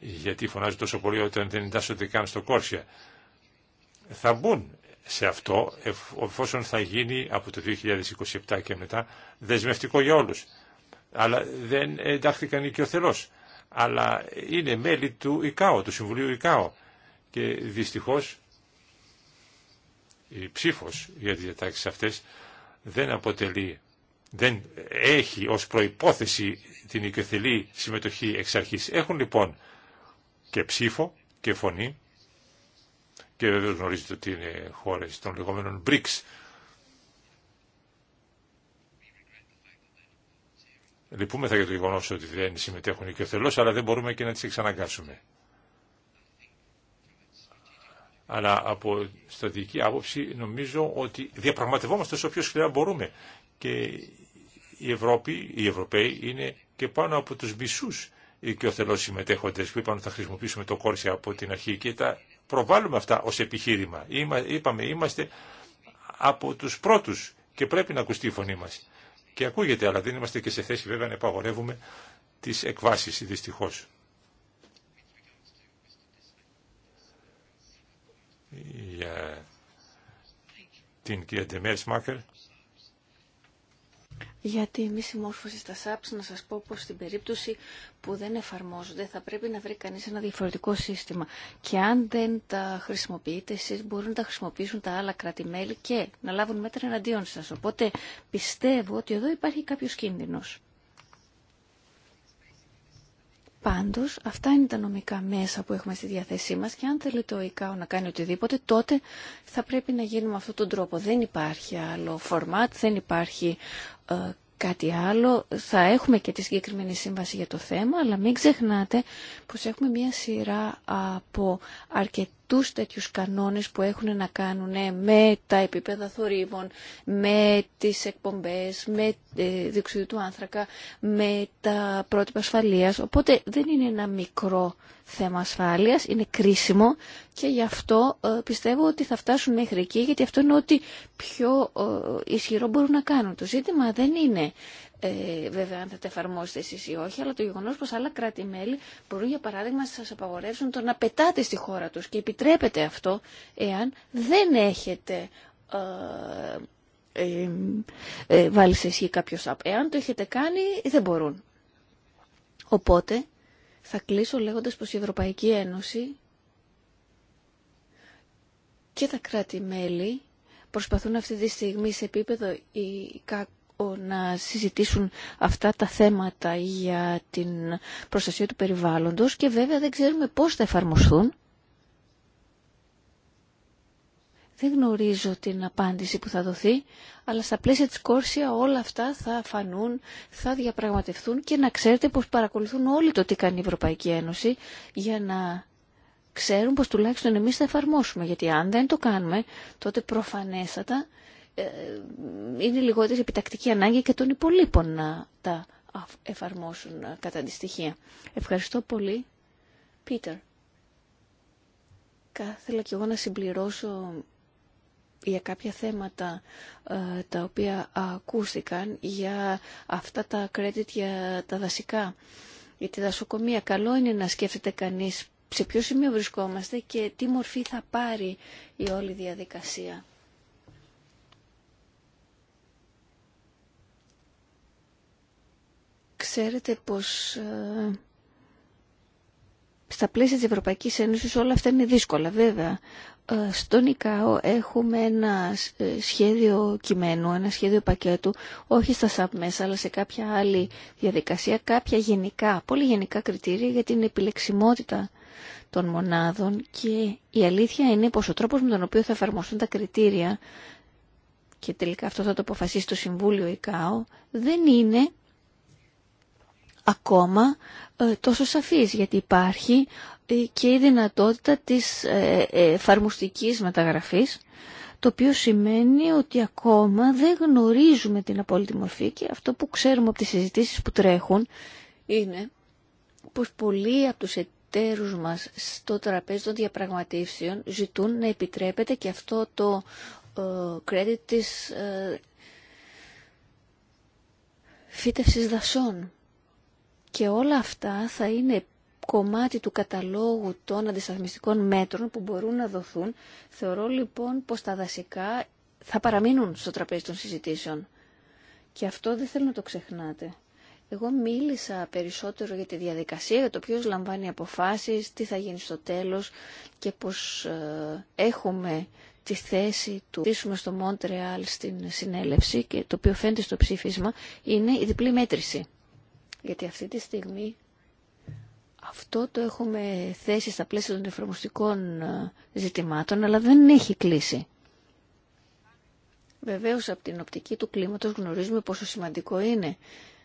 C: γιατί φωνάζουν τόσο πολύ όταν δεν εντάσσονται καν στο Κόρσια, θα μπουν σε αυτό εφόσον θα γίνει από το 2027 και μετά δεσμευτικό για όλους αλλά δεν εντάχθηκαν οικειοθελώς. Αλλά είναι μέλη του ΙΚΑΟ, του Συμβουλίου ΙΚΑΟ. Και δυστυχώς η ψήφος για τις διατάξεις αυτές δεν αποτελεί, δεν έχει ως προϋπόθεση την οικειοθελή συμμετοχή εξ αρχής. Έχουν λοιπόν και ψήφο και φωνή και βέβαια γνωρίζετε ότι είναι χώρες των λεγόμενων BRICS Λυπούμεθα για το γεγονό ότι δεν συμμετέχουν και αλλά δεν μπορούμε και να τι εξαναγκάσουμε. Αλλά από στρατηγική άποψη νομίζω ότι διαπραγματευόμαστε όσο πιο σκληρά μπορούμε. Και η Ευρώπη, οι Ευρωπαίοι είναι και πάνω από του μισού οικειοθελώ συμμετέχοντε που είπαν ότι θα χρησιμοποιήσουμε το κόρσια από την αρχή και τα προβάλλουμε αυτά ω επιχείρημα. είπαμε, είμαστε από του πρώτου και πρέπει να ακουστεί η φωνή μας και ακούγεται, αλλά δεν είμαστε και σε θέση βέβαια να επαγορεύουμε τις εκβάσεις, δυστυχώς. Για την κυρία Ντεμέρσμακερ,
B: γιατί η μη συμμόρφωση στα ΣΑΠΣ, να σας πω πως στην περίπτωση που δεν εφαρμόζονται θα πρέπει να βρει κανείς ένα διαφορετικό σύστημα. Και αν δεν τα χρησιμοποιείτε, εσείς μπορούν να τα χρησιμοποιήσουν τα άλλα κράτη-μέλη και να λάβουν μέτρα εναντίον σας. Οπότε πιστεύω ότι εδώ υπάρχει κάποιος κίνδυνος. Πάντως, αυτά είναι τα νομικά μέσα που έχουμε στη διάθεσή μας και αν θέλει το ΙΚΑΟ να κάνει οτιδήποτε, τότε θα πρέπει να γίνει με αυτόν τον τρόπο. Δεν υπάρχει άλλο φορμάτ, δεν υπάρχει ε, κάτι άλλο. Θα έχουμε και τη συγκεκριμένη σύμβαση για το θέμα, αλλά μην ξεχνάτε πως έχουμε μία σειρά από αρκετές τους τέτοιους κανόνες που έχουν να κάνουν ε, με τα επίπεδα θορύβων, με τις εκπομπές, με ε, διοξείδιο του άνθρακα, με τα πρότυπα ασφαλείας. Οπότε δεν είναι ένα μικρό θέμα ασφάλειας, είναι κρίσιμο και γι' αυτό ε, πιστεύω ότι θα φτάσουν μέχρι εκεί, γιατί αυτό είναι ό,τι πιο ισχυρό μπορούν να κάνουν. Το ζήτημα δεν είναι ε, βέβαια αν θα τα εφαρμόσετε εσείς ή όχι, αλλά το γεγονός πως άλλα κράτη-μέλη μπορούν για παράδειγμα να σας απαγορεύσουν το να πετάτε στη χώρα τους και επιτρέπεται αυτό εάν δεν έχετε ε, ε βάλει σε ισχύ κάποιο app. Εάν το έχετε κάνει, δεν μπορούν. Οπότε, θα κλείσω λέγοντας πως η Ευρωπαϊκή Ένωση και τα κράτη-μέλη προσπαθούν αυτή τη στιγμή σε επίπεδο η να συζητήσουν αυτά τα θέματα για την προστασία του περιβάλλοντος και βέβαια δεν ξέρουμε πώς θα εφαρμοστούν. Δεν γνωρίζω την απάντηση που θα δοθεί, αλλά στα πλαίσια της Κόρσια όλα αυτά θα φανούν, θα διαπραγματευτούν και να ξέρετε πως παρακολουθούν όλοι το τι κάνει η Ευρωπαϊκή Ένωση για να ξέρουν πως τουλάχιστον εμείς θα εφαρμόσουμε. Γιατί αν δεν το κάνουμε, τότε προφανέστατα ε, είναι λιγότερη επιτακτική ανάγκη και των υπολείπων να τα εφαρμόσουν κατά τη στοιχεία. Ευχαριστώ πολύ. Πίτερ. Θέλω και εγώ να συμπληρώσω για κάποια θέματα ε, τα οποία ακούστηκαν για αυτά τα credit για τα δασικά, για τη δασοκομεία. Καλό είναι να σκέφτεται κανείς σε ποιο σημείο βρισκόμαστε και τι μορφή θα πάρει η όλη διαδικασία. Ξέρετε πως ε, στα πλαίσια της Ευρωπαϊκής Ένωσης όλα αυτά είναι δύσκολα βέβαια. Ε, στον ΙΚΑΟ έχουμε ένα ε, σχέδιο κειμένου, ένα σχέδιο πακέτου, όχι στα ΣΑΠ μέσα, αλλά σε κάποια άλλη διαδικασία, κάποια γενικά, πολύ γενικά κριτήρια για την επιλεξιμότητα των μονάδων και η αλήθεια είναι πως ο τρόπος με τον οποίο θα εφαρμοστούν τα κριτήρια και τελικά αυτό θα το αποφασίσει το Συμβούλιο ΙΚΑΟ δεν είναι ακόμα ε, τόσο σαφής γιατί υπάρχει ε, και η δυνατότητα της ε, εφαρμοστικής μεταγραφής το οποίο σημαίνει ότι ακόμα δεν γνωρίζουμε την απόλυτη μορφή και αυτό που ξέρουμε από τις συζητήσεις που τρέχουν είναι πως πολλοί από τους εταίρους μας στο τραπέζι των διαπραγματεύσεων ζητούν να επιτρέπεται και αυτό το credit της φύτευσης δασών. Και όλα αυτά θα είναι κομμάτι του καταλόγου των αντισταθμιστικών μέτρων που μπορούν να δοθούν. Θεωρώ λοιπόν πως τα δασικά θα παραμείνουν στο τραπέζι των συζητήσεων. Και αυτό δεν θέλω να το ξεχνάτε. Εγώ μίλησα περισσότερο για τη διαδικασία, για το ποιος λαμβάνει αποφάσεις, τι θα γίνει στο τέλος και πως ε, έχουμε τη θέση του πτήσουμε στο Μόντρεάλ στην συνέλευση και το οποίο φαίνεται στο ψήφισμα είναι η διπλή μέτρηση γιατί αυτή τη στιγμή αυτό το έχουμε θέσει στα πλαίσια των εφαρμοστικών ε, ζητημάτων, αλλά δεν έχει κλείσει. Βεβαίως από την οπτική του κλίματος γνωρίζουμε πόσο σημαντικό είναι